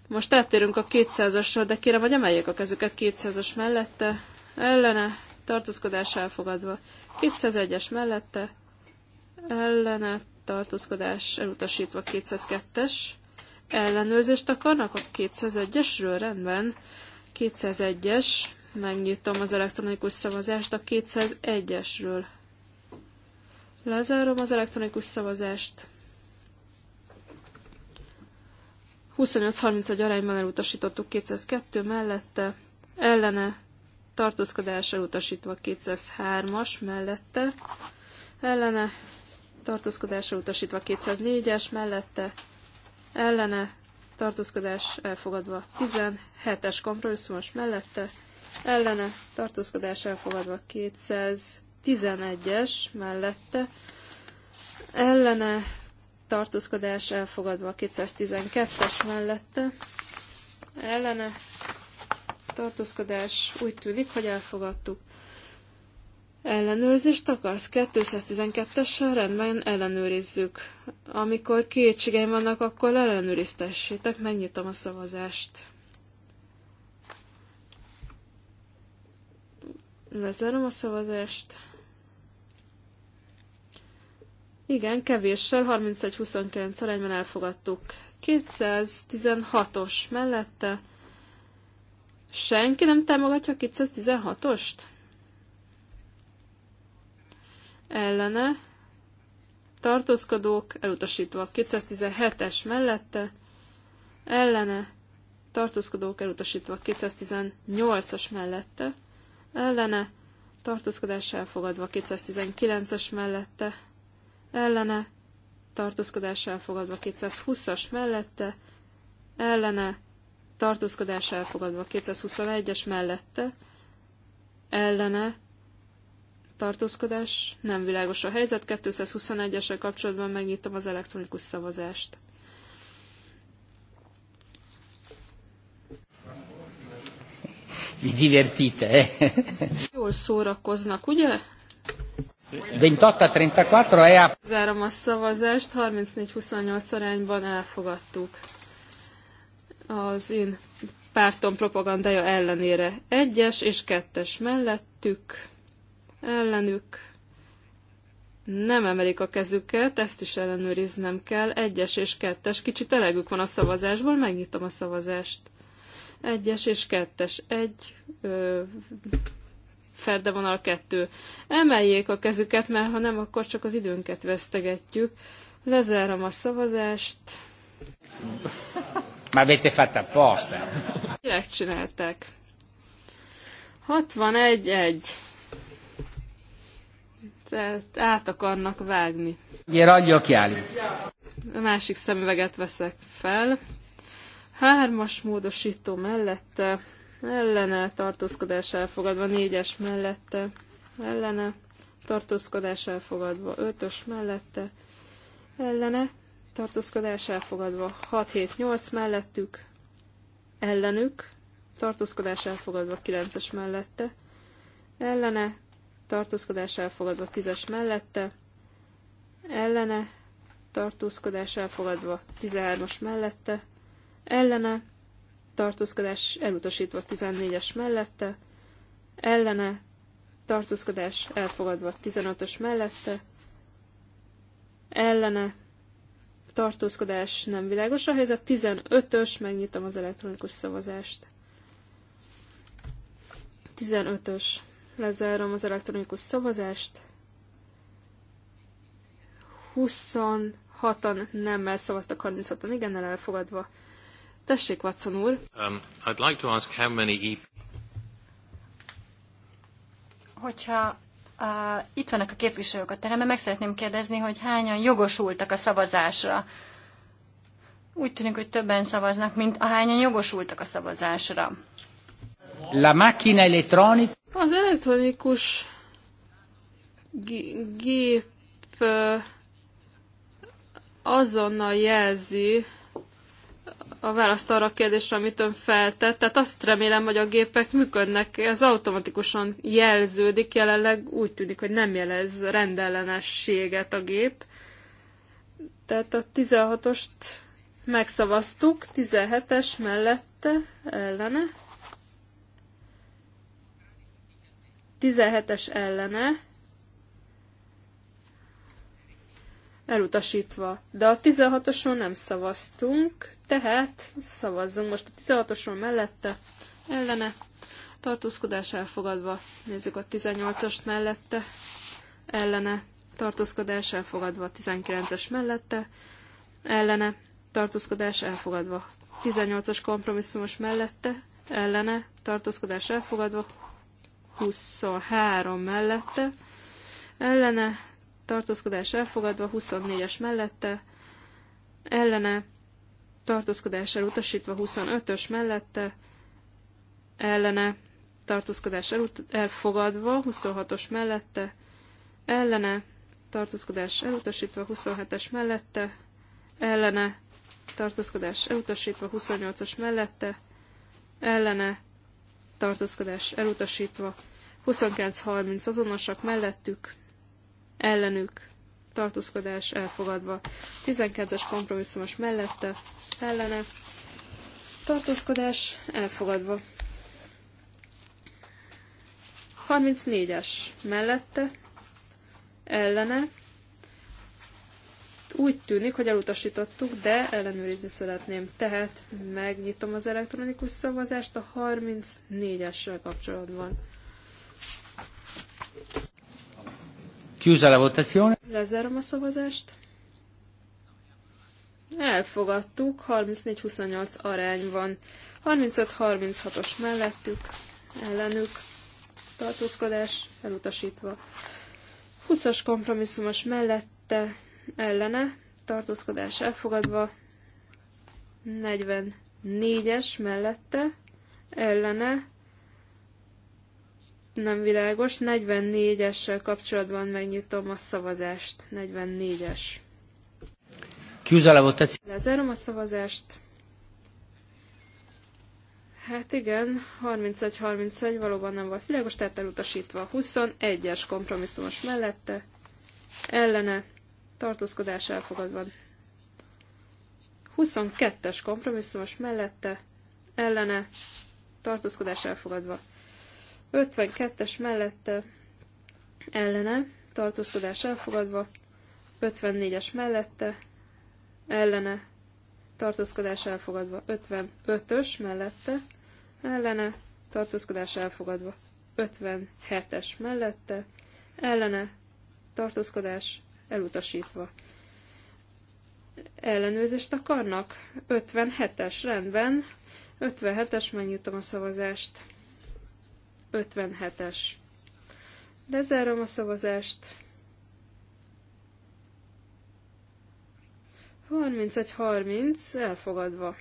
Most áttérünk a 200-asra, de kérem, hogy emeljék a kezüket 200-as mellette, ellene, tartózkodás elfogadva. 201-es mellette, ellene, tartózkodás elutasítva 202-es. Ellenőrzést akarnak a 201-esről? Rendben. 201-es. Megnyitom az elektronikus szavazást a 201-esről. Lezárom az elektronikus szavazást. 25-31 arányban elutasítottuk 202 mellette, ellene tartózkodás elutasítva 203-as mellette, ellene tartózkodás elutasítva 204-es mellette, ellene tartózkodás elfogadva 17-es kompromisszumos mellette, ellene tartózkodás elfogadva 211-es mellette, ellene tartózkodás elfogadva 212-es mellette, ellene tartózkodás úgy tűnik, hogy elfogadtuk. Ellenőrzést akarsz? 212-essel rendben ellenőrizzük. Amikor kétségeim vannak, akkor ellenőriztessétek, megnyitom a szavazást. Lezárom a szavazást. Igen, kevéssel, 31-29 arányban elfogadtuk. 216-os mellette senki nem támogatja a 216-ost? Ellene tartózkodók elutasítva. 217-es mellette ellene tartózkodók elutasítva. 218-as mellette ellene tartózkodás elfogadva. 219-es mellette ellene, tartózkodás elfogadva 220-as mellette, ellene, tartózkodás elfogadva 221-es mellette, ellene, tartózkodás, nem világos a helyzet, 221 esek kapcsolatban megnyitom az elektronikus szavazást. Mi divertite, eh? Jól szórakoznak, ugye? 28-34 e a... Zárom a szavazást, 34-28 arányban elfogadtuk az én pártom propagandája ellenére. Egyes és kettes mellettük, ellenük nem emelik a kezüket, ezt is ellenőriznem kell. Egyes és kettes, kicsit elegük van a szavazásból, megnyitom a szavazást. Egyes és kettes, egy... Ö ferdevonal kettő. Emeljék a kezüket, mert ha nem, akkor csak az időnket vesztegetjük. Lezárom a szavazást. Ma avete pasztán. Kinek csináltak? 61-1. Tehát át akarnak vágni. Gli occhiali. A másik szemüveget veszek fel. Hármas módosító mellette ellene tartózkodás elfogadva, négyes mellette ellene tartózkodás elfogadva, ötös mellette ellene tartózkodás elfogadva, 6-7-8 mellettük ellenük tartózkodás elfogadva, 9-es mellette ellene tartózkodás elfogadva, 10-es mellette ellene tartózkodás elfogadva, 13-as mellette ellene tartózkodás elutasítva 14-es mellette, ellene tartózkodás elfogadva 15-ös mellette, ellene tartózkodás nem világos a helyzet, 15-ös, megnyitom az elektronikus szavazást. 15-ös, lezárom az elektronikus szavazást. 26-an nemmel szavaztak, 36-an igennel elfogadva. Tessék, Watson úr. Um, I'd like to ask how many e Hogyha uh, itt vannak a képviselők a teremben, meg szeretném kérdezni, hogy hányan jogosultak a szavazásra. Úgy tűnik, hogy többen szavaznak, mint ahányan jogosultak a szavazásra. La macchina elettronica. Az elektronikus gép azonnal jelzi, a választ arra a kérdésre, amit ön feltett. Tehát azt remélem, hogy a gépek működnek. Ez automatikusan jelződik, jelenleg úgy tűnik, hogy nem jelez rendellenességet a gép. Tehát a 16-ost megszavaztuk, 17-es mellette ellene. 17-es ellene elutasítva. De a 16-oson nem szavaztunk, tehát szavazzunk most a 16-oson mellette, ellene, tartózkodás elfogadva. Nézzük a 18-ost mellette, ellene, tartózkodás elfogadva, 19-es mellette, ellene, tartózkodás elfogadva. 18-as kompromisszumos mellette, ellene, tartózkodás elfogadva, 23 mellette, ellene, tartózkodás elfogadva, 24-es mellette, ellene, tartózkodás elutasítva, 25-ös mellette, ellene, tartózkodás elfogadva, 26-os mellette, ellene, tartózkodás elutasítva, 27-es mellette, ellene, tartózkodás elutasítva, 28-as mellette, ellene, tartózkodás elutasítva, 29-30 azonosak mellettük, ellenük tartózkodás elfogadva. 12-es kompromisszumos mellette ellene tartózkodás elfogadva. 34-es mellette ellene úgy tűnik, hogy elutasítottuk, de ellenőrizni szeretném. Tehát megnyitom az elektronikus szavazást a 34-essel kapcsolatban. Chiusa la votazione. Lezárom a szavazást. Elfogadtuk, 34-28 arány van. 35-36-os mellettük, ellenük, tartózkodás elutasítva. 20-as kompromisszumos mellette, ellene, tartózkodás elfogadva. 44-es mellette, ellene, nem világos. 44-essel kapcsolatban megnyitom a szavazást. 44-es. tetszik. Lezárom a szavazást. Hát igen, 31-31 valóban nem volt világos, tehát elutasítva 21-es kompromisszumos mellette, ellene, tartózkodás elfogadva. 22-es kompromisszumos mellette, ellene, tartózkodás elfogadva. 52-es mellette ellene, tartózkodás elfogadva, 54-es mellette ellene, tartózkodás elfogadva, 55-ös mellette ellene, tartózkodás elfogadva, 57-es mellette ellene, tartózkodás elutasítva. Ellenőrzést akarnak? 57-es, rendben. 57-es, megnyitom a szavazást. 57-es. Lezárom a szavazást. 31-30 elfogadva.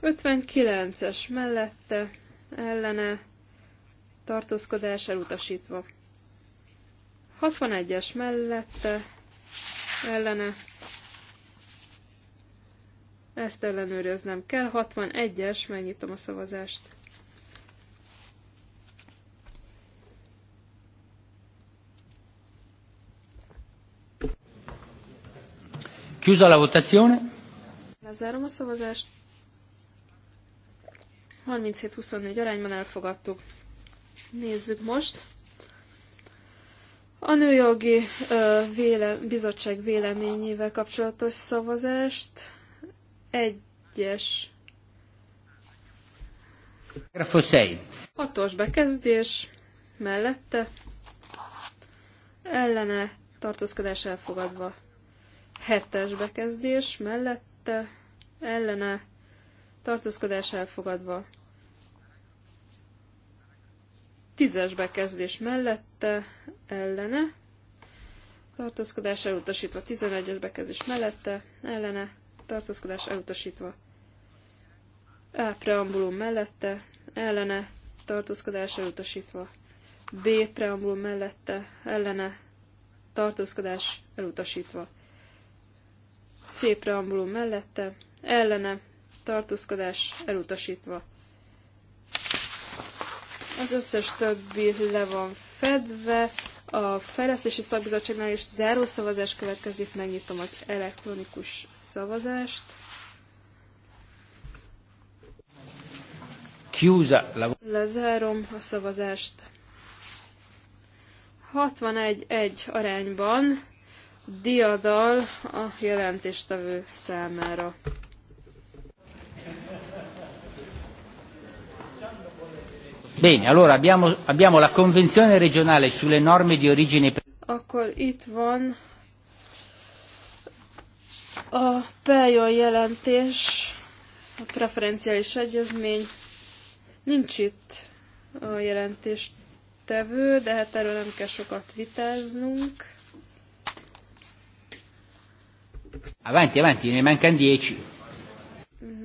59. es mellette, ellene, tartózkodás elutasítva. 61-es mellette, ellene, ezt ellenőröznem kell. 61-es, megnyitom a szavazást. Chiusa la votazione. Lezárom a szavazást. 37-24 arányban elfogadtuk. Nézzük most. A Nőjogi ö, véle, Bizottság véleményével kapcsolatos szavazást. Egyes. Grafoszei. Hatos bekezdés. Mellette. Ellene tartózkodás elfogadva hetes bekezdés mellette ellene tartózkodás elfogadva. Tízes bekezdés mellette ellene tartózkodás elutasítva. Tizenegyes bekezdés mellette ellene tartózkodás elutasítva. A preambulum mellette ellene tartózkodás elutasítva. B preambulum mellette ellene tartózkodás elutasítva. C preambulum mellette, ellene, tartózkodás elutasítva. Az összes többi le van fedve, a fejlesztési szakbizottságnál is záró szavazás következik, megnyitom az elektronikus szavazást. Lezárom a szavazást. 61-1 arányban diadal a jelentéstevő számára. Bene, allora abbiamo, abbiamo la Convenzione regionale sulle norme di origine. Akkor itt van a Pejon jelentés, a preferenciális egyezmény. Nincs itt a jelentéstevő, de hát erről nem kell sokat vitáznunk. Avanti, avanti, ne mancan 10.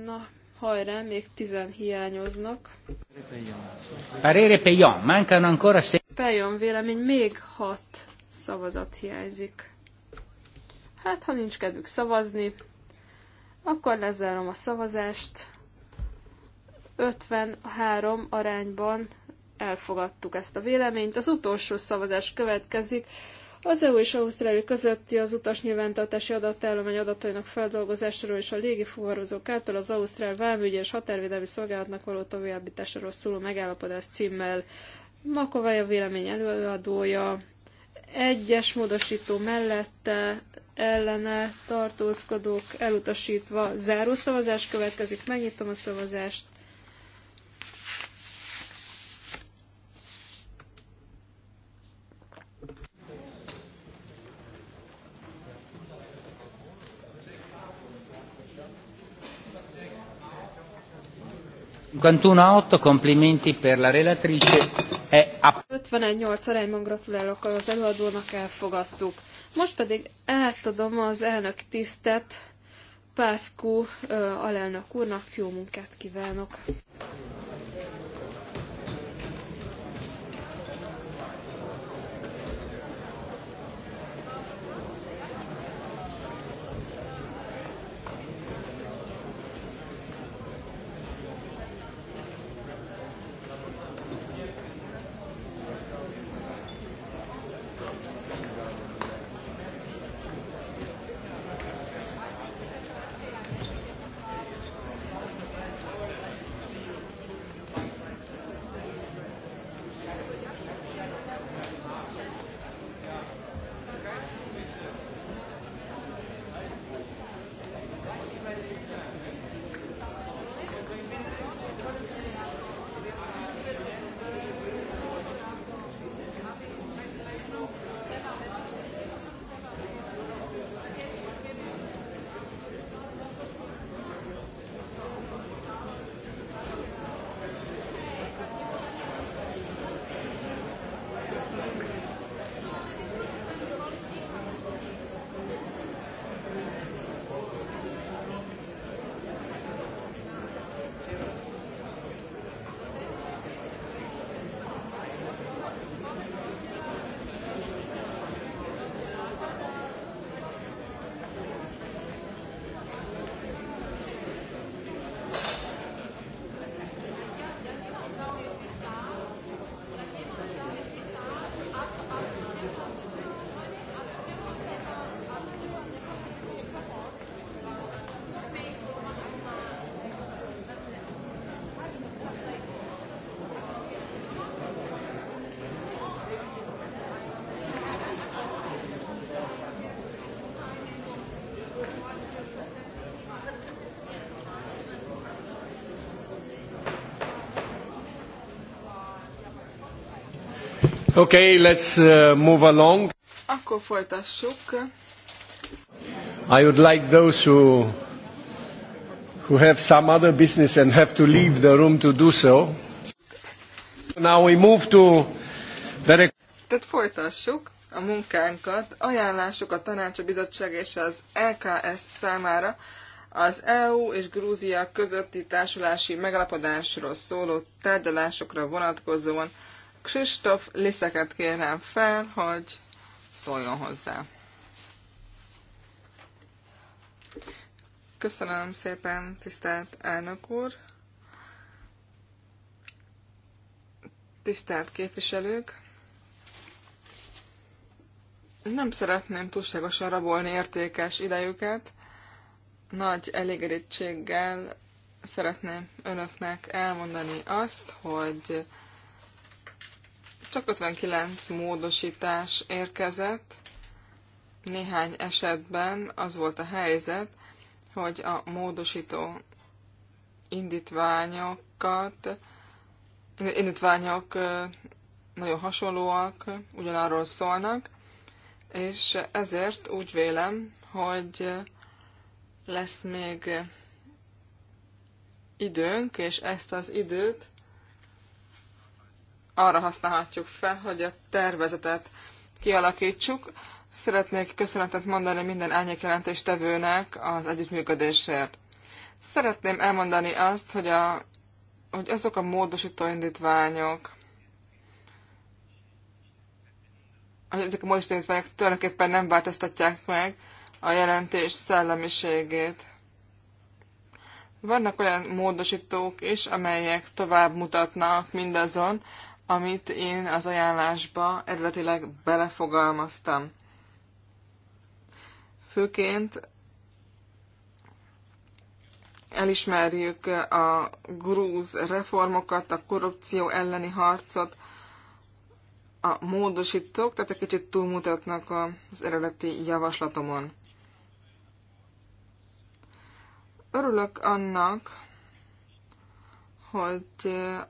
Na, hajrá, még tizen hiányoznak. Parere Pejon, mancano ancora se... Pejon vélemény, még hat szavazat hiányzik. Hát, ha nincs kedvük szavazni, akkor lezárom a szavazást. 53 arányban elfogadtuk ezt a véleményt. Az utolsó szavazás következik. Az EU és Ausztrália közötti az utas nyilvántartási adatállomány adatainak feldolgozásáról és a légi fuvarozók által az Ausztrál Vámügyi és Határvédelmi Szolgálatnak való továbbításáról szóló megállapodás címmel Makovály a vélemény előadója, egyes módosító mellette ellene tartózkodók elutasítva záró szavazás következik. Megnyitom a szavazást. 51 8, arányban gratulálok az előadónak, elfogadtuk. Most pedig átadom az elnök tisztet Pászkú alelnök úrnak, jó munkát kívánok! Okay, let's uh, move along. Akkor folytassuk. I would like those who who have some other business and have to leave the room to do so. Now we move to the Tehát folytassuk a munkánkat, ajánlásuk a Tanács, a Bizottság és az LKS számára az EU és Grúzia közötti társulási megalapodásról szóló tárgyalásokra vonatkozóan Kristof Liszeket kérem fel, hogy szóljon hozzá. Köszönöm szépen, tisztelt elnök úr! Tisztelt képviselők! Nem szeretném túlságosan rabolni értékes idejüket. Nagy elégedettséggel szeretném önöknek elmondani azt, hogy csak 59 módosítás érkezett. Néhány esetben az volt a helyzet, hogy a módosító indítványokat, indítványok nagyon hasonlóak, ugyanarról szólnak, és ezért úgy vélem, hogy lesz még időnk, és ezt az időt arra használhatjuk fel, hogy a tervezetet kialakítsuk. Szeretnék köszönetet mondani minden tevőnek az együttműködésért. Szeretném elmondani azt, hogy, a, hogy azok a módosító indítványok, hogy ezek a módosító indítványok tulajdonképpen nem változtatják meg a jelentés szellemiségét. Vannak olyan módosítók is, amelyek tovább mutatnak mindazon, amit én az ajánlásba eredetileg belefogalmaztam. Főként elismerjük a grúz reformokat, a korrupció elleni harcot, a módosítók, tehát egy kicsit túlmutatnak az eredeti javaslatomon. Örülök annak, hogy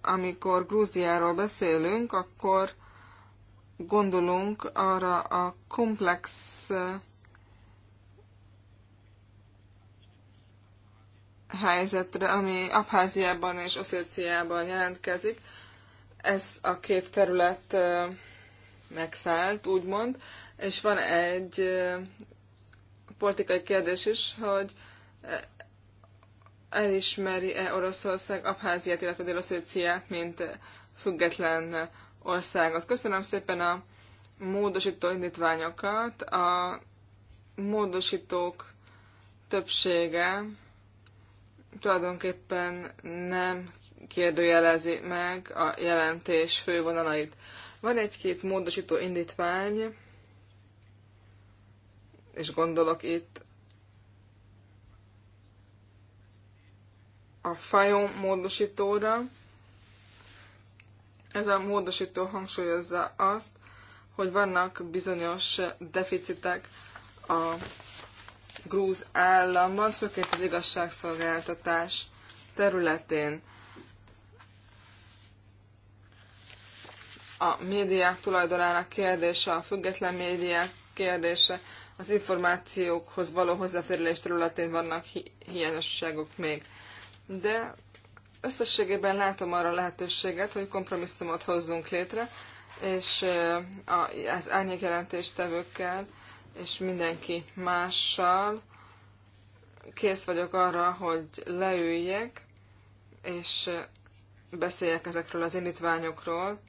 amikor Grúziáról beszélünk, akkor gondolunk arra a komplex helyzetre, ami Abháziában és Oszéciában jelentkezik. Ez a két terület megszállt, úgymond, és van egy politikai kérdés is, hogy elismeri-e Oroszország Abháziát, illetve Délosszéciát, mint független országot. Köszönöm szépen a módosító indítványokat. A módosítók többsége tulajdonképpen nem kérdőjelezi meg a jelentés fővonalait. Van egy-két módosító indítvány, és gondolok itt a fajom módosítóra. Ez a módosító hangsúlyozza azt, hogy vannak bizonyos deficitek a grúz államban, főként az igazságszolgáltatás területén. A médiák tulajdonának kérdése, a független médiák kérdése, az információkhoz való hozzáférés területén vannak hi- hiányosságok még de összességében látom arra a lehetőséget, hogy kompromisszumot hozzunk létre, és az árnyékjelentéstevőkkel és mindenki mással kész vagyok arra, hogy leüljek, és beszéljek ezekről az indítványokról.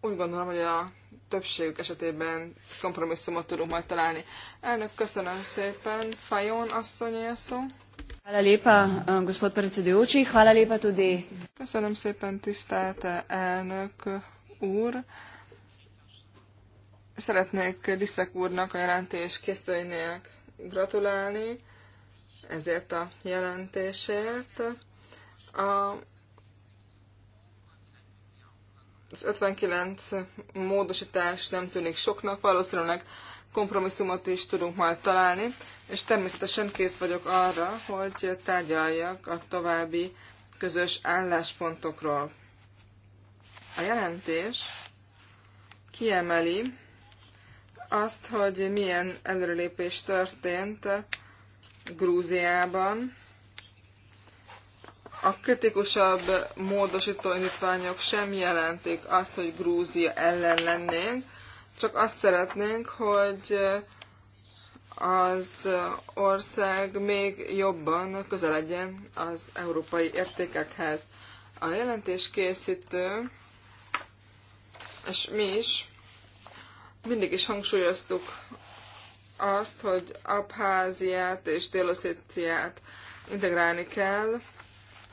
Úgy gondolom, hogy a többségük esetében kompromisszumot tudunk majd találni. Elnök, köszönöm szépen. Fajon asszony szó. Hvala lépa, eh, gospod predsedujoči, hvala tudi. Köszönöm szépen, tisztelt elnök úr. Szeretnék Liszek úrnak a jelentés készítőinek gratulálni ezért a jelentésért. A az 59 módosítás nem tűnik soknak, valószínűleg kompromisszumot is tudunk majd találni, és természetesen kész vagyok arra, hogy tárgyaljak a további közös álláspontokról. A jelentés kiemeli azt, hogy milyen előrelépés történt Grúziában, a kritikusabb módosító indítványok sem jelentik azt, hogy Grúzia ellen lennénk, csak azt szeretnénk, hogy az ország még jobban közeledjen az európai értékekhez. A jelentés készítő, és mi is, mindig is hangsúlyoztuk azt, hogy Abháziát és Délosszéciát integrálni kell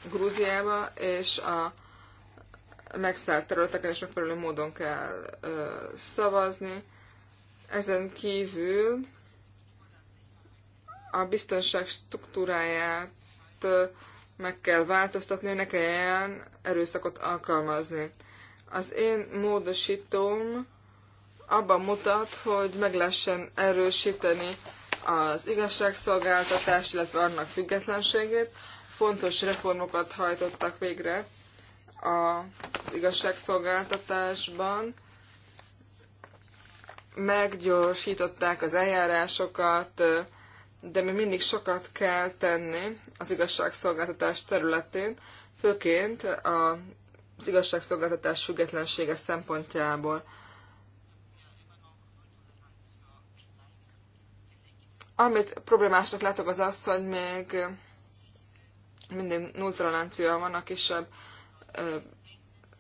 Grúziába, és a megszállt területeken is megfelelő módon kell ö, szavazni. Ezen kívül a biztonság struktúráját ö, meg kell változtatni, hogy ne kelljen erőszakot alkalmazni. Az én módosítóm abban mutat, hogy meg lehessen erősíteni az igazságszolgáltatás, illetve annak függetlenségét, fontos reformokat hajtottak végre az igazságszolgáltatásban, meggyorsították az eljárásokat, de még mindig sokat kell tenni az igazságszolgáltatás területén, főként az igazságszolgáltatás függetlensége szempontjából. Amit problémásnak látok az az, hogy még mindig nulltolerancia van a kisebb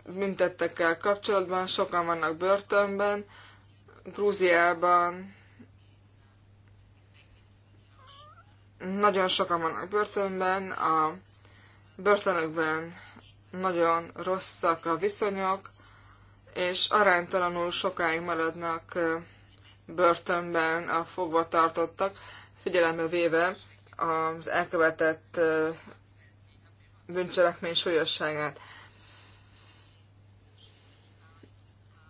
büntettekkel kapcsolatban, sokan vannak börtönben, Grúziában nagyon sokan vannak börtönben, a börtönökben nagyon rosszak a viszonyok, és aránytalanul sokáig maradnak börtönben a fogvatartottak, figyelembe véve az elkövetett bűncselekmény súlyosságát.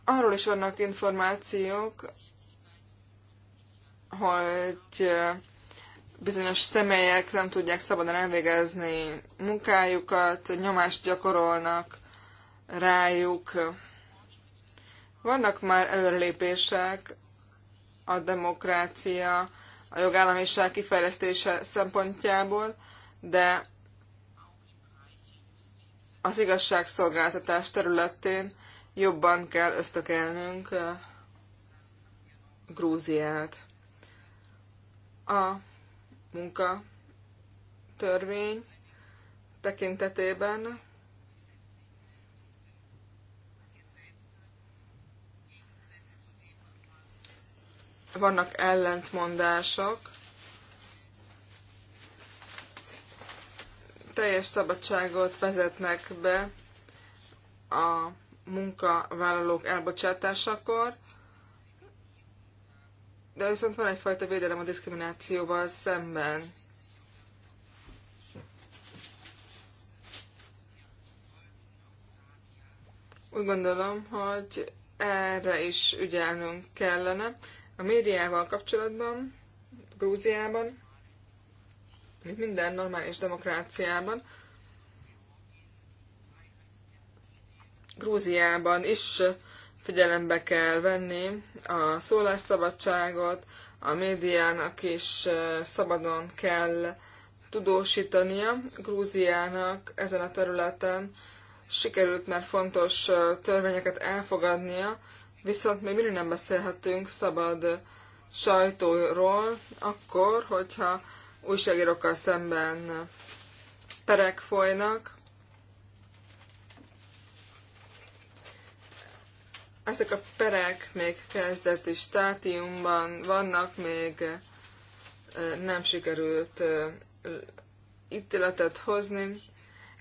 Arról is vannak információk, hogy bizonyos személyek nem tudják szabadon elvégezni munkájukat, nyomást gyakorolnak rájuk. Vannak már előrelépések a demokrácia, a jogállamiság kifejlesztése szempontjából, de az igazságszolgáltatás területén jobban kell ösztökelnünk Grúziát. A munka törvény tekintetében vannak ellentmondások, teljes szabadságot vezetnek be a munkavállalók elbocsátásakor, de viszont van egyfajta védelem a diszkriminációval szemben. Úgy gondolom, hogy erre is ügyelnünk kellene. A médiával kapcsolatban, Grúziában, mint minden normális demokráciában. Grúziában is figyelembe kell venni a szólásszabadságot, a médiának is szabadon kell tudósítania. Grúziának ezen a területen sikerült már fontos törvényeket elfogadnia, viszont még mindig nem beszélhetünk szabad sajtóról, akkor, hogyha újságírókkal szemben perek folynak. Ezek a perek még kezdeti státiumban vannak, még nem sikerült ítéletet hozni.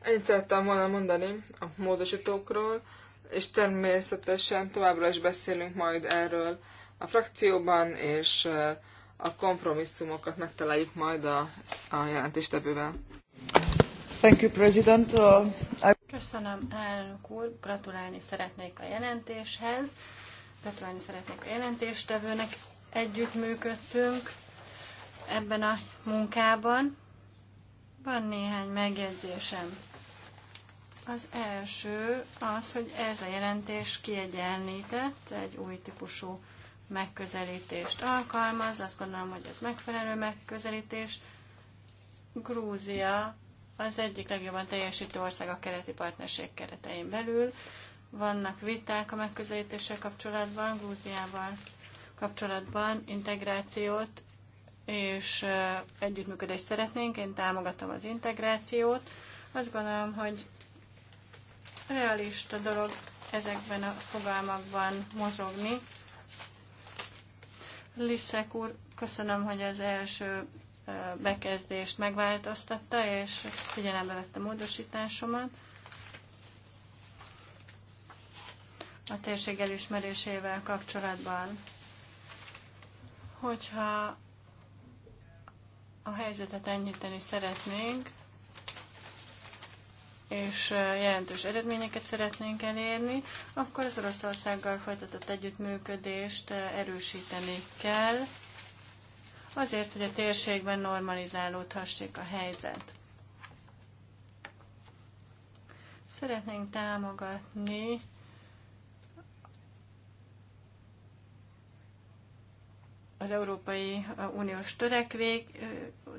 Ennyit szerettem volna mondani a módosítókról, és természetesen továbbra is beszélünk majd erről a frakcióban, és a kompromisszumokat megtaláljuk majd a, a jelentéstevővel. Thank you, President. Uh, I... Köszönöm, elnök úr. Gratulálni szeretnék a jelentéshez. Gratulálni szeretnék a jelentéstevőnek. Együttműködtünk ebben a munkában. Van néhány megjegyzésem. Az első az, hogy ez a jelentés kiegyenlített egy új típusú megközelítést alkalmaz, azt gondolom, hogy ez megfelelő megközelítés. Grúzia az egyik legjobban teljesítő ország a keleti partnerség keretein belül. Vannak viták a megközelítéssel kapcsolatban, Grúziával kapcsolatban integrációt és együttműködést szeretnénk. Én támogatom az integrációt. Azt gondolom, hogy realista dolog ezekben a fogalmakban mozogni. Liszek úr, köszönöm, hogy az első bekezdést megváltoztatta, és figyelembe vette módosításomat. A térség elismerésével kapcsolatban, hogyha a helyzetet enyhíteni szeretnénk, és jelentős eredményeket szeretnénk elérni, akkor az Oroszországgal folytatott együttműködést erősíteni kell, azért, hogy a térségben normalizálódhassék a helyzet. Szeretnénk támogatni az Európai Uniós törekvék,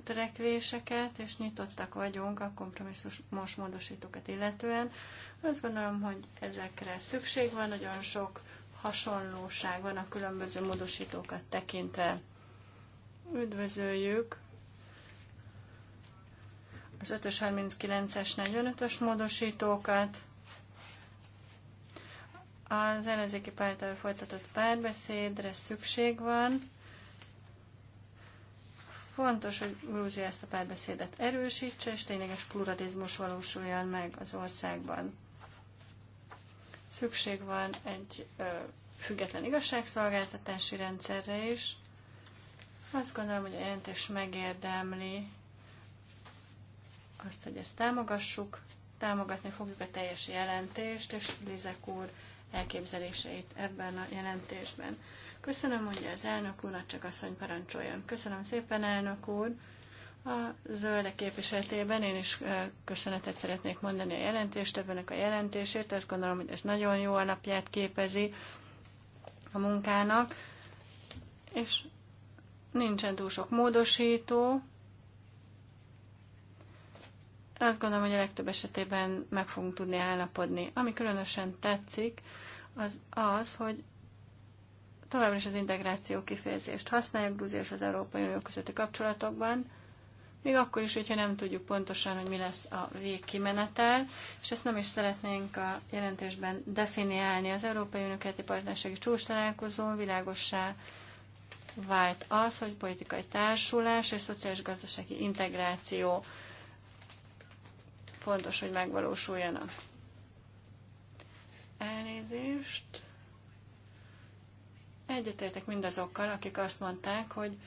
törekvéseket, és nyitottak vagyunk a kompromisszumos módosítókat illetően. Azt gondolom, hogy ezekre szükség van, nagyon sok hasonlóság van a különböző módosítókat tekintve. Üdvözöljük az 5-ös, 39-es, 45-ös módosítókat, az ellenzéki pártal folytatott párbeszédre szükség van, Fontos, hogy Grúzia ezt a párbeszédet erősítse, és tényleges pluralizmus valósuljon meg az országban. Szükség van egy ö, független igazságszolgáltatási rendszerre is. Azt gondolom, hogy a jelentés megérdemli azt, hogy ezt támogassuk, támogatni fogjuk a teljes jelentést, és Lizek úr elképzeléseit ebben a jelentésben. Köszönöm, mondja az elnök úr, csak asszony parancsoljon. Köszönöm szépen, elnök úr. A zöldek képviseletében én is köszönetet szeretnék mondani a ebbenek a jelentését. Azt gondolom, hogy ez nagyon jó alapját képezi a munkának, és nincsen túl sok módosító. Azt gondolom, hogy a legtöbb esetében meg fogunk tudni állapodni. Ami különösen tetszik, az az, hogy továbbra is az integráció kifejezést használjuk Grúzia és az Európai Unió közötti kapcsolatokban, még akkor is, hogyha nem tudjuk pontosan, hogy mi lesz a végkimenetel, és ezt nem is szeretnénk a jelentésben definiálni. Az Európai Unió keleti partnerségi csúcs találkozón világossá vált az, hogy politikai társulás és szociális-gazdasági integráció fontos, hogy megvalósuljanak. Elnézést. Egyetértek mindazokkal, akik azt mondták, hogy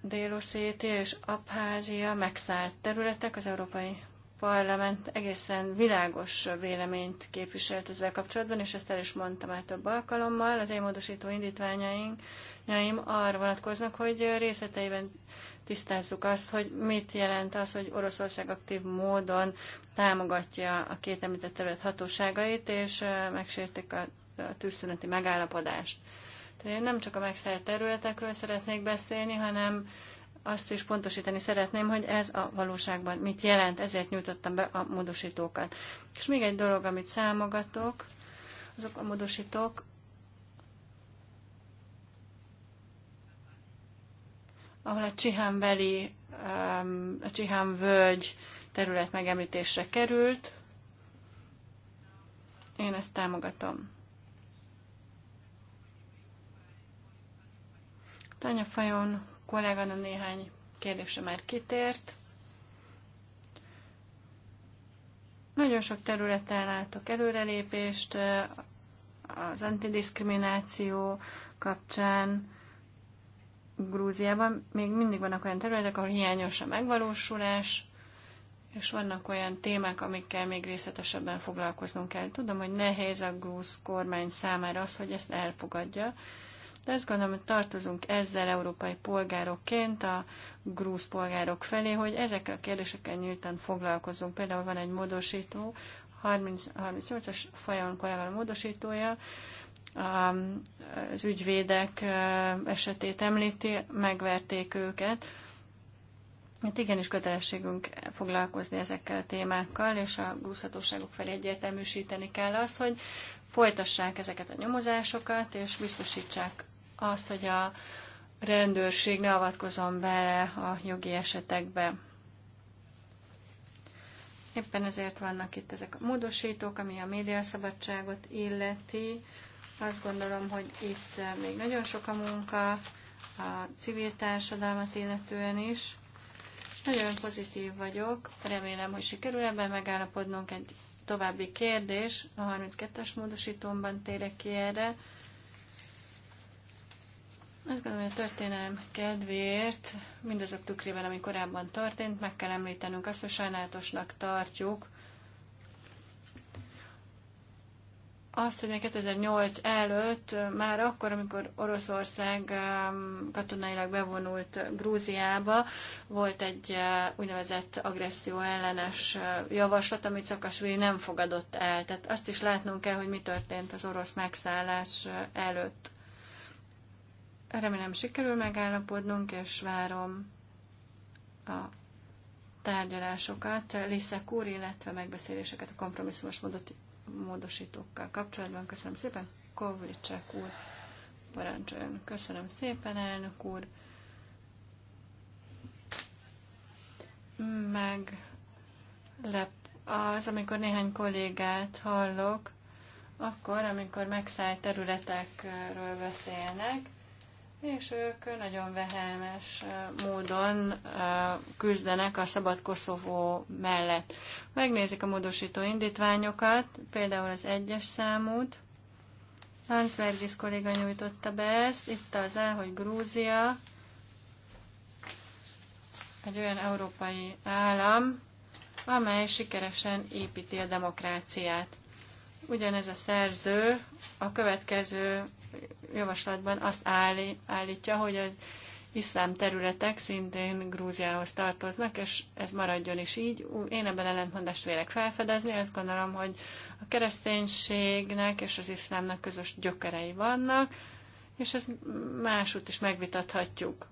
Délosszétia és Abházia megszállt területek, az Európai Parlament egészen világos véleményt képviselt ezzel kapcsolatban, és ezt el is mondtam már több alkalommal. Az én módosító indítványaim arra vonatkoznak, hogy részleteiben tisztázzuk azt, hogy mit jelent az, hogy Oroszország aktív módon támogatja a két említett terület hatóságait, és megsértik a tűzszüneti megállapodást. Tehát én nem csak a megszállt területekről szeretnék beszélni, hanem azt is pontosítani szeretném, hogy ez a valóságban mit jelent, ezért nyújtottam be a módosítókat. És még egy dolog, amit számogatok, azok a módosítók, ahol a Csihán veli, um, a Csihán völgy terület megemlítésre került. Én ezt támogatom. Tanya Fajon a néhány kérdése már kitért. Nagyon sok területen látok előrelépést az antidiszkrimináció kapcsán. Grúziában még mindig vannak olyan területek, ahol hiányos a megvalósulás, és vannak olyan témák, amikkel még részletesebben foglalkoznunk kell. Tudom, hogy nehéz a grúz kormány számára az, hogy ezt elfogadja, de azt gondolom, hogy tartozunk ezzel európai polgárokként a grúz polgárok felé, hogy ezekkel a kérdésekkel nyíltan foglalkozunk. Például van egy módosító, 30, 38-as fajon a módosítója, um, az ügyvédek uh, esetét említi, megverték őket. Hát igenis kötelességünk foglalkozni ezekkel a témákkal, és a grúzhatóságok felé egyértelműsíteni kell azt, hogy folytassák ezeket a nyomozásokat, és biztosítsák azt, hogy a rendőrség ne avatkozom bele a jogi esetekbe. Éppen ezért vannak itt ezek a módosítók, ami a médiaszabadságot illeti. Azt gondolom, hogy itt még nagyon sok a munka, a civil társadalmat illetően is. Nagyon pozitív vagyok, remélem, hogy sikerül ebben megállapodnunk egy további kérdés, a 32-es módosítómban térek ki erre, azt gondolom, hogy a történelem kedvéért, mindazok tükrében, ami korábban történt, meg kell említenünk azt, hogy sajnálatosnak tartjuk azt, hogy 2008 előtt, már akkor, amikor Oroszország katonailag bevonult Grúziába, volt egy úgynevezett agresszió ellenes javaslat, amit Szakasvili nem fogadott el. Tehát azt is látnunk kell, hogy mi történt az orosz megszállás előtt. Remélem sikerül megállapodnunk, és várom a tárgyalásokat, Liszek úr, illetve megbeszéléseket a kompromisszumos módot, módosítókkal kapcsolatban. Köszönöm szépen, Kovlicsek úr, parancsoljon. Köszönöm szépen, elnök úr. Meg lep az, amikor néhány kollégát hallok, akkor, amikor megszállt területekről beszélnek, és ők nagyon vehelmes módon küzdenek a szabad Koszovó mellett. Megnézik a módosító indítványokat, például az egyes számút. Vergis kolléga nyújtotta be ezt, itt az el, hogy Grúzia egy olyan európai állam, amely sikeresen építi a demokráciát. Ugyanez a szerző a következő javaslatban azt állítja, hogy az iszlám területek szintén Grúziához tartoznak, és ez maradjon is így. Én ebben ellentmondást vélek felfedezni, azt gondolom, hogy a kereszténységnek és az iszlámnak közös gyökerei vannak, és ezt másút is megvitathatjuk.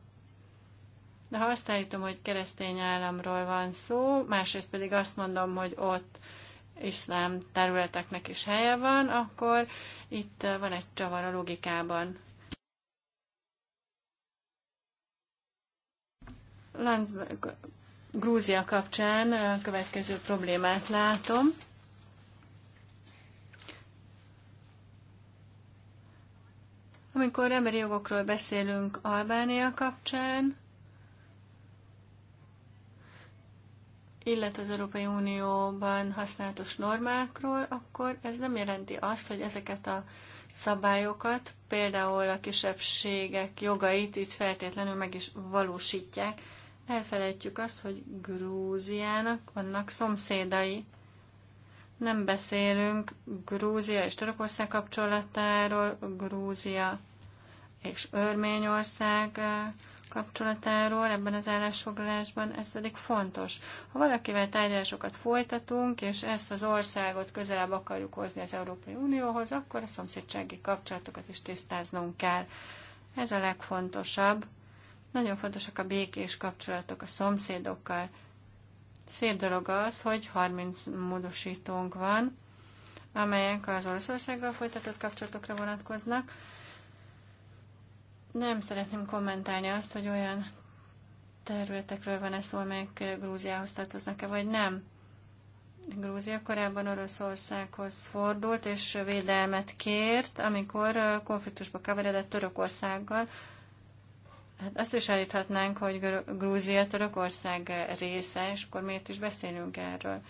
De ha azt állítom, hogy keresztény államról van szó, másrészt pedig azt mondom, hogy ott iszlám területeknek is helye van, akkor itt eh, van egy csavar a logikában. Landsberg, Grúzia kapcsán a eh, következő problémát látom. Amikor emberi jogokról beszélünk Albánia kapcsán, illetve az Európai Unióban használatos normákról, akkor ez nem jelenti azt, hogy ezeket a szabályokat, például a kisebbségek jogait itt feltétlenül meg is valósítják. Elfelejtjük azt, hogy Grúziának vannak szomszédai. Nem beszélünk Grúzia és Törökország kapcsolatáról, Grúzia és Örményország kapcsolatáról ebben az állásfoglalásban, ez pedig fontos. Ha valakivel tárgyalásokat folytatunk, és ezt az országot közelebb akarjuk hozni az Európai Unióhoz, akkor a szomszédsági kapcsolatokat is tisztáznunk kell. Ez a legfontosabb. Nagyon fontosak a békés kapcsolatok a szomszédokkal. Szép dolog az, hogy 30 módosítónk van, amelyek az Oroszországgal folytatott kapcsolatokra vonatkoznak nem szeretném kommentálni azt, hogy olyan területekről van-e szó, amelyek eh, Grúziához tartoznak-e, vagy nem. Grúzia korábban Oroszországhoz fordult, és védelmet kért, amikor eh, konfliktusba keveredett Törökországgal. Hát azt is állíthatnánk, hogy Grúzia Törökország eh, része, és akkor miért is beszélünk erről.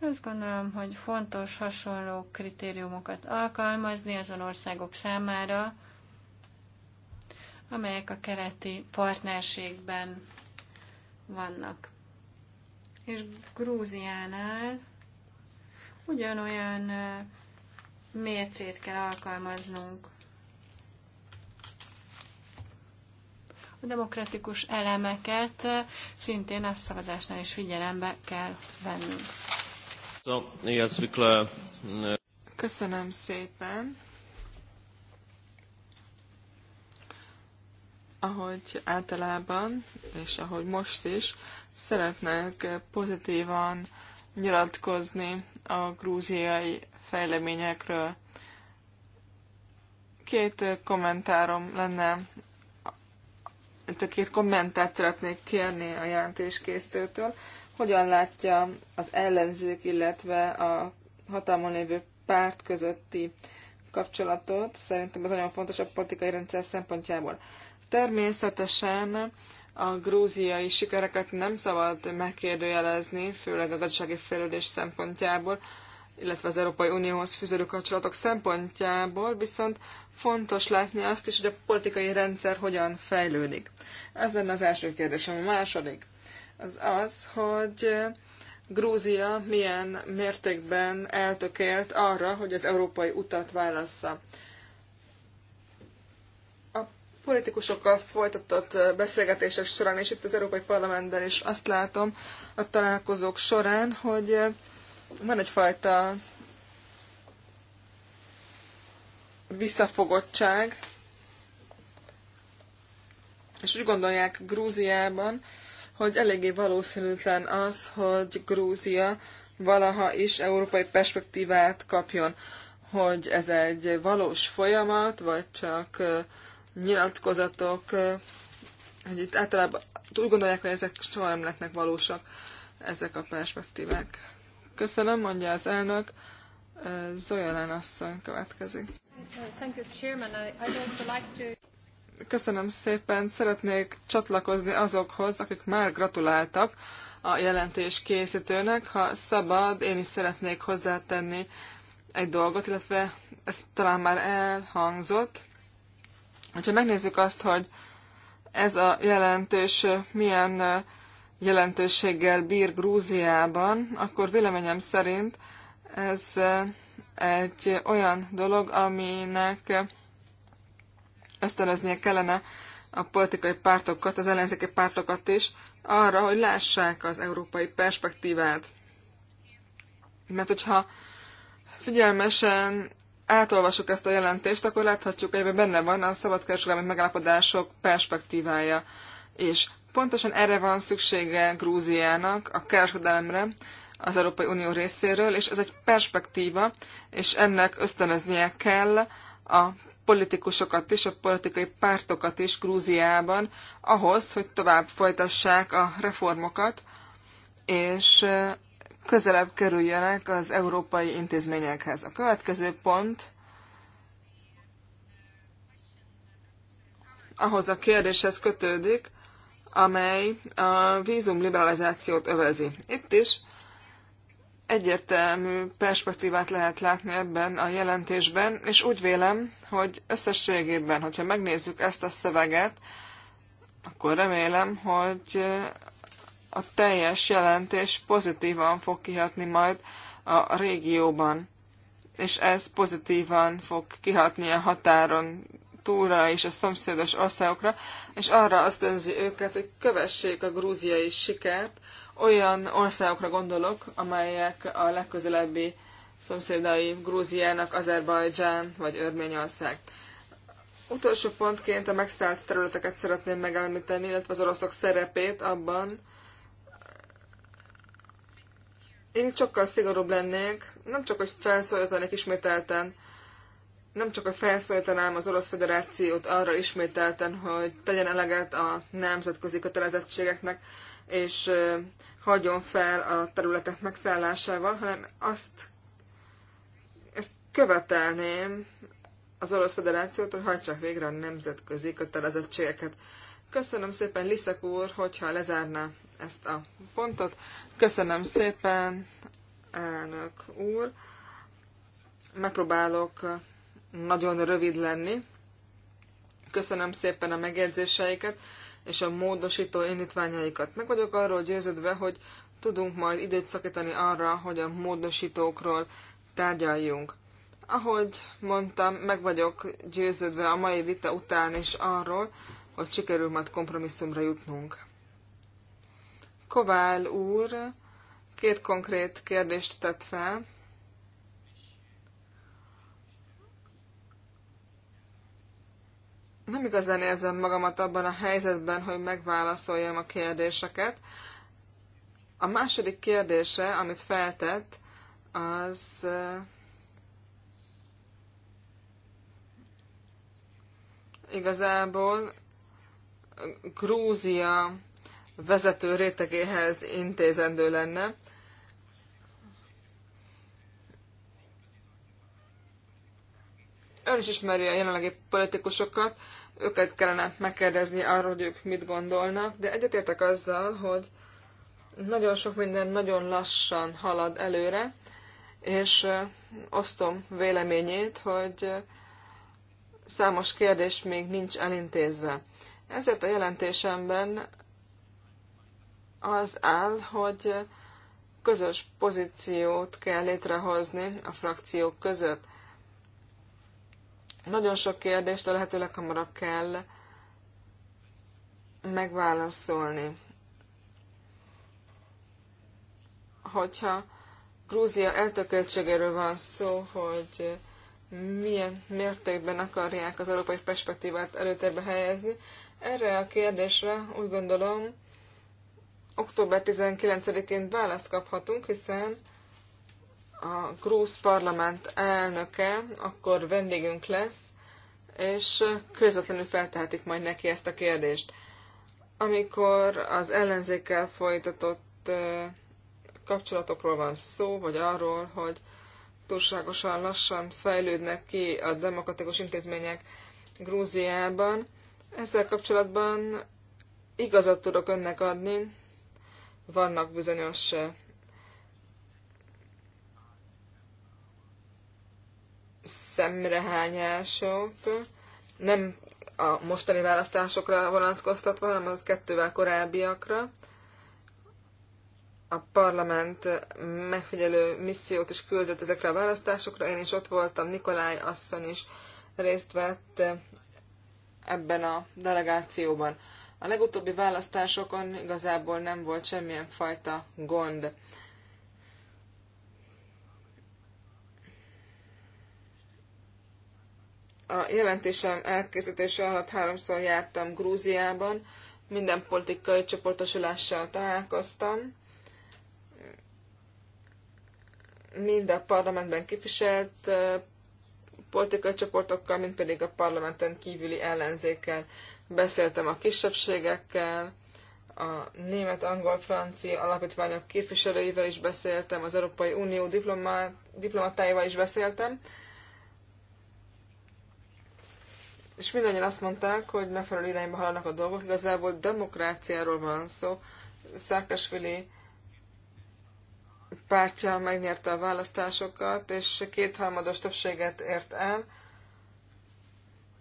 Azt gondolom, hogy fontos hasonló kritériumokat alkalmazni azon országok számára, amelyek a kereti partnerségben vannak. És Grúziánál ugyanolyan mércét kell alkalmaznunk. A demokratikus elemeket szintén a szavazásnál is figyelembe kell vennünk. Uh, Köszönöm szépen! ahogy általában, és ahogy most is, szeretnek pozitívan nyilatkozni a grúziai fejleményekről. Két kommentárom lenne, két kommentát szeretnék kérni a jelentéskészítőtől. Hogyan látja az ellenzék, illetve a hatalmon lévő párt közötti kapcsolatot? Szerintem ez nagyon fontos a politikai rendszer szempontjából. Természetesen a grúziai sikereket nem szabad megkérdőjelezni, főleg a gazdasági fejlődés szempontjából, illetve az Európai Unióhoz fűződő kapcsolatok szempontjából, viszont fontos látni azt is, hogy a politikai rendszer hogyan fejlődik. Ez lenne az első kérdésem. A második az az, hogy Grúzia milyen mértékben eltökélt arra, hogy az európai utat válassza politikusokkal folytatott beszélgetések során, és itt az Európai Parlamentben is azt látom a találkozók során, hogy van egyfajta visszafogottság, és úgy gondolják Grúziában, hogy eléggé valószínűtlen az, hogy Grúzia valaha is európai perspektívát kapjon, hogy ez egy valós folyamat, vagy csak nyilatkozatok, hogy itt általában úgy gondolják, hogy ezek soha nem lehetnek valósak, ezek a perspektívek. Köszönöm, mondja az elnök. Zoyalán asszony következik. Köszönöm szépen. Szeretnék csatlakozni azokhoz, akik már gratuláltak a jelentés készítőnek. Ha szabad, én is szeretnék hozzátenni egy dolgot, illetve ez talán már elhangzott. Ha megnézzük azt, hogy ez a jelentés milyen jelentőséggel bír Grúziában, akkor véleményem szerint ez egy olyan dolog, aminek ösztönöznie kellene a politikai pártokat, az ellenzéki pártokat is arra, hogy lássák az európai perspektívát. Mert hogyha figyelmesen átolvasok ezt a jelentést, akkor láthatjuk, hogy ebben benne van a szabadkereskedelmi megállapodások perspektívája. És pontosan erre van szüksége Grúziának, a kereskedelemre, az Európai Unió részéről, és ez egy perspektíva, és ennek ösztönöznie kell a politikusokat is, a politikai pártokat is Grúziában ahhoz, hogy tovább folytassák a reformokat, és közelebb kerüljenek az európai intézményekhez. A következő pont ahhoz a kérdéshez kötődik, amely a vízum liberalizációt övezi. Itt is egyértelmű perspektívát lehet látni ebben a jelentésben, és úgy vélem, hogy összességében, hogyha megnézzük ezt a szöveget, akkor remélem, hogy a teljes jelentés pozitívan fog kihatni majd a régióban, és ez pozitívan fog kihatni a határon túlra és a szomszédos országokra, és arra azt önzi őket, hogy kövessék a grúziai sikert, olyan országokra gondolok, amelyek a legközelebbi szomszédai Grúziának Azerbajdzsán vagy Örményország. Utolsó pontként a megszállt területeket szeretném megállítani, illetve az oroszok szerepét abban, én sokkal szigorúbb lennék, nem csak, hogy felszólítanék ismételten, nem csak, hogy felszólítanám az Orosz Federációt arra ismételten, hogy tegyen eleget a nemzetközi kötelezettségeknek, és hagyjon fel a területek megszállásával, hanem azt ezt követelném az Orosz Federációt, hogy hagyják végre a nemzetközi kötelezettségeket. Köszönöm szépen, Liszek úr, hogyha lezárná ezt a pontot. Köszönöm szépen, elnök úr. Megpróbálok nagyon rövid lenni. Köszönöm szépen a megjegyzéseiket és a módosító indítványaikat. Meg vagyok arról győződve, hogy tudunk majd időt szakítani arra, hogy a módosítókról tárgyaljunk. Ahogy mondtam, meg vagyok győződve a mai vita után is arról, hogy sikerül majd kompromisszumra jutnunk. Kovál úr két konkrét kérdést tett fel. Nem igazán érzem magamat abban a helyzetben, hogy megválaszoljam a kérdéseket. A második kérdése, amit feltett, az eh, igazából Grúzia vezető rétegéhez intézendő lenne. Ön is ismeri a jelenlegi politikusokat, őket kellene megkérdezni arról, hogy ők mit gondolnak, de egyetértek azzal, hogy nagyon sok minden nagyon lassan halad előre, és osztom véleményét, hogy számos kérdés még nincs elintézve. Ezért a jelentésemben az áll, hogy közös pozíciót kell létrehozni a frakciók között. Nagyon sok kérdést a lehetőleg hamarabb kell megválaszolni. Hogyha Grúzia eltökéltségéről van szó, hogy milyen mértékben akarják az európai perspektívát előtérbe helyezni, erre a kérdésre úgy gondolom, október 19-én választ kaphatunk, hiszen a Grúz parlament elnöke akkor vendégünk lesz, és közvetlenül feltehetik majd neki ezt a kérdést. Amikor az ellenzékkel folytatott kapcsolatokról van szó, vagy arról, hogy túlságosan lassan fejlődnek ki a demokratikus intézmények Grúziában, ezzel kapcsolatban igazat tudok önnek adni, vannak bizonyos szemrehányások, nem a mostani választásokra vonatkoztatva, hanem az kettővel korábbiakra. A parlament megfigyelő missziót is küldött ezekre a választásokra, én is ott voltam, Nikolaj asszony is részt vett ebben a delegációban. A legutóbbi választásokon igazából nem volt semmilyen fajta gond. A jelentésem elkészítése alatt háromszor jártam Grúziában, minden politikai csoportosulással találkoztam, mind a parlamentben képviselt eh, politikai csoportokkal, mint pedig a parlamenten kívüli ellenzékkel beszéltem a kisebbségekkel, a német, angol, francia alapítványok képviselőivel is beszéltem, az Európai Unió diplomát, diplomatáival is beszéltem, és mindannyian azt mondták, hogy megfelelő irányba haladnak a dolgok, igazából demokráciáról van szó. Szákásvili pártja megnyerte a választásokat, és kétharmados többséget ért el,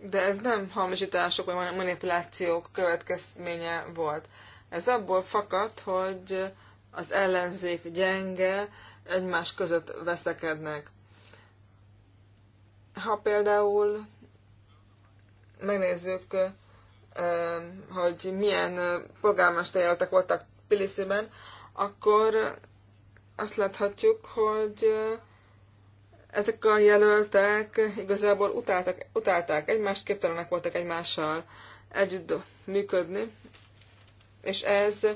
de ez nem hamisítások vagy manipulációk következménye volt. Ez abból fakad, hogy az ellenzék gyenge, egymás között veszekednek. Ha például megnézzük, hogy milyen jelöltek voltak Piliszében, akkor azt láthatjuk, hogy ezek a jelöltek igazából utáltak, utálták egymást, képtelenek voltak egymással együtt működni, és ez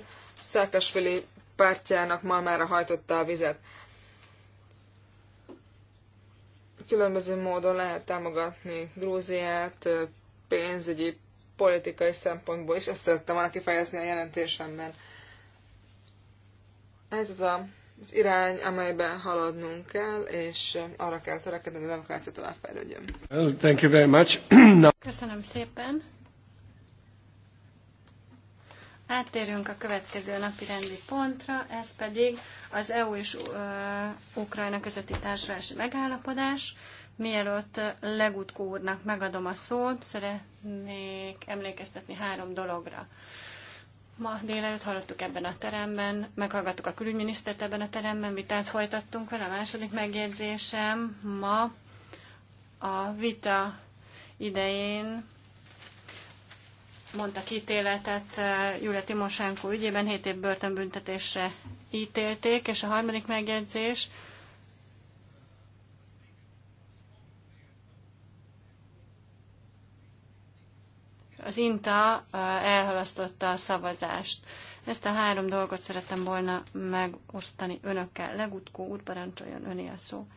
Szákásvili pártjának ma már hajtotta a vizet. Különböző módon lehet támogatni Grúziát, pénzügyi, politikai szempontból, és ezt szerettem volna kifejezni a jelentésemben. Ez az a az irány, amelybe haladnunk kell, és arra kell törekedni, hogy a demokrácia fejlődjön. Well, thank you very much. Köszönöm szépen. Áttérünk a következő napi rendi pontra, ez pedig az EU és Ukrajna közötti társulási megállapodás. Mielőtt Legutkó úrnak megadom a szót, szeretnék emlékeztetni három dologra. Ma délelőtt hallottuk ebben a teremben, meghallgattuk a külügyminisztert ebben a teremben, vitát folytattunk vele. A második megjegyzésem ma a vita idején mondta ítéletet eh, Júlia Timosánkó ügyében, 7 év börtönbüntetésre ítélték, és a harmadik megjegyzés, az INTA elhalasztotta a szavazást. Ezt a három dolgot szerettem volna megosztani önökkel. Legutkó úr, parancsoljon öné a szó.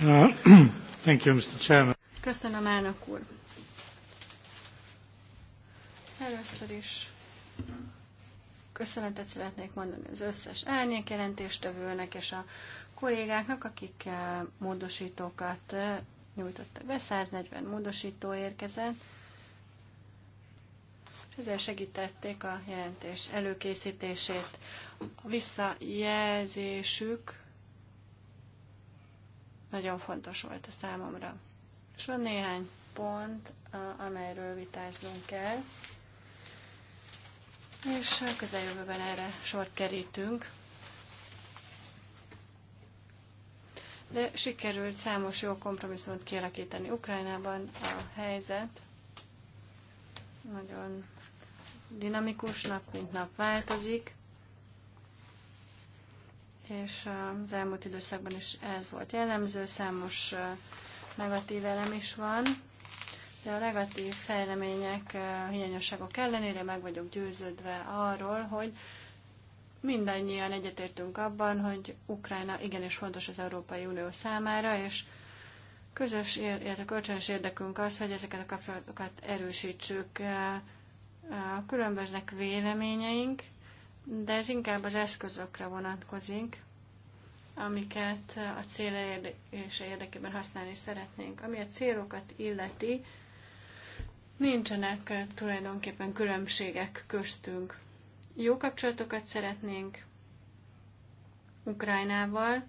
Uh, thank you, Mr. Chairman. Köszönöm, elnök úr. Először is köszönetet szeretnék mondani az összes árnyékjelentéstevőnek és a kollégáknak, akik eh, módosítókat eh, nyújtottak be, 140 módosító érkezett, és ezzel segítették a jelentés előkészítését. A visszajelzésük nagyon fontos volt a számomra. És van néhány pont, amelyről vitáznunk kell, és a közeljövőben erre sort kerítünk. de sikerült számos jó kompromisszumot kialakítani. Ukrajnában a helyzet nagyon dinamikus, nap mint nap változik, és az elmúlt időszakban is ez volt jellemző, számos negatív elem is van, de a negatív fejlemények, hiányosságok ellenére meg vagyok győződve arról, hogy mindannyian egyetértünk abban, hogy Ukrajna igenis fontos az Európai Unió számára, és közös, illetve kölcsönös érdekünk az, hogy ezeket a kapcsolatokat erősítsük. Eh, eh, különböznek véleményeink, de ez inkább az eszközökre vonatkozik, amiket a cél elérése érdekében használni szeretnénk. Ami a célokat illeti, nincsenek eh, tulajdonképpen különbségek köztünk. Jó kapcsolatokat szeretnénk Ukrajnával,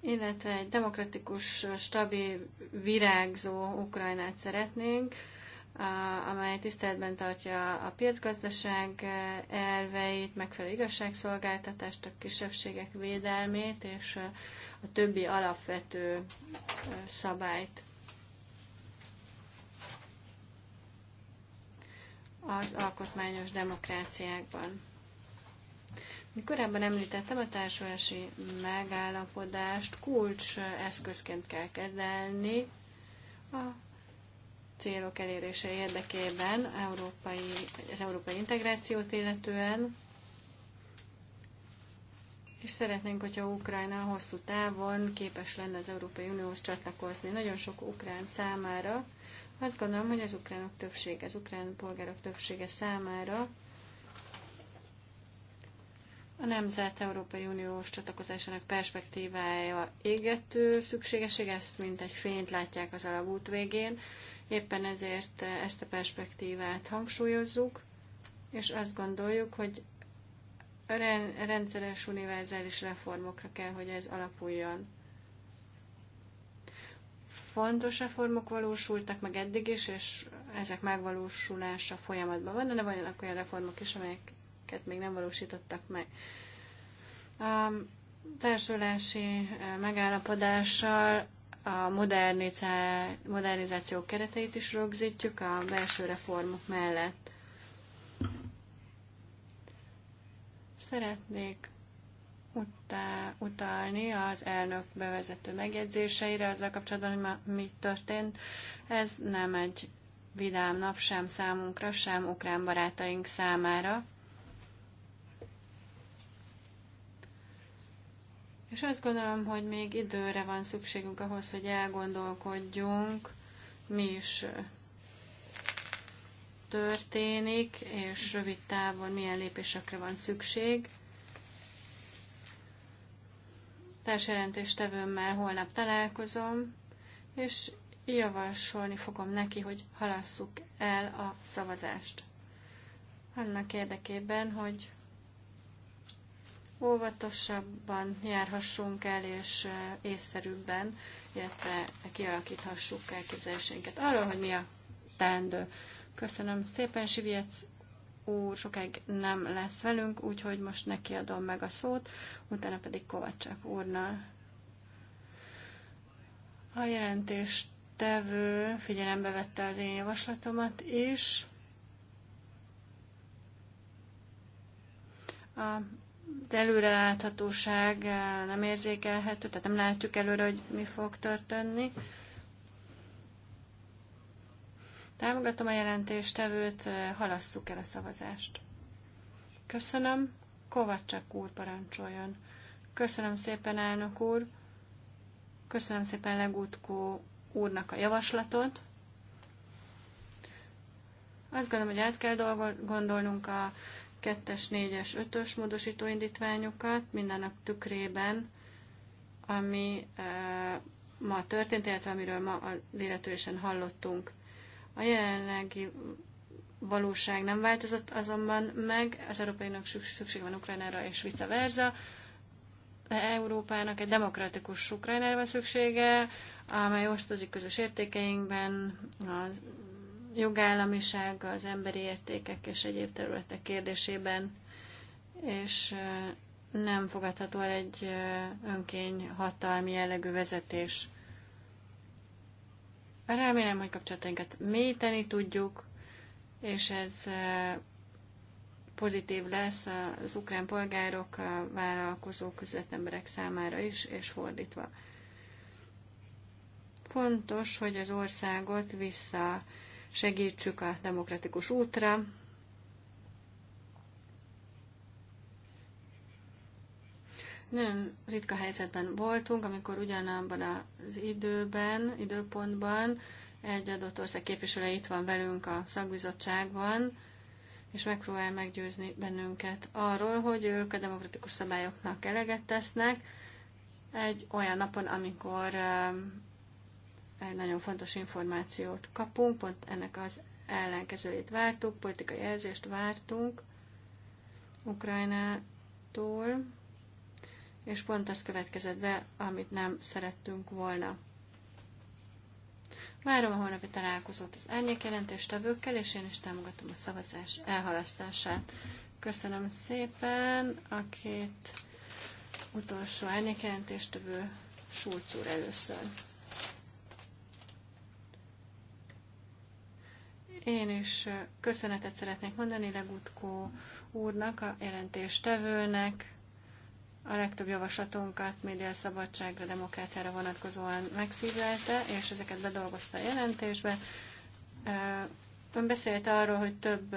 illetve egy demokratikus, stabil, virágzó Ukrajnát szeretnénk, amely tiszteletben tartja a piacgazdaság e, elveit, megfelelő igazságszolgáltatást, a kisebbségek védelmét és e, a többi alapvető e, szabályt. az alkotmányos demokráciákban. Mi korábban említettem, a társulási megállapodást kulcs eszközként kell kezelni a célok elérése érdekében európai, az európai integrációt illetően, és szeretnénk, hogyha Ukrajna hosszú távon képes lenne az Európai Unióhoz csatlakozni. Nagyon sok ukrán számára azt gondolom, hogy az ukránok többsége, az ukrán polgárok többsége számára a nem zárt Európai Uniós csatlakozásának perspektívája égető szükségeség, ezt mint egy fényt látják az alagút végén. Éppen ezért ezt a perspektívát hangsúlyozzuk, és azt gondoljuk, hogy rendszeres univerzális reformokra kell, hogy ez alapuljon fontos reformok valósultak meg eddig is, és ezek megvalósulása folyamatban van, de vannak olyan reformok is, amelyeket még nem valósítottak meg. A társulási megállapodással a modernizáció kereteit is rögzítjük a belső reformok mellett. Szeretnék utá, utalni az elnök bevezető megjegyzéseire azzal kapcsolatban, hogy ma mi történt. Ez nem egy vidám nap sem számunkra, sem ukrán barátaink számára. És azt gondolom, hogy még időre van szükségünk ahhoz, hogy elgondolkodjunk, mi is történik, és rövid távon milyen lépésekre van szükség. társjelentéstevőmmel holnap találkozom, és javasolni fogom neki, hogy halasszuk el a szavazást. Annak érdekében, hogy óvatosabban járhassunk el, és észszerűbben, illetve kialakíthassuk elképzeléseinket arról, hogy mi a teendő. Köszönöm szépen, Siviec úr sokáig nem lesz velünk, úgyhogy most neki adom meg a szót, utána pedig Kovacsák úrnal. A jelentés tevő figyelembe vette az én javaslatomat is. A de előreláthatóság eh, nem érzékelhető, tehát nem látjuk előre, hogy mi fog történni. Támogatom a jelentéstevőt, halasszuk el a szavazást. Köszönöm. Kovacsak úr parancsoljon. Köszönöm szépen, elnök úr. Köszönöm szépen Legutkó úrnak a javaslatot. Azt gondolom, hogy át kell gondolnunk a 2-es, 4-es, 5-ös módosítóindítványokat indítványokat minden nap tükrében, ami ma történt, illetve amiről ma a illetősen hallottunk. A jelenlegi valóság nem változott azonban meg, az európainak szükség van Ukrajnára és vice versa. Európának egy demokratikus Ukrajnára van szüksége, amely osztozik közös értékeinkben, a jogállamiság, az emberi értékek és egyéb területek kérdésében, és nem fogadható el egy önkény hatalmi jellegű vezetés. Remélem, hogy kapcsolatainkat mélyíteni tudjuk, és ez pozitív lesz az ukrán polgárok, a vállalkozók, üzletemberek számára is, és fordítva. Fontos, hogy az országot vissza segítsük a demokratikus útra, Nagyon ritka helyzetben voltunk, amikor ugyanabban az időben, időpontban egy adott ország képviselője itt van velünk a szakbizottságban, és megpróbál meggyőzni bennünket arról, hogy ők a demokratikus szabályoknak eleget tesznek egy olyan napon, amikor um, egy nagyon fontos információt kapunk, pont ennek az ellenkezőjét vártuk, politikai jelzést vártunk Ukrajnától, és pont az következett be, amit nem szerettünk volna. Várom a holnapi találkozót az árnyékjelentéstevőkkel, és én is támogatom a szavazás elhalasztását. Köszönöm szépen a két utolsó árnyékjelentéstevő Schulz úr először. Én is köszönetet szeretnék mondani Legutkó úrnak, a jelentéstevőnek, a legtöbb javaslatunkat média szabadságra, demokráciára vonatkozóan megszívelte, és ezeket bedolgozta a jelentésbe. Ön beszélt arról, hogy több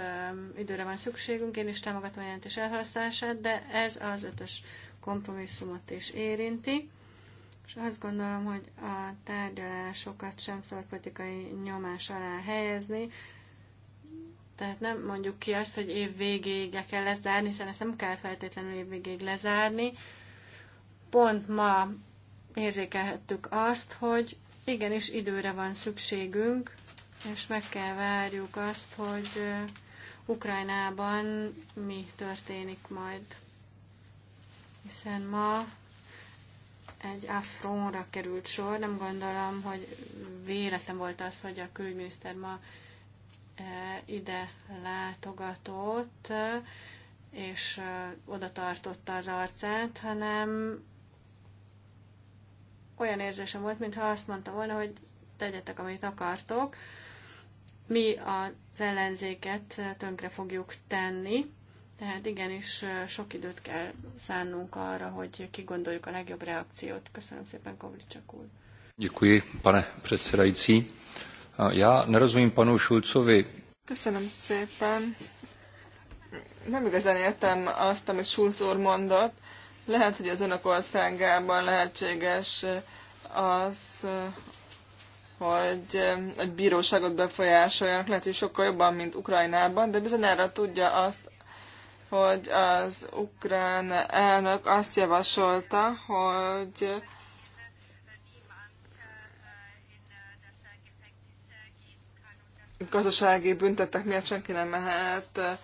időre van szükségünk, én is támogatom a jelentés elhalasztását, de ez az ötös kompromisszumot is érinti. És azt gondolom, hogy a tárgyalásokat sem szabad politikai nyomás alá helyezni, tehát nem mondjuk ki azt, hogy év végéig le kell lezárni, hiszen ezt nem kell feltétlenül év végéig lezárni. Pont ma érzékelhettük azt, hogy igenis időre van szükségünk, és meg kell várjuk azt, hogy Ukrajnában mi történik majd. Hiszen ma egy afrónra került sor, nem gondolom, hogy véletlen volt az, hogy a külügyminiszter ma E, ide látogatott, e, és e, oda tartotta az arcát, hanem olyan érzésem volt, mintha azt mondta volna, hogy tegyetek, amit akartok, mi az ellenzéket tönkre fogjuk tenni, tehát igenis sok időt kell szánnunk arra, hogy kigondoljuk a legjobb reakciót. Köszönöm szépen, Kovlicsak úr. Děkuji, pane předsedající. Já nerozumím panu Šulcovi. Köszönöm szépen. Nem igazán értem azt, amit Schulz úr mondott. Lehet, hogy az önök országában lehetséges az, hogy egy bíróságot befolyásoljanak, lehet, hogy sokkal jobban, mint Ukrajnában, de bizony erre tudja azt, hogy az ukrán elnök azt javasolta, hogy gazdasági büntetek miatt senki nem mehet eh,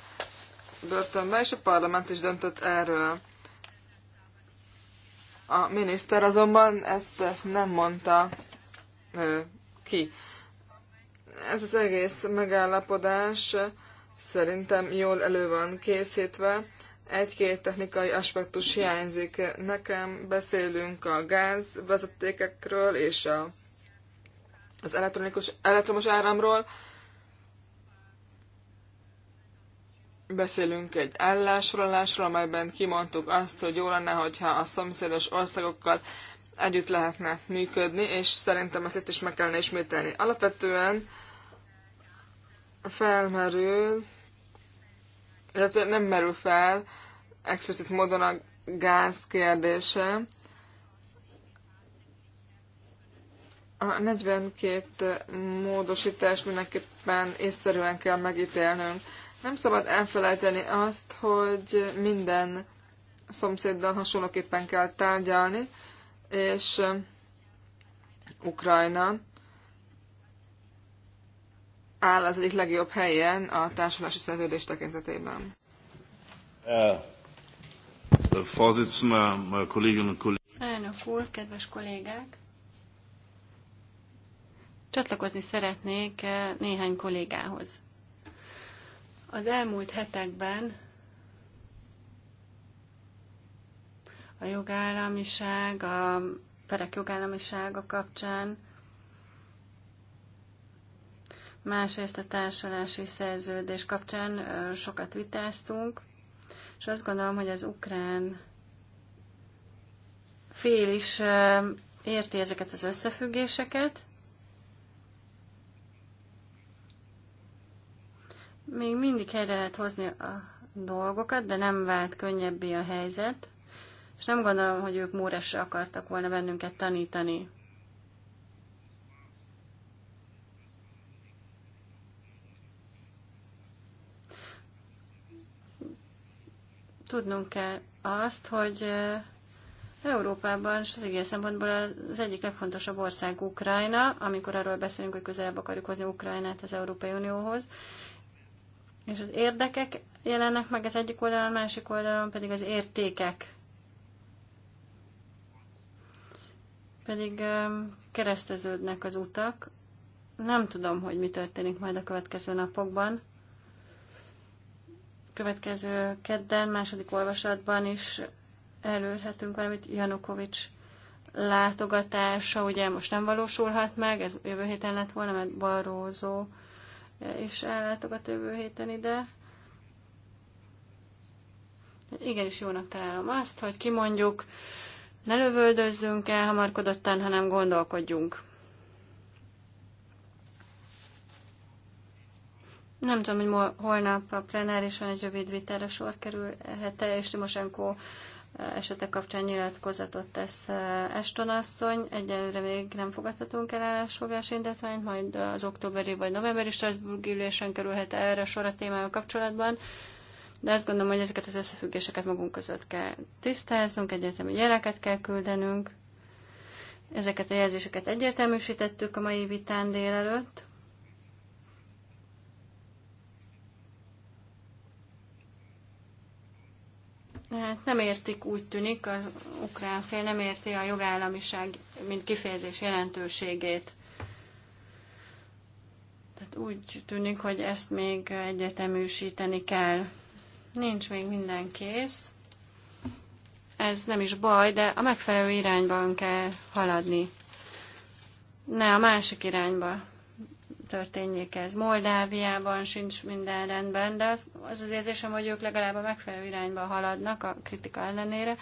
börtönbe, és a parlament is döntött erről. A miniszter azonban ezt nem mondta eh, ki. Ez az egész megállapodás szerintem jól elő van készítve. Egy-két technikai aspektus hiányzik nekem. Beszélünk a gázvezetékekről és a, az elektronikus, elektromos áramról beszélünk egy állásfoglalásról, amelyben kimondtuk azt, hogy jó lenne, hogyha a szomszédos országokkal együtt lehetne működni, és szerintem ezt itt is meg kellene ismételni. Alapvetően felmerül, illetve nem merül fel explicit módon a gáz kérdése. A 42 módosítást mindenképpen észszerűen kell megítélnünk. Nem szabad elfelejteni azt, hogy minden szomszéddal hasonlóképpen kell tárgyalni, és Ukrajna áll az egyik legjobb helyen a társulási szerződés tekintetében. Elnök úr, kedves kollégák! Csatlakozni szeretnék néhány kollégához. Az elmúlt hetekben a jogállamiság, a perek jogállamisága kapcsán, másrészt a társulási szerződés kapcsán sokat vitáztunk, és azt gondolom, hogy az ukrán fél is érti ezeket az összefüggéseket, Még mindig helyre lehet hozni a dolgokat, de nem vált könnyebbé a helyzet, és nem gondolom, hogy ők Móresre akartak volna bennünket tanítani. Tudnunk kell azt, hogy Európában stratégiai szempontból az egyik legfontosabb ország Ukrajna, amikor arról beszélünk, hogy közelebb akarjuk hozni Ukrajnát az Európai Unióhoz, és az érdekek jelennek meg az egyik oldalon, a másik oldalon pedig az értékek. Pedig kereszteződnek az utak. Nem tudom, hogy mi történik majd a következő napokban. Következő kedden, második olvasatban is előrhetünk valamit. Janukovics látogatása ugye most nem valósulhat meg, ez jövő héten lett volna, mert Barózó és ellátogat jövő héten ide. Igenis jónak találom azt, hogy kimondjuk, ne lövöldözzünk el hamarkodottan, hanem gondolkodjunk. Nem tudom, hogy holnap a plenárison egy rövid vitára sor kerülhet-e, és Timosenko esete kapcsán nyilatkozatot tesz Eston eh, asszony. Egyelőre még nem fogadhatunk el állásfogás indítványt, majd az októberi vagy novemberi Strasbourg ülésen kerülhet erre sor a témával kapcsolatban. De azt gondolom, hogy ezeket az összefüggéseket magunk között kell tisztáznunk, egyértelmű jeleket kell küldenünk. Ezeket a jelzéseket egyértelműsítettük a mai vitán délelőtt. Hát nem értik, úgy tűnik, az ukrán fél nem érti a jogállamiság, mint kifejezés jelentőségét. Tehát úgy tűnik, hogy ezt még egyeteműsíteni kell. Nincs még minden kész. Ez nem is baj, de a megfelelő irányban kell haladni. Ne a másik irányba történjék ez. Moldáviában sincs minden rendben, de az az, az érzésem, hogy ők legalább a megfelelő irányba haladnak a kritika ellenére.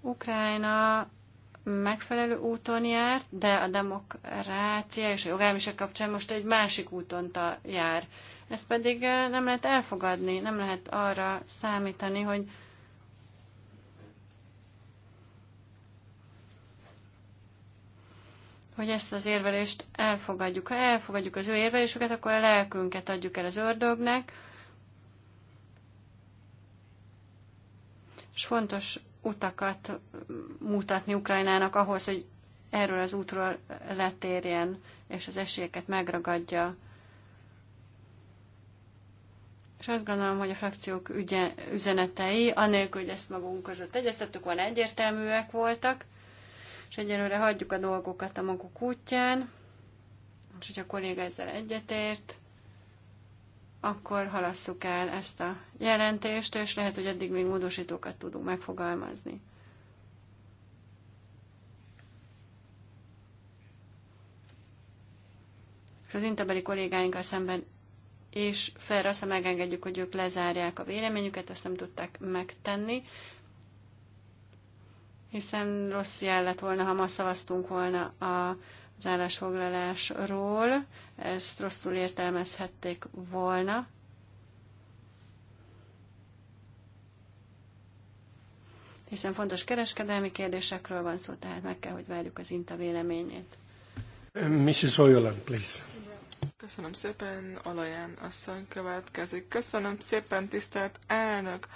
Ukrajna megfelelő úton járt, de a demokrácia és a jogállamiság kapcsán most egy másik úton jár. Ezt pedig eh, nem lehet elfogadni, nem lehet arra számítani, hogy hogy ezt az érvelést elfogadjuk. Ha elfogadjuk az ő érvelésüket, akkor a lelkünket adjuk el az ördögnek, és fontos utakat mutatni Ukrajnának ahhoz, hogy erről az útról letérjen, és az esélyeket megragadja. És azt gondolom, hogy a frakciók ügye, üzenetei, anélkül, hogy ezt magunk között egyeztettük van egyértelműek voltak és egyelőre hagyjuk a dolgokat a maguk útján, és hogyha a kolléga ezzel egyetért, akkor halasszuk el ezt a jelentést, és lehet, hogy addig még módosítókat tudunk megfogalmazni. És az intabeli kollégáinkkal szemben és felra, megengedjük, hogy ők lezárják a véleményüket, ezt nem tudták megtenni, hiszen rossz jel lett volna, ha ma szavaztunk volna a az állásfoglalásról, ezt rosszul értelmezhették volna. Hiszen fontos kereskedelmi kérdésekről van szó, tehát meg kell, hogy várjuk az INTA véleményét. Mrs. Oyolan, please. Köszönöm szépen, Alaján asszony következik. Köszönöm szépen, tisztelt elnök!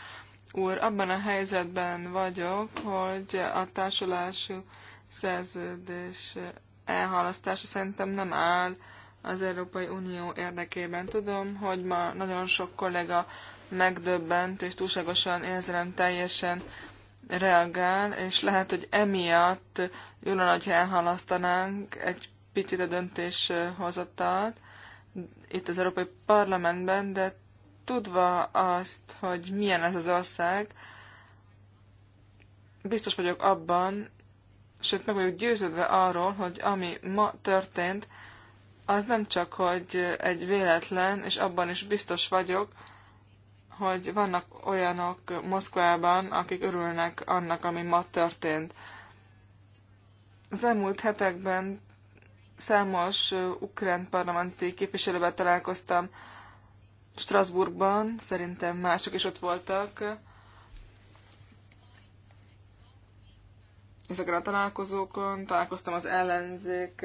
úr, abban a helyzetben vagyok, hogy a társulási szerződés elhalasztása szerintem nem áll az Európai Unió érdekében. Tudom, hogy ma nagyon sok kollega megdöbbent és túlságosan érzelem teljesen reagál, és lehet, hogy emiatt jól nagy elhalasztanánk egy picit a döntéshozatalt itt az Európai Parlamentben, de tudva azt, hogy milyen ez az ország, biztos vagyok abban, sőt meg vagyok győződve arról, hogy ami ma történt, az nem csak, hogy egy véletlen, és abban is biztos vagyok, hogy vannak olyanok Moszkvában, akik örülnek annak, ami ma történt. Az elmúlt hetekben számos ukrán parlamenti képviselővel találkoztam, Strasbourgban, szerintem mások is ott voltak ezeken a találkozókon, találkoztam az ellenzék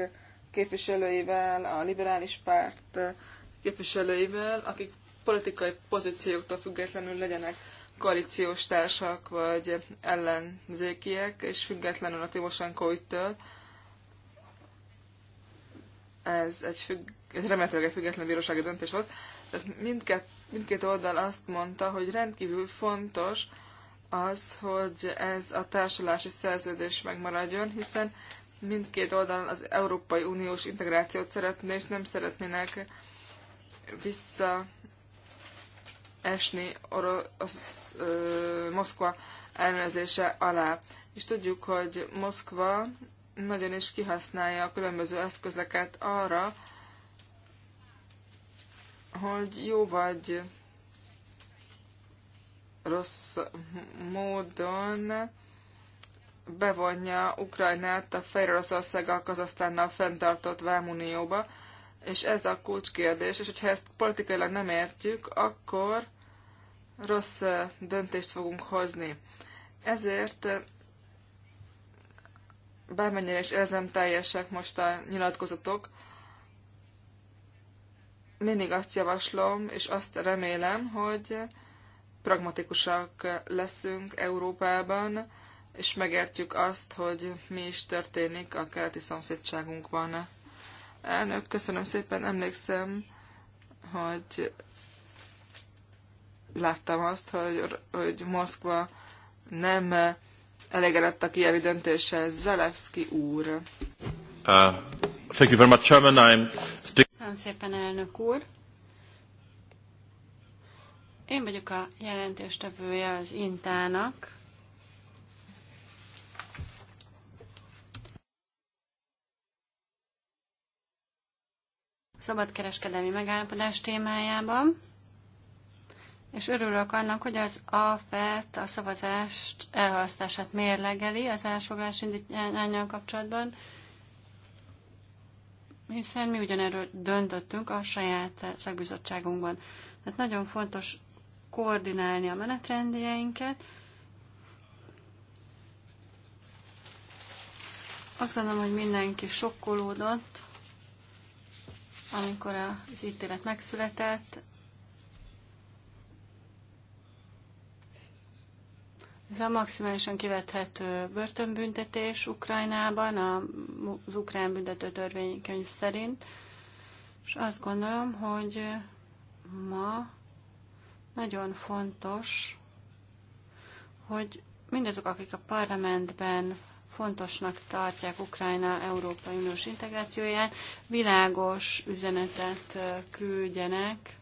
képviselőivel, a liberális párt képviselőivel, akik politikai pozícióktól függetlenül legyenek koalíciós társak vagy ellenzékiek, és függetlenül a Timosenko-től. Ez egy függ, ez egy független bírósági döntés volt mindkett, mindkét oldal azt mondta, hogy rendkívül fontos az, hogy ez a társulási szerződés megmaradjon, hiszen mindkét oldalon az Európai Uniós integrációt szeretné, és nem szeretnének visszaesni orosz, ö, Moszkva ellenőrzése alá. És tudjuk, hogy Moszkva nagyon is kihasználja a különböző eszközeket arra, hogy jó vagy rossz módon bevonja Ukrajnát a Fejroroszországgal, Kazasztánnal fenntartott Vámunióba, és ez a kulcskérdés, és hogyha ezt politikailag nem értjük, akkor rossz döntést fogunk hozni. Ezért bármennyire is érzem teljesek most a nyilatkozatok, mindig azt javaslom, és azt remélem, hogy pragmatikusak leszünk Európában, és megértjük azt, hogy mi is történik a keleti szomszédságunkban. Elnök, köszönöm szépen, emlékszem, hogy láttam azt, hogy, hogy Moszkva nem elégedett a kievi döntése. Zelevski úr. Uh, thank you very much, Chairman. I'm Köszönöm szépen, elnök úr. Én vagyok a jelentéstevője az Intának. szabadkereskedelmi megállapodás témájában, és örülök annak, hogy az AFET a e szavazást elhalasztását mérlegeli az elsfoglalás indítványjal kapcsolatban, hiszen mi ugyanerről döntöttünk a saját szakbizottságunkban. Tehát nagyon fontos koordinálni a menetrendjeinket. Azt gondolom, hogy mindenki sokkolódott, amikor az ítélet megszületett, Ez a maximálisan kivethető börtönbüntetés Ukrajnában, az ukrán büntető törvénykönyv szerint, és azt gondolom, hogy ma nagyon fontos, hogy mindazok, akik a parlamentben fontosnak tartják Ukrajna Európai Uniós integrációját, világos üzenetet küldjenek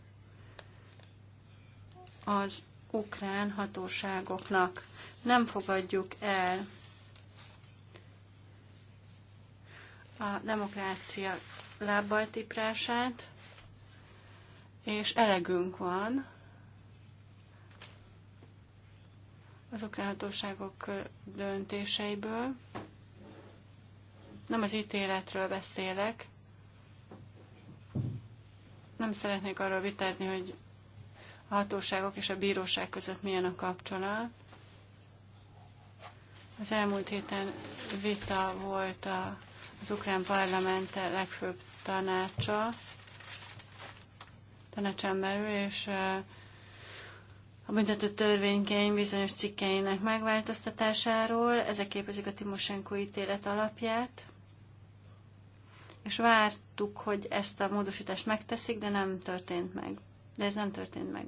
az ukrán hatóságoknak nem fogadjuk el a demokrácia lábbajtiprását, és elegünk van az a hatóságok döntéseiből. Nem az ítéletről beszélek. Nem szeretnék arról vitázni, hogy a hatóságok és a bíróság között milyen a kapcsolat. Az elmúlt héten vita volt a, az ukrán parlament legfőbb tanácsa, tanácsán belül, és a büntető törvénykönyv bizonyos cikkeinek megváltoztatásáról. Ezek képezik a Timoshenko ítélet alapját, és vártuk, hogy ezt a módosítást megteszik, de nem történt meg. De ez nem történt meg.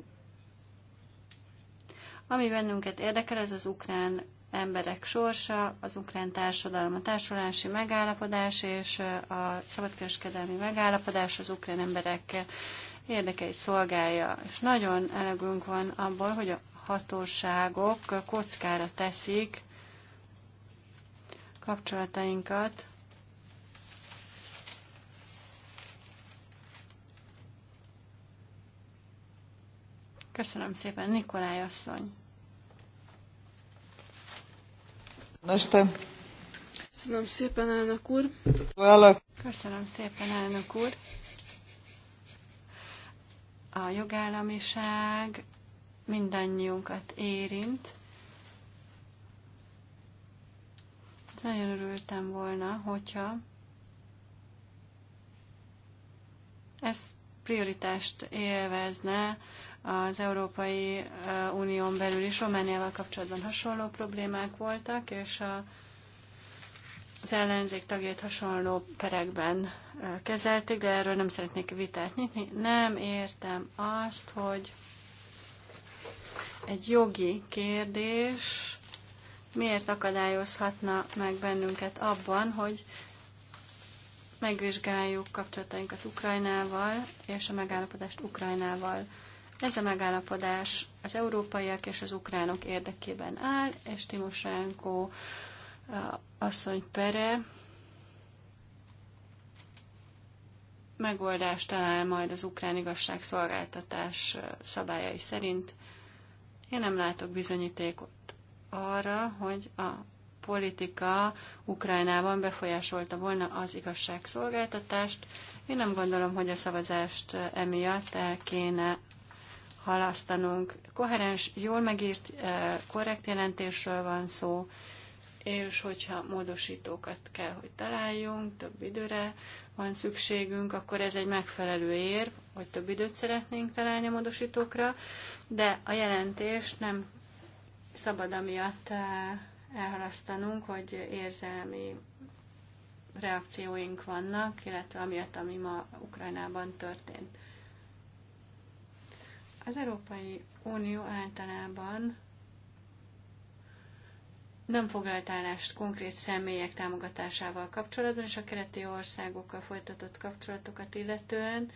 Ami bennünket érdekel, ez az ukrán emberek sorsa, az ukrán társadalom, a társulási megállapodás és a szabadkereskedelmi megállapodás az ukrán emberek érdekeit szolgálja. És nagyon elegünk van abból, hogy a hatóságok kockára teszik kapcsolatainkat, Köszönöm szépen, Nikolaj asszony. Este. Köszönöm szépen, elnök úr. Köszönöm szépen, elnök úr. A jogállamiság mindannyiunkat érint. Nagyon örültem volna, hogyha ez prioritást élvezne az Európai Unión belül is Romániával kapcsolatban hasonló problémák voltak, és a, az ellenzék tagjait hasonló perekben kezelték, de erről nem szeretnék vitát nyitni. Nem értem azt, hogy egy jogi kérdés miért akadályozhatna meg bennünket abban, hogy megvizsgáljuk kapcsolatainkat Ukrajnával és a megállapodást Ukrajnával ez a megállapodás az európaiak és az ukránok érdekében áll, és Timosánko asszony pere megoldást talál majd az ukrán igazságszolgáltatás szabályai szerint. Én nem látok bizonyítékot arra, hogy a politika Ukrajnában befolyásolta volna az igazságszolgáltatást. Én nem gondolom, hogy a szavazást emiatt el kéne halasztanunk. Koherens, jól megírt, eh, korrekt jelentésről van szó, és hogyha módosítókat kell, hogy találjunk, több időre van szükségünk, akkor ez egy megfelelő ér, hogy több időt szeretnénk találni a módosítókra, de a jelentést nem szabad amiatt eh, elhalasztanunk, hogy érzelmi reakcióink vannak, illetve amiatt, ami ma Ukrajnában történt. Az Európai Unió általában nem foglalt állást konkrét személyek támogatásával kapcsolatban, és a keleti országokkal folytatott kapcsolatokat illetően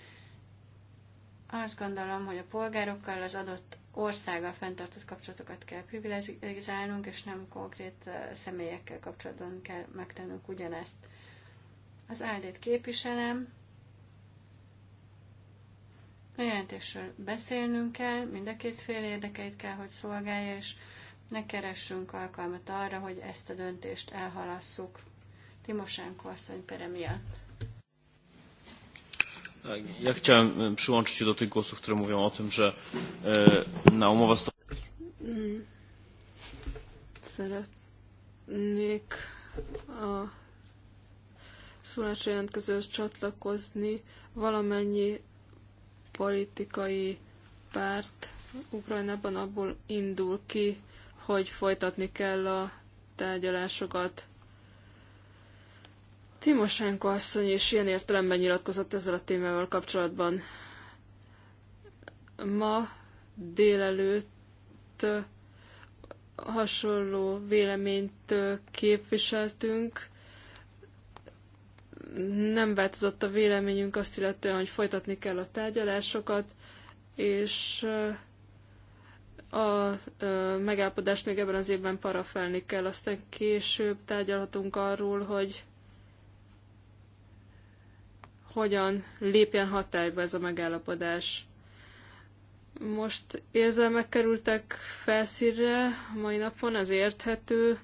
azt gondolom, hogy a polgárokkal az adott országgal fenntartott kapcsolatokat kell privilegizálnunk, és nem konkrét személyekkel kapcsolatban kell megtennünk ugyanezt. Az áldét képviselem, a jelentésről beszélnünk kell, mind a két fél érdekeit kell, hogy szolgálja, és ne keressünk alkalmat arra, hogy ezt a döntést elhalasszuk. Timosánko asszony pere miatt. Ja chciałem e, przyłączyć się do tych głosów, które mówią o tym, że e, na umowę Szeretnék a szólásra jelentkezőhöz csatlakozni. Valamennyi politikai párt Ukrajnában abból indul ki, hogy folytatni kell a tárgyalásokat. Timosenko asszony is ilyen értelemben nyilatkozott ezzel a témával kapcsolatban. Ma délelőtt hasonló véleményt képviseltünk, nem változott a véleményünk azt illetően, hogy folytatni kell a tárgyalásokat, és a megállapodást még ebben az évben parafelni kell. Aztán később tárgyalhatunk arról, hogy hogyan lépjen hatályba ez a megállapodás. Most érzelmek kerültek felszínre, mai napon, ez érthető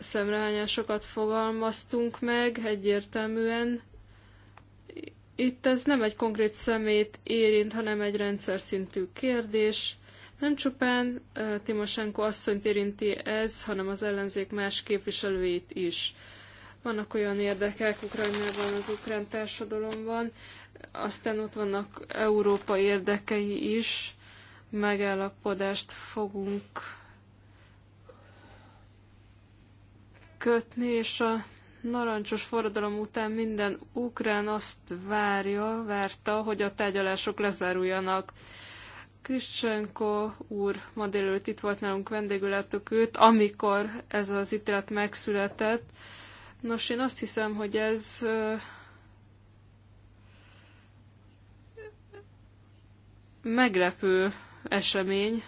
szemrehányásokat fogalmaztunk meg egyértelműen. Itt ez nem egy konkrét szemét érint, hanem egy rendszer szintű kérdés. Nem csupán uh, Timosenko asszonyt érinti ez, hanem az ellenzék más képviselőit is. Vannak olyan érdekek Ukrajnában, az ukrán társadalomban, aztán ott vannak Európa érdekei is, megállapodást fogunk kötni, és a narancsos forradalom után minden ukrán azt várja, várta, hogy a tárgyalások lezáruljanak. Kriszcsenko úr ma délőtt itt volt nálunk vendégül, láttuk őt, amikor ez az ítélet megszületett. Nos, én azt hiszem, hogy ez meglepő esemény,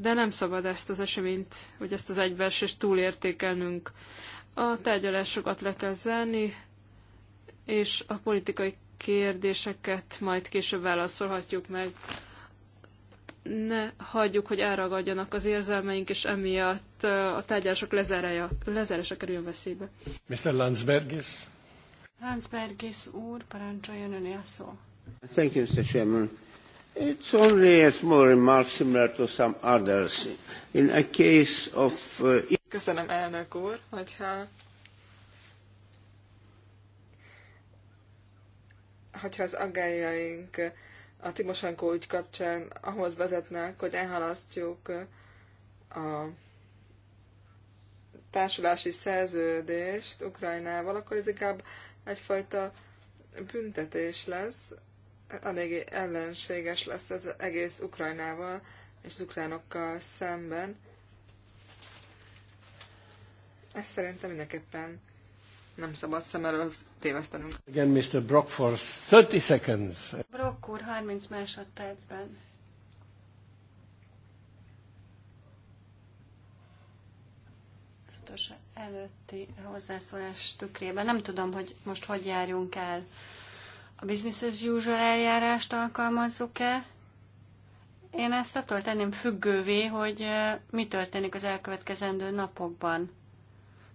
de nem szabad ezt az eseményt, vagy ezt az egybeesést túlértékelnünk. A tárgyalásokat le kell zárni, és a politikai kérdéseket majd később válaszolhatjuk meg. Ne hagyjuk, hogy elragadjanak az érzelmeink, és emiatt a tárgyalások lezárása, lezárása kerüljön veszélybe. Mr. Landsbergis. Landsbergis úr, parancsoljon öné a szó. Thank you, Mr. Chairman. It's only a small remark similar to some others. In a case of... Uh, Köszönöm, elnök úr, hogyha... Hogyha az aggájaink a Timosenko úgy kapcsán ahhoz vezetnek, hogy elhalasztjuk a társulási szerződést Ukrajnával, akkor ez inkább egyfajta büntetés lesz, eléggé ellenséges lesz ez egész Ukrajnával és az ukránokkal szemben. Ezt szerintem mindenképpen nem szabad szem előtt tévesztenünk. Again, Mr. Brock for 30 seconds. Brock úr, 30 másodpercben. előtti hozzászólás tükrében. Nem tudom, hogy most hogy járjunk el a business as usual eljárást alkalmazzuk-e? Én ezt attól tenném függővé, hogy mi történik az elkövetkezendő napokban.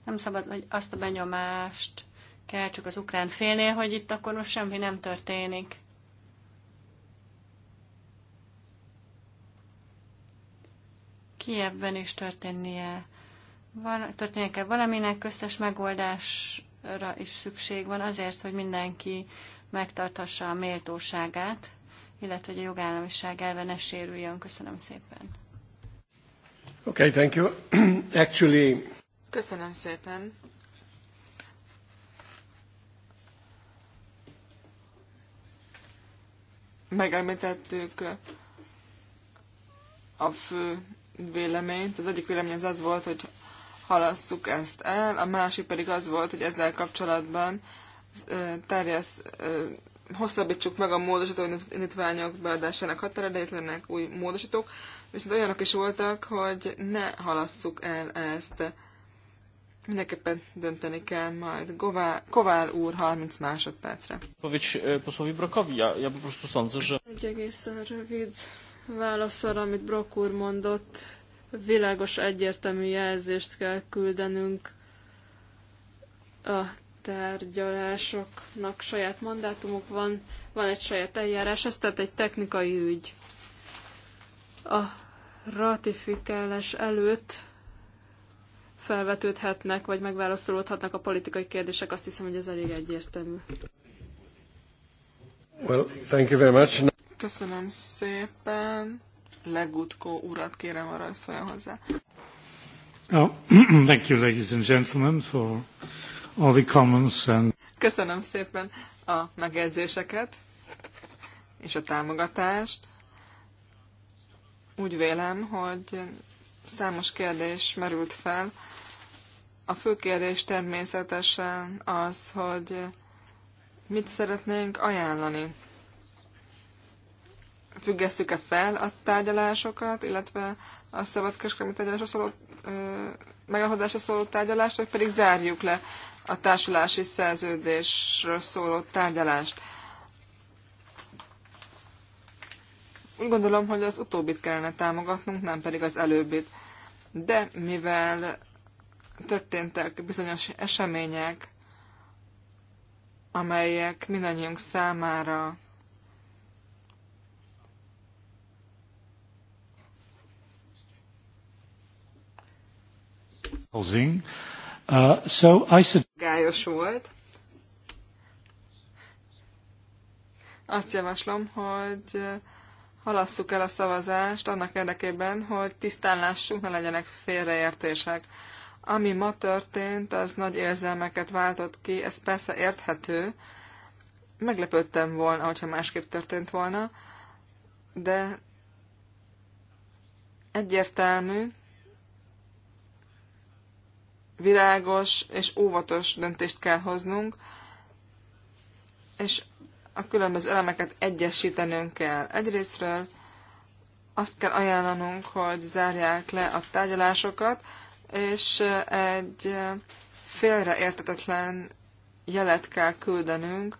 Nem szabad, hogy azt a benyomást keltsük az ukrán félnél, hogy itt akkor most semmi nem történik. Kievben is történnie. Val- történnie kell valaminek, köztes megoldásra is szükség van azért, hogy mindenki megtarthassa a méltóságát, illetve hogy a jogállamiság elve ne sérüljön. Köszönöm szépen. Okay, thank you. Actually... Köszönöm szépen. Megemlítettük a fő véleményt. Az egyik vélemény az az volt, hogy halasszuk ezt el, a másik pedig az volt, hogy ezzel kapcsolatban terjesz, hosszabbítsuk meg a módosító indítványok beadásának határidejét, lennek új módosítók, viszont olyanok is voltak, hogy ne halasszuk el ezt. Mindenképpen dönteni kell majd. Kovál úr 30 másodpercre. Powiedz e, posłowi Brokowi, ja, ja po prostu sądzę, że... Egy egészen rövid arra, amit Brok úr mondott. Világos egyértelmű jelzést kell küldenünk a tárgyalásoknak saját mandátumuk van, van egy saját eljárás, ez tehát egy technikai ügy. A ratifikálás előtt felvetődhetnek, vagy megválaszolódhatnak a politikai kérdések, azt hiszem, hogy ez elég egyértelmű. Well, thank you very much. Köszönöm szépen. Legutkó urat kérem arra, hogy szóljon hozzá. Oh, thank you, ladies and gentlemen, for the Köszönöm szépen a megjegyzéseket és a támogatást. Úgy vélem, hogy számos kérdés merült fel. A fő kérdés természetesen az, hogy mit szeretnénk ajánlani. Függesszük-e fel a tárgyalásokat, illetve a szabadkereskedelmi tárgyalásra szóló, megállapodásra szóló tárgyalást, vagy pedig zárjuk le a társulási szerződésről szóló tárgyalást. Úgy gondolom, hogy az utóbbit kellene támogatnunk, nem pedig az előbbit. De mivel történtek bizonyos események, amelyek mindannyiunk számára Uh, so I said homályos volt. Azt javaslom, hogy halasszuk el a szavazást annak érdekében, hogy tisztán lássuk, ne legyenek félreértések. Ami ma történt, az nagy érzelmeket váltott ki, ez persze érthető. Meglepődtem volna, hogyha másképp történt volna, de egyértelmű, világos és óvatos döntést kell hoznunk, és a különböző elemeket egyesítenünk kell. Egyrésztről azt kell ajánlanunk, hogy zárják le a tárgyalásokat, és egy félreértetetlen jelet kell küldenünk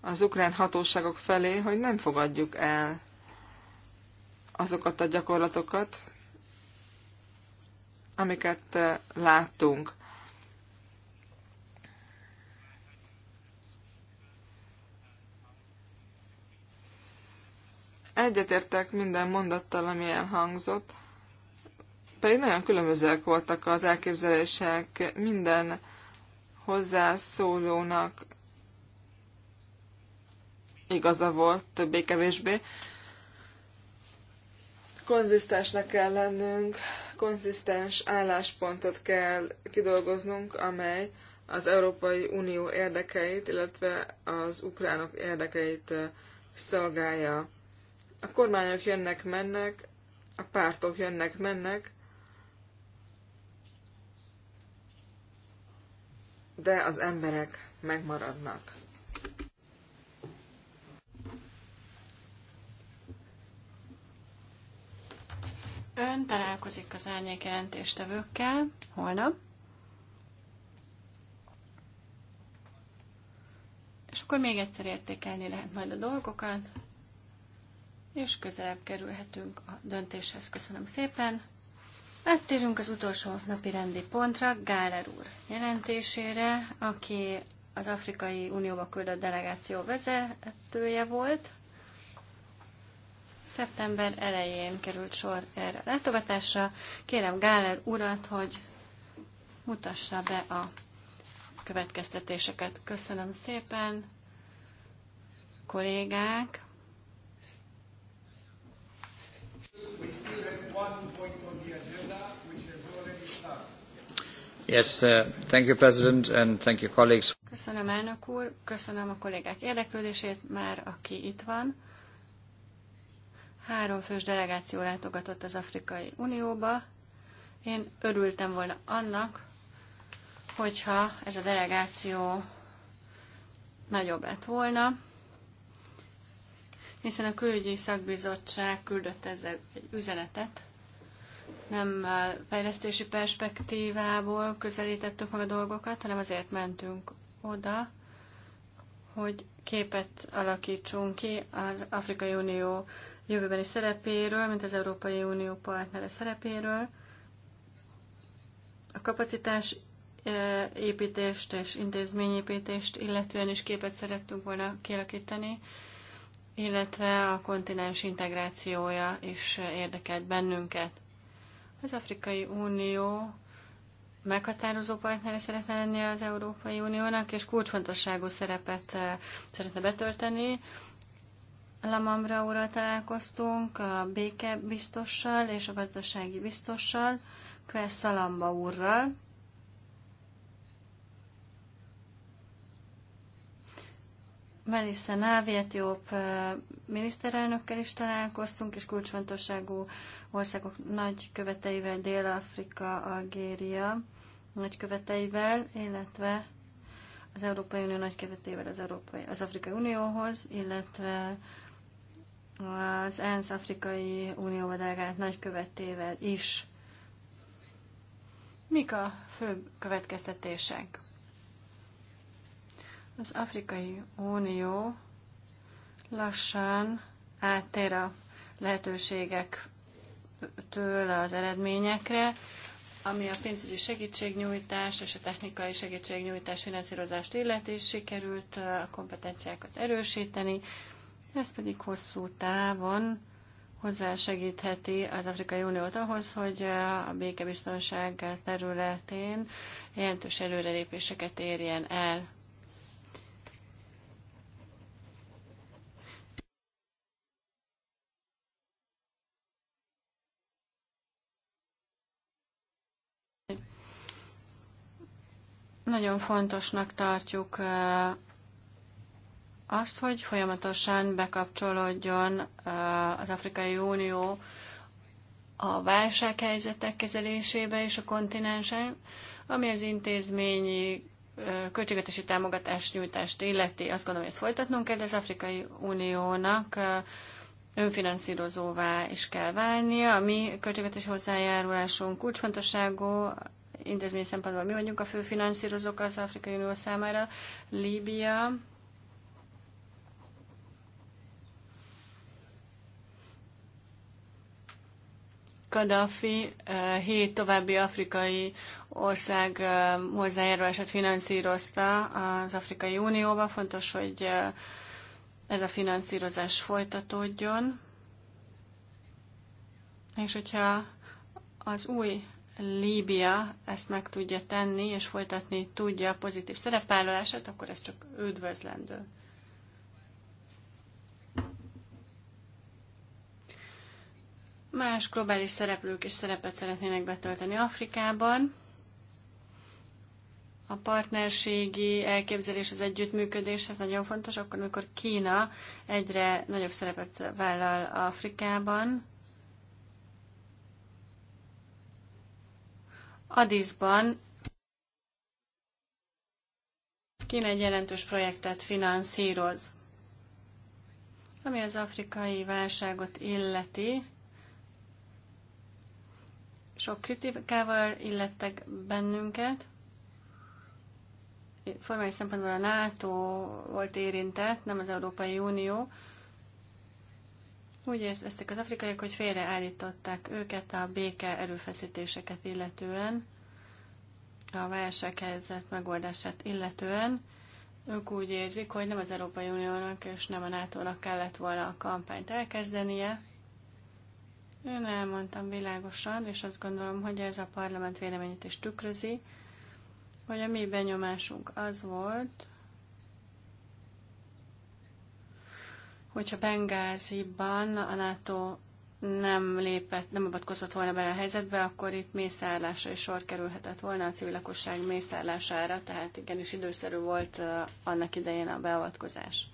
az ukrán hatóságok felé, hogy nem fogadjuk el azokat a gyakorlatokat, amiket eh, láttunk. Egyetértek minden mondattal, ami elhangzott, pedig nagyon különbözőek voltak az elképzelések minden hozzászólónak igaza volt, többé-kevésbé. Konzisztensnek kell lennünk, konzisztens álláspontot kell kidolgoznunk, amely az Európai Unió érdekeit, illetve az ukránok érdekeit szolgálja. A kormányok jönnek-mennek, a pártok jönnek-mennek, de az emberek megmaradnak. Ön találkozik az árnyék jelentéstevőkkel holnap. És akkor még egyszer értékelni lehet majd a dolgokat, és közelebb kerülhetünk a döntéshez. Köszönöm szépen. Áttérünk az utolsó napi rendi pontra, Gáler úr jelentésére, aki az Afrikai Unióba küldött delegáció vezetője volt. Szeptember elején került sor erre a látogatásra. Kérem Gáler urat, hogy mutassa be a következtetéseket. Köszönöm szépen, kollégák! Yes, uh, thank you, President, and thank you, colleagues. Köszönöm, elnök úr, köszönöm a kollégák érdeklődését, már aki itt van. Három fős delegáció látogatott az Afrikai Unióba. Én örültem volna annak, hogyha ez a delegáció nagyobb lett volna, hiszen a külügyi szakbizottság küldött ezzel egy üzenetet, nem fejlesztési perspektívából közelítettük meg a dolgokat, hanem azért mentünk oda, hogy képet alakítsunk ki az Afrikai Unió jövőbeni szerepéről, mint az Európai Unió partnere szerepéről. A kapacitás e, építést és intézményépítést illetően is képet szerettünk volna kialakítani, illetve a kontinens integrációja is érdekelt bennünket. Az Afrikai Unió meghatározó partnere szeretne lenni az Európai Uniónak, és kulcsfontosságú szerepet e, szeretne betölteni Lamamra úrral találkoztunk, a béke biztossal és a gazdasági biztossal, Kvel Szalamba úrral. Melissa Návi, etióp miniszterelnökkel is találkoztunk, és kulcsfontosságú országok nagyköveteivel, Dél-Afrika, Algéria nagyköveteivel, illetve az Európai Unió nagykövetével az, Európai, az Afrikai Unióhoz, illetve az ENSZ Afrikai Unió delegált nagykövetével is. Mik a fő következtetések? Az Afrikai Unió lassan áttér a lehetőségektől az eredményekre, ami a pénzügyi segítségnyújtást és a technikai segítségnyújtás finanszírozást illeti, sikerült a kompetenciákat erősíteni, ez pedig hosszú távon hozzásegítheti az Afrikai Uniót ahhoz, hogy a békebiztonság területén jelentős előrelépéseket érjen el. Nagyon fontosnak tartjuk azt, hogy folyamatosan bekapcsolódjon az Afrikai Unió a válsághelyzetek kezelésébe és a kontinensen, ami az intézményi költségvetési támogatás nyújtást illeti. Azt gondolom, hogy ezt folytatnunk kell, de az Afrikai Uniónak önfinanszírozóvá is kell válnia. A mi költségvetési hozzájárulásunk kulcsfontosságú, intézmény szempontból mi vagyunk a fő finanszírozók az Afrikai Unió számára. Líbia Kadhafi eh, hét további afrikai ország eh, hozzájárulását finanszírozta az Afrikai Unióba. Fontos, hogy eh, ez a finanszírozás folytatódjon. És hogyha az új Líbia ezt meg tudja tenni, és folytatni tudja a pozitív szerepvállalását, akkor ez csak üdvözlendő. Más globális szereplők is szerepet szeretnének betölteni Afrikában. A partnerségi elképzelés, az együttműködés, ez nagyon fontos, akkor, amikor Kína egyre nagyobb szerepet vállal Afrikában. Addisban Kína egy jelentős projektet finanszíroz. Ami az afrikai válságot illeti, sok kritikával illettek bennünket. Formális szempontból a NATO volt érintett, nem az Európai Unió. Úgy érzték az afrikaiak, hogy félreállították őket a béke erőfeszítéseket illetően, a válsághelyzet megoldását illetően. Ők úgy érzik, hogy nem az Európai Uniónak és nem a NATO-nak kellett volna a kampányt elkezdenie, én elmondtam világosan, és azt gondolom, hogy ez a parlament véleményét is tükrözi, hogy a mi benyomásunk az volt, hogyha Bengáziban a NATO nem lépett, nem avatkozott volna bele a helyzetbe, akkor itt mészárlásra is sor kerülhetett volna a civil lakosság mészállására, tehát igenis időszerű volt eh, annak idején a beavatkozás.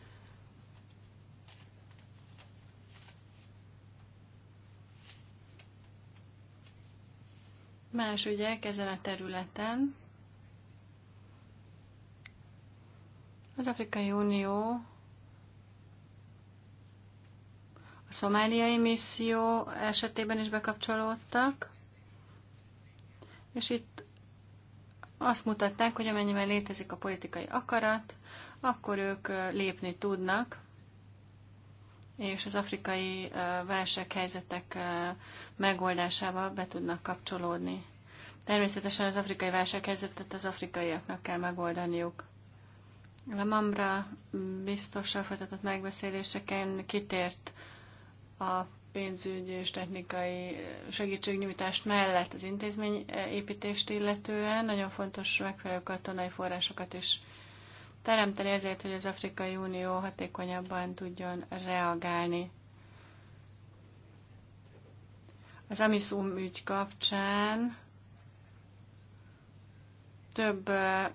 Más ügyek ezen a területen. Az Afrikai Unió a szomáliai misszió esetében is bekapcsolódtak, és itt azt mutatták, hogy amennyiben létezik a politikai akarat, akkor ők lépni tudnak, és az afrikai válsághelyzetek megoldásába be tudnak kapcsolódni. Természetesen az afrikai válsághelyzetet az afrikaiaknak kell megoldaniuk. A Mamra mm, biztosan folytatott megbeszéléseken kitért a pénzügyi és technikai segítségnyújtást mellett az intézményépítést illetően. Nagyon fontos megfelelő katonai forrásokat is teremteni ezért, hogy az Afrikai Unió hatékonyabban tudjon reagálni. Az Amisum ügy kapcsán több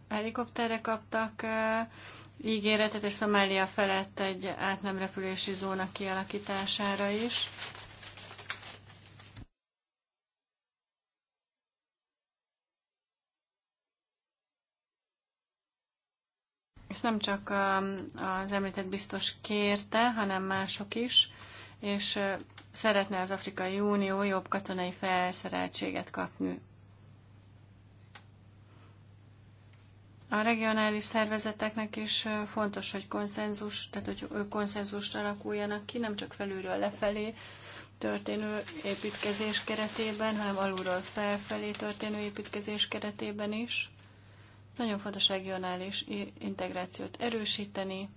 helikopterre kaptak ígéretet, és Szomália felett egy átnemrepülési zóna kialakítására is. Ezt nem csak um, az említett biztos kérte, hanem mások is, és szeretne az Afrikai Unió jobb katonai felszereltséget kapni. A regionális szervezeteknek is fontos, hogy konszenzus, tehát hogy ők konszenzust alakuljanak ki, nem csak felülről lefelé történő építkezés keretében, hanem alulról felfelé történő építkezés keretében is. Nagyon fontos regionális integrációt erősíteni,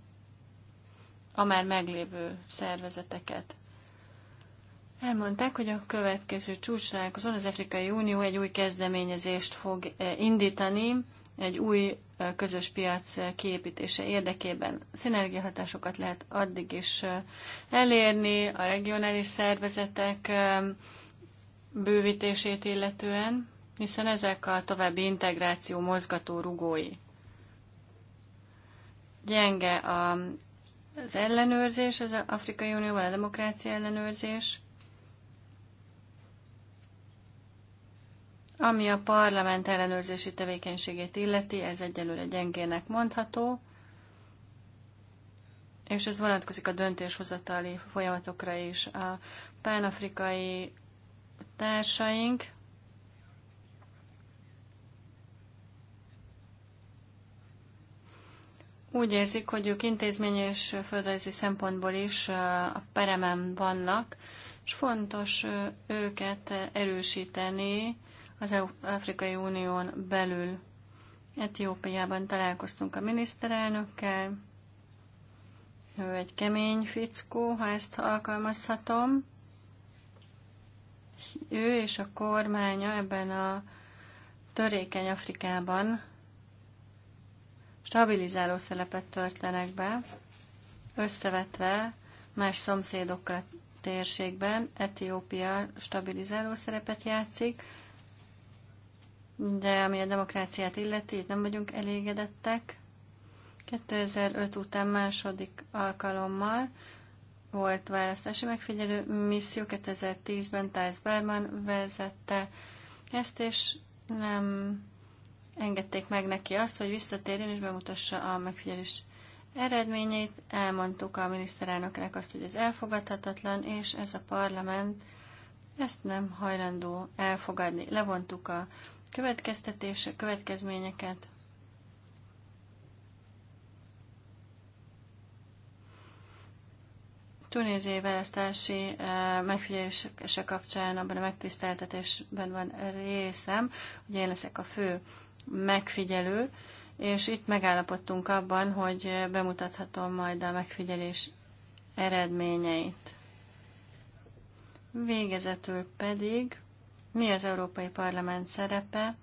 a már meglévő szervezeteket. Elmondták, hogy a következő csúcsrálkozón az Afrikai Unió egy új kezdeményezést fog e, indítani, egy új e, közös piac e, kiépítése érdekében szinergiahatásokat lehet addig is elérni, a regionális szervezetek bővítését illetően hiszen ezek a további integráció mozgató rugói. Gyenge a, az ellenőrzés, az Afrikai Unióval a demokrácia ellenőrzés, Ami a parlament ellenőrzési tevékenységét illeti, ez egyelőre gyengének mondható, és ez vonatkozik a döntéshozatali folyamatokra is. A pánafrikai társaink úgy érzik, hogy ők intézmény és földrajzi szempontból is a peremen vannak, és fontos őket erősíteni az Afrikai Unión belül. Etiópiában találkoztunk a miniszterelnökkel, ő egy kemény fickó, ha ezt alkalmazhatom. Ő és a kormánya ebben a törékeny Afrikában stabilizáló szerepet töltenek be, összevetve más szomszédokkal térségben Etiópia stabilizáló szerepet játszik, de ami a demokráciát illeti, itt nem vagyunk elégedettek. 2005 után második alkalommal volt választási megfigyelő misszió, 2010-ben Thijs Berman vezette ezt, és nem engedték meg neki azt, hogy visszatérjen és bemutassa a megfigyelés eredményeit. Elmondtuk a miniszterelnöknek azt, hogy ez elfogadhatatlan, és ez a parlament ezt nem hajlandó elfogadni. Levontuk a következtetése, következményeket. Tunéziai választási eh, megfigyelése kapcsán abban a megtiszteltetésben van részem, hogy én leszek a fő megfigyelő, és itt megállapodtunk abban, hogy bemutathatom majd a megfigyelés eredményeit. Végezetül pedig, mi az Európai Parlament szerepe?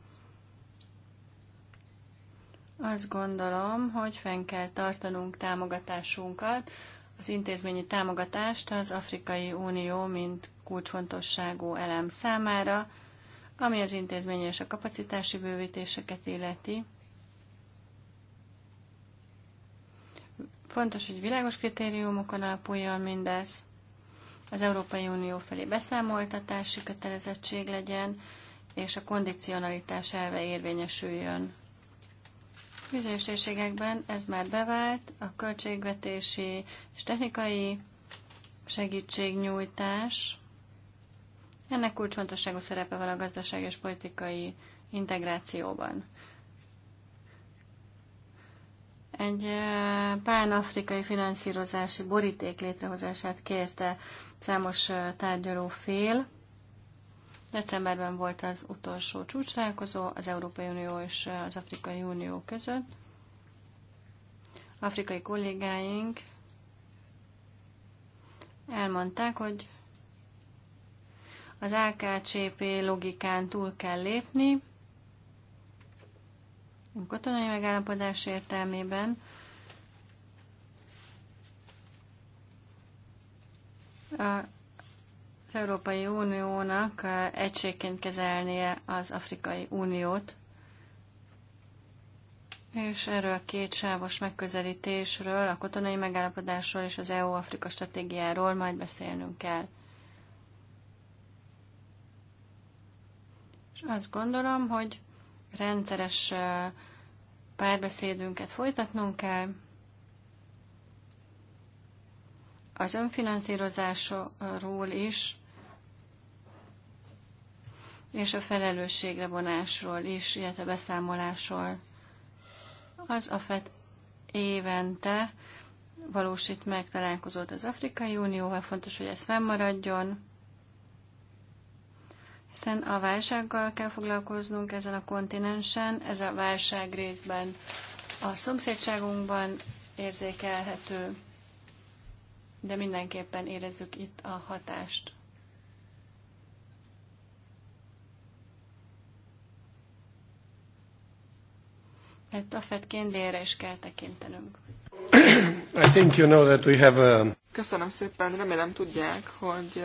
Azt gondolom, hogy fenn kell tartanunk támogatásunkat, az intézményi támogatást az Afrikai Unió, mint kulcsfontosságú elem számára, ami az intézményes a kapacitási bővítéseket illeti, fontos, hogy világos kritériumokon alapuljon mindez, az Európai Unió felé beszámoltatási kötelezettség legyen, és a kondicionalitás elve érvényesüljön. Bizonyos ez már bevált, a költségvetési és technikai segítségnyújtás ennek kulcsfontosságú szerepe van a gazdaság és politikai integrációban. Egy pán-afrikai finanszírozási boríték létrehozását kérte számos tárgyaló fél. Decemberben volt az utolsó csúcsrálkozó az Európai Unió és az Afrikai Unió között. Afrikai kollégáink elmondták, hogy az AKCP logikán túl kell lépni, a katonai megállapodás értelmében, az Európai Uniónak egységként kezelnie az Afrikai Uniót, és erről a két sávos megközelítésről, a katonai megállapodásról és az EU-Afrika stratégiáról majd beszélnünk kell. Azt gondolom, hogy rendszeres párbeszédünket folytatnunk kell. Az önfinanszírozásról is, és a felelősségre vonásról is, illetve beszámolásról. Az AFET évente valósít meg találkozót az Afrikai Unióval, fontos, hogy ez fennmaradjon hiszen a válsággal kell foglalkoznunk ezen a kontinensen, ez a válság részben a szomszédságunkban érzékelhető, de mindenképpen érezzük itt a hatást. Hát a fedként délre is kell tekintenünk. I think you know that we have a... Köszönöm szépen, remélem tudják, hogy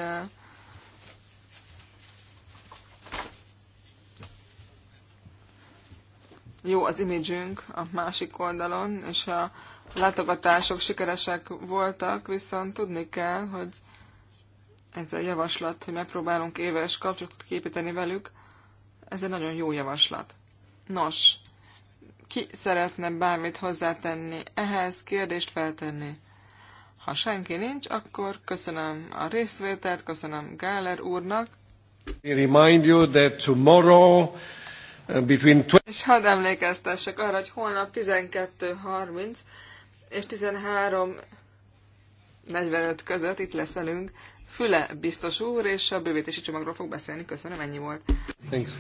jó az imidzsünk a másik oldalon, és a látogatások sikeresek voltak, viszont tudni kell, hogy ez a javaslat, hogy megpróbálunk éves kapcsolatot képíteni velük, ez egy nagyon jó javaslat. Nos, ki szeretne bármit hozzátenni, ehhez kérdést feltenni? Ha senki nincs, akkor köszönöm a részvételt, köszönöm Gáler úrnak. I remind you that tomorrow és hadd emlékeztessek arra, hogy holnap 12.30 és 13.45 között itt lesz velünk Füle biztos úr, és a bővítési csomagról fog beszélni. Köszönöm, ennyi volt. Thanks.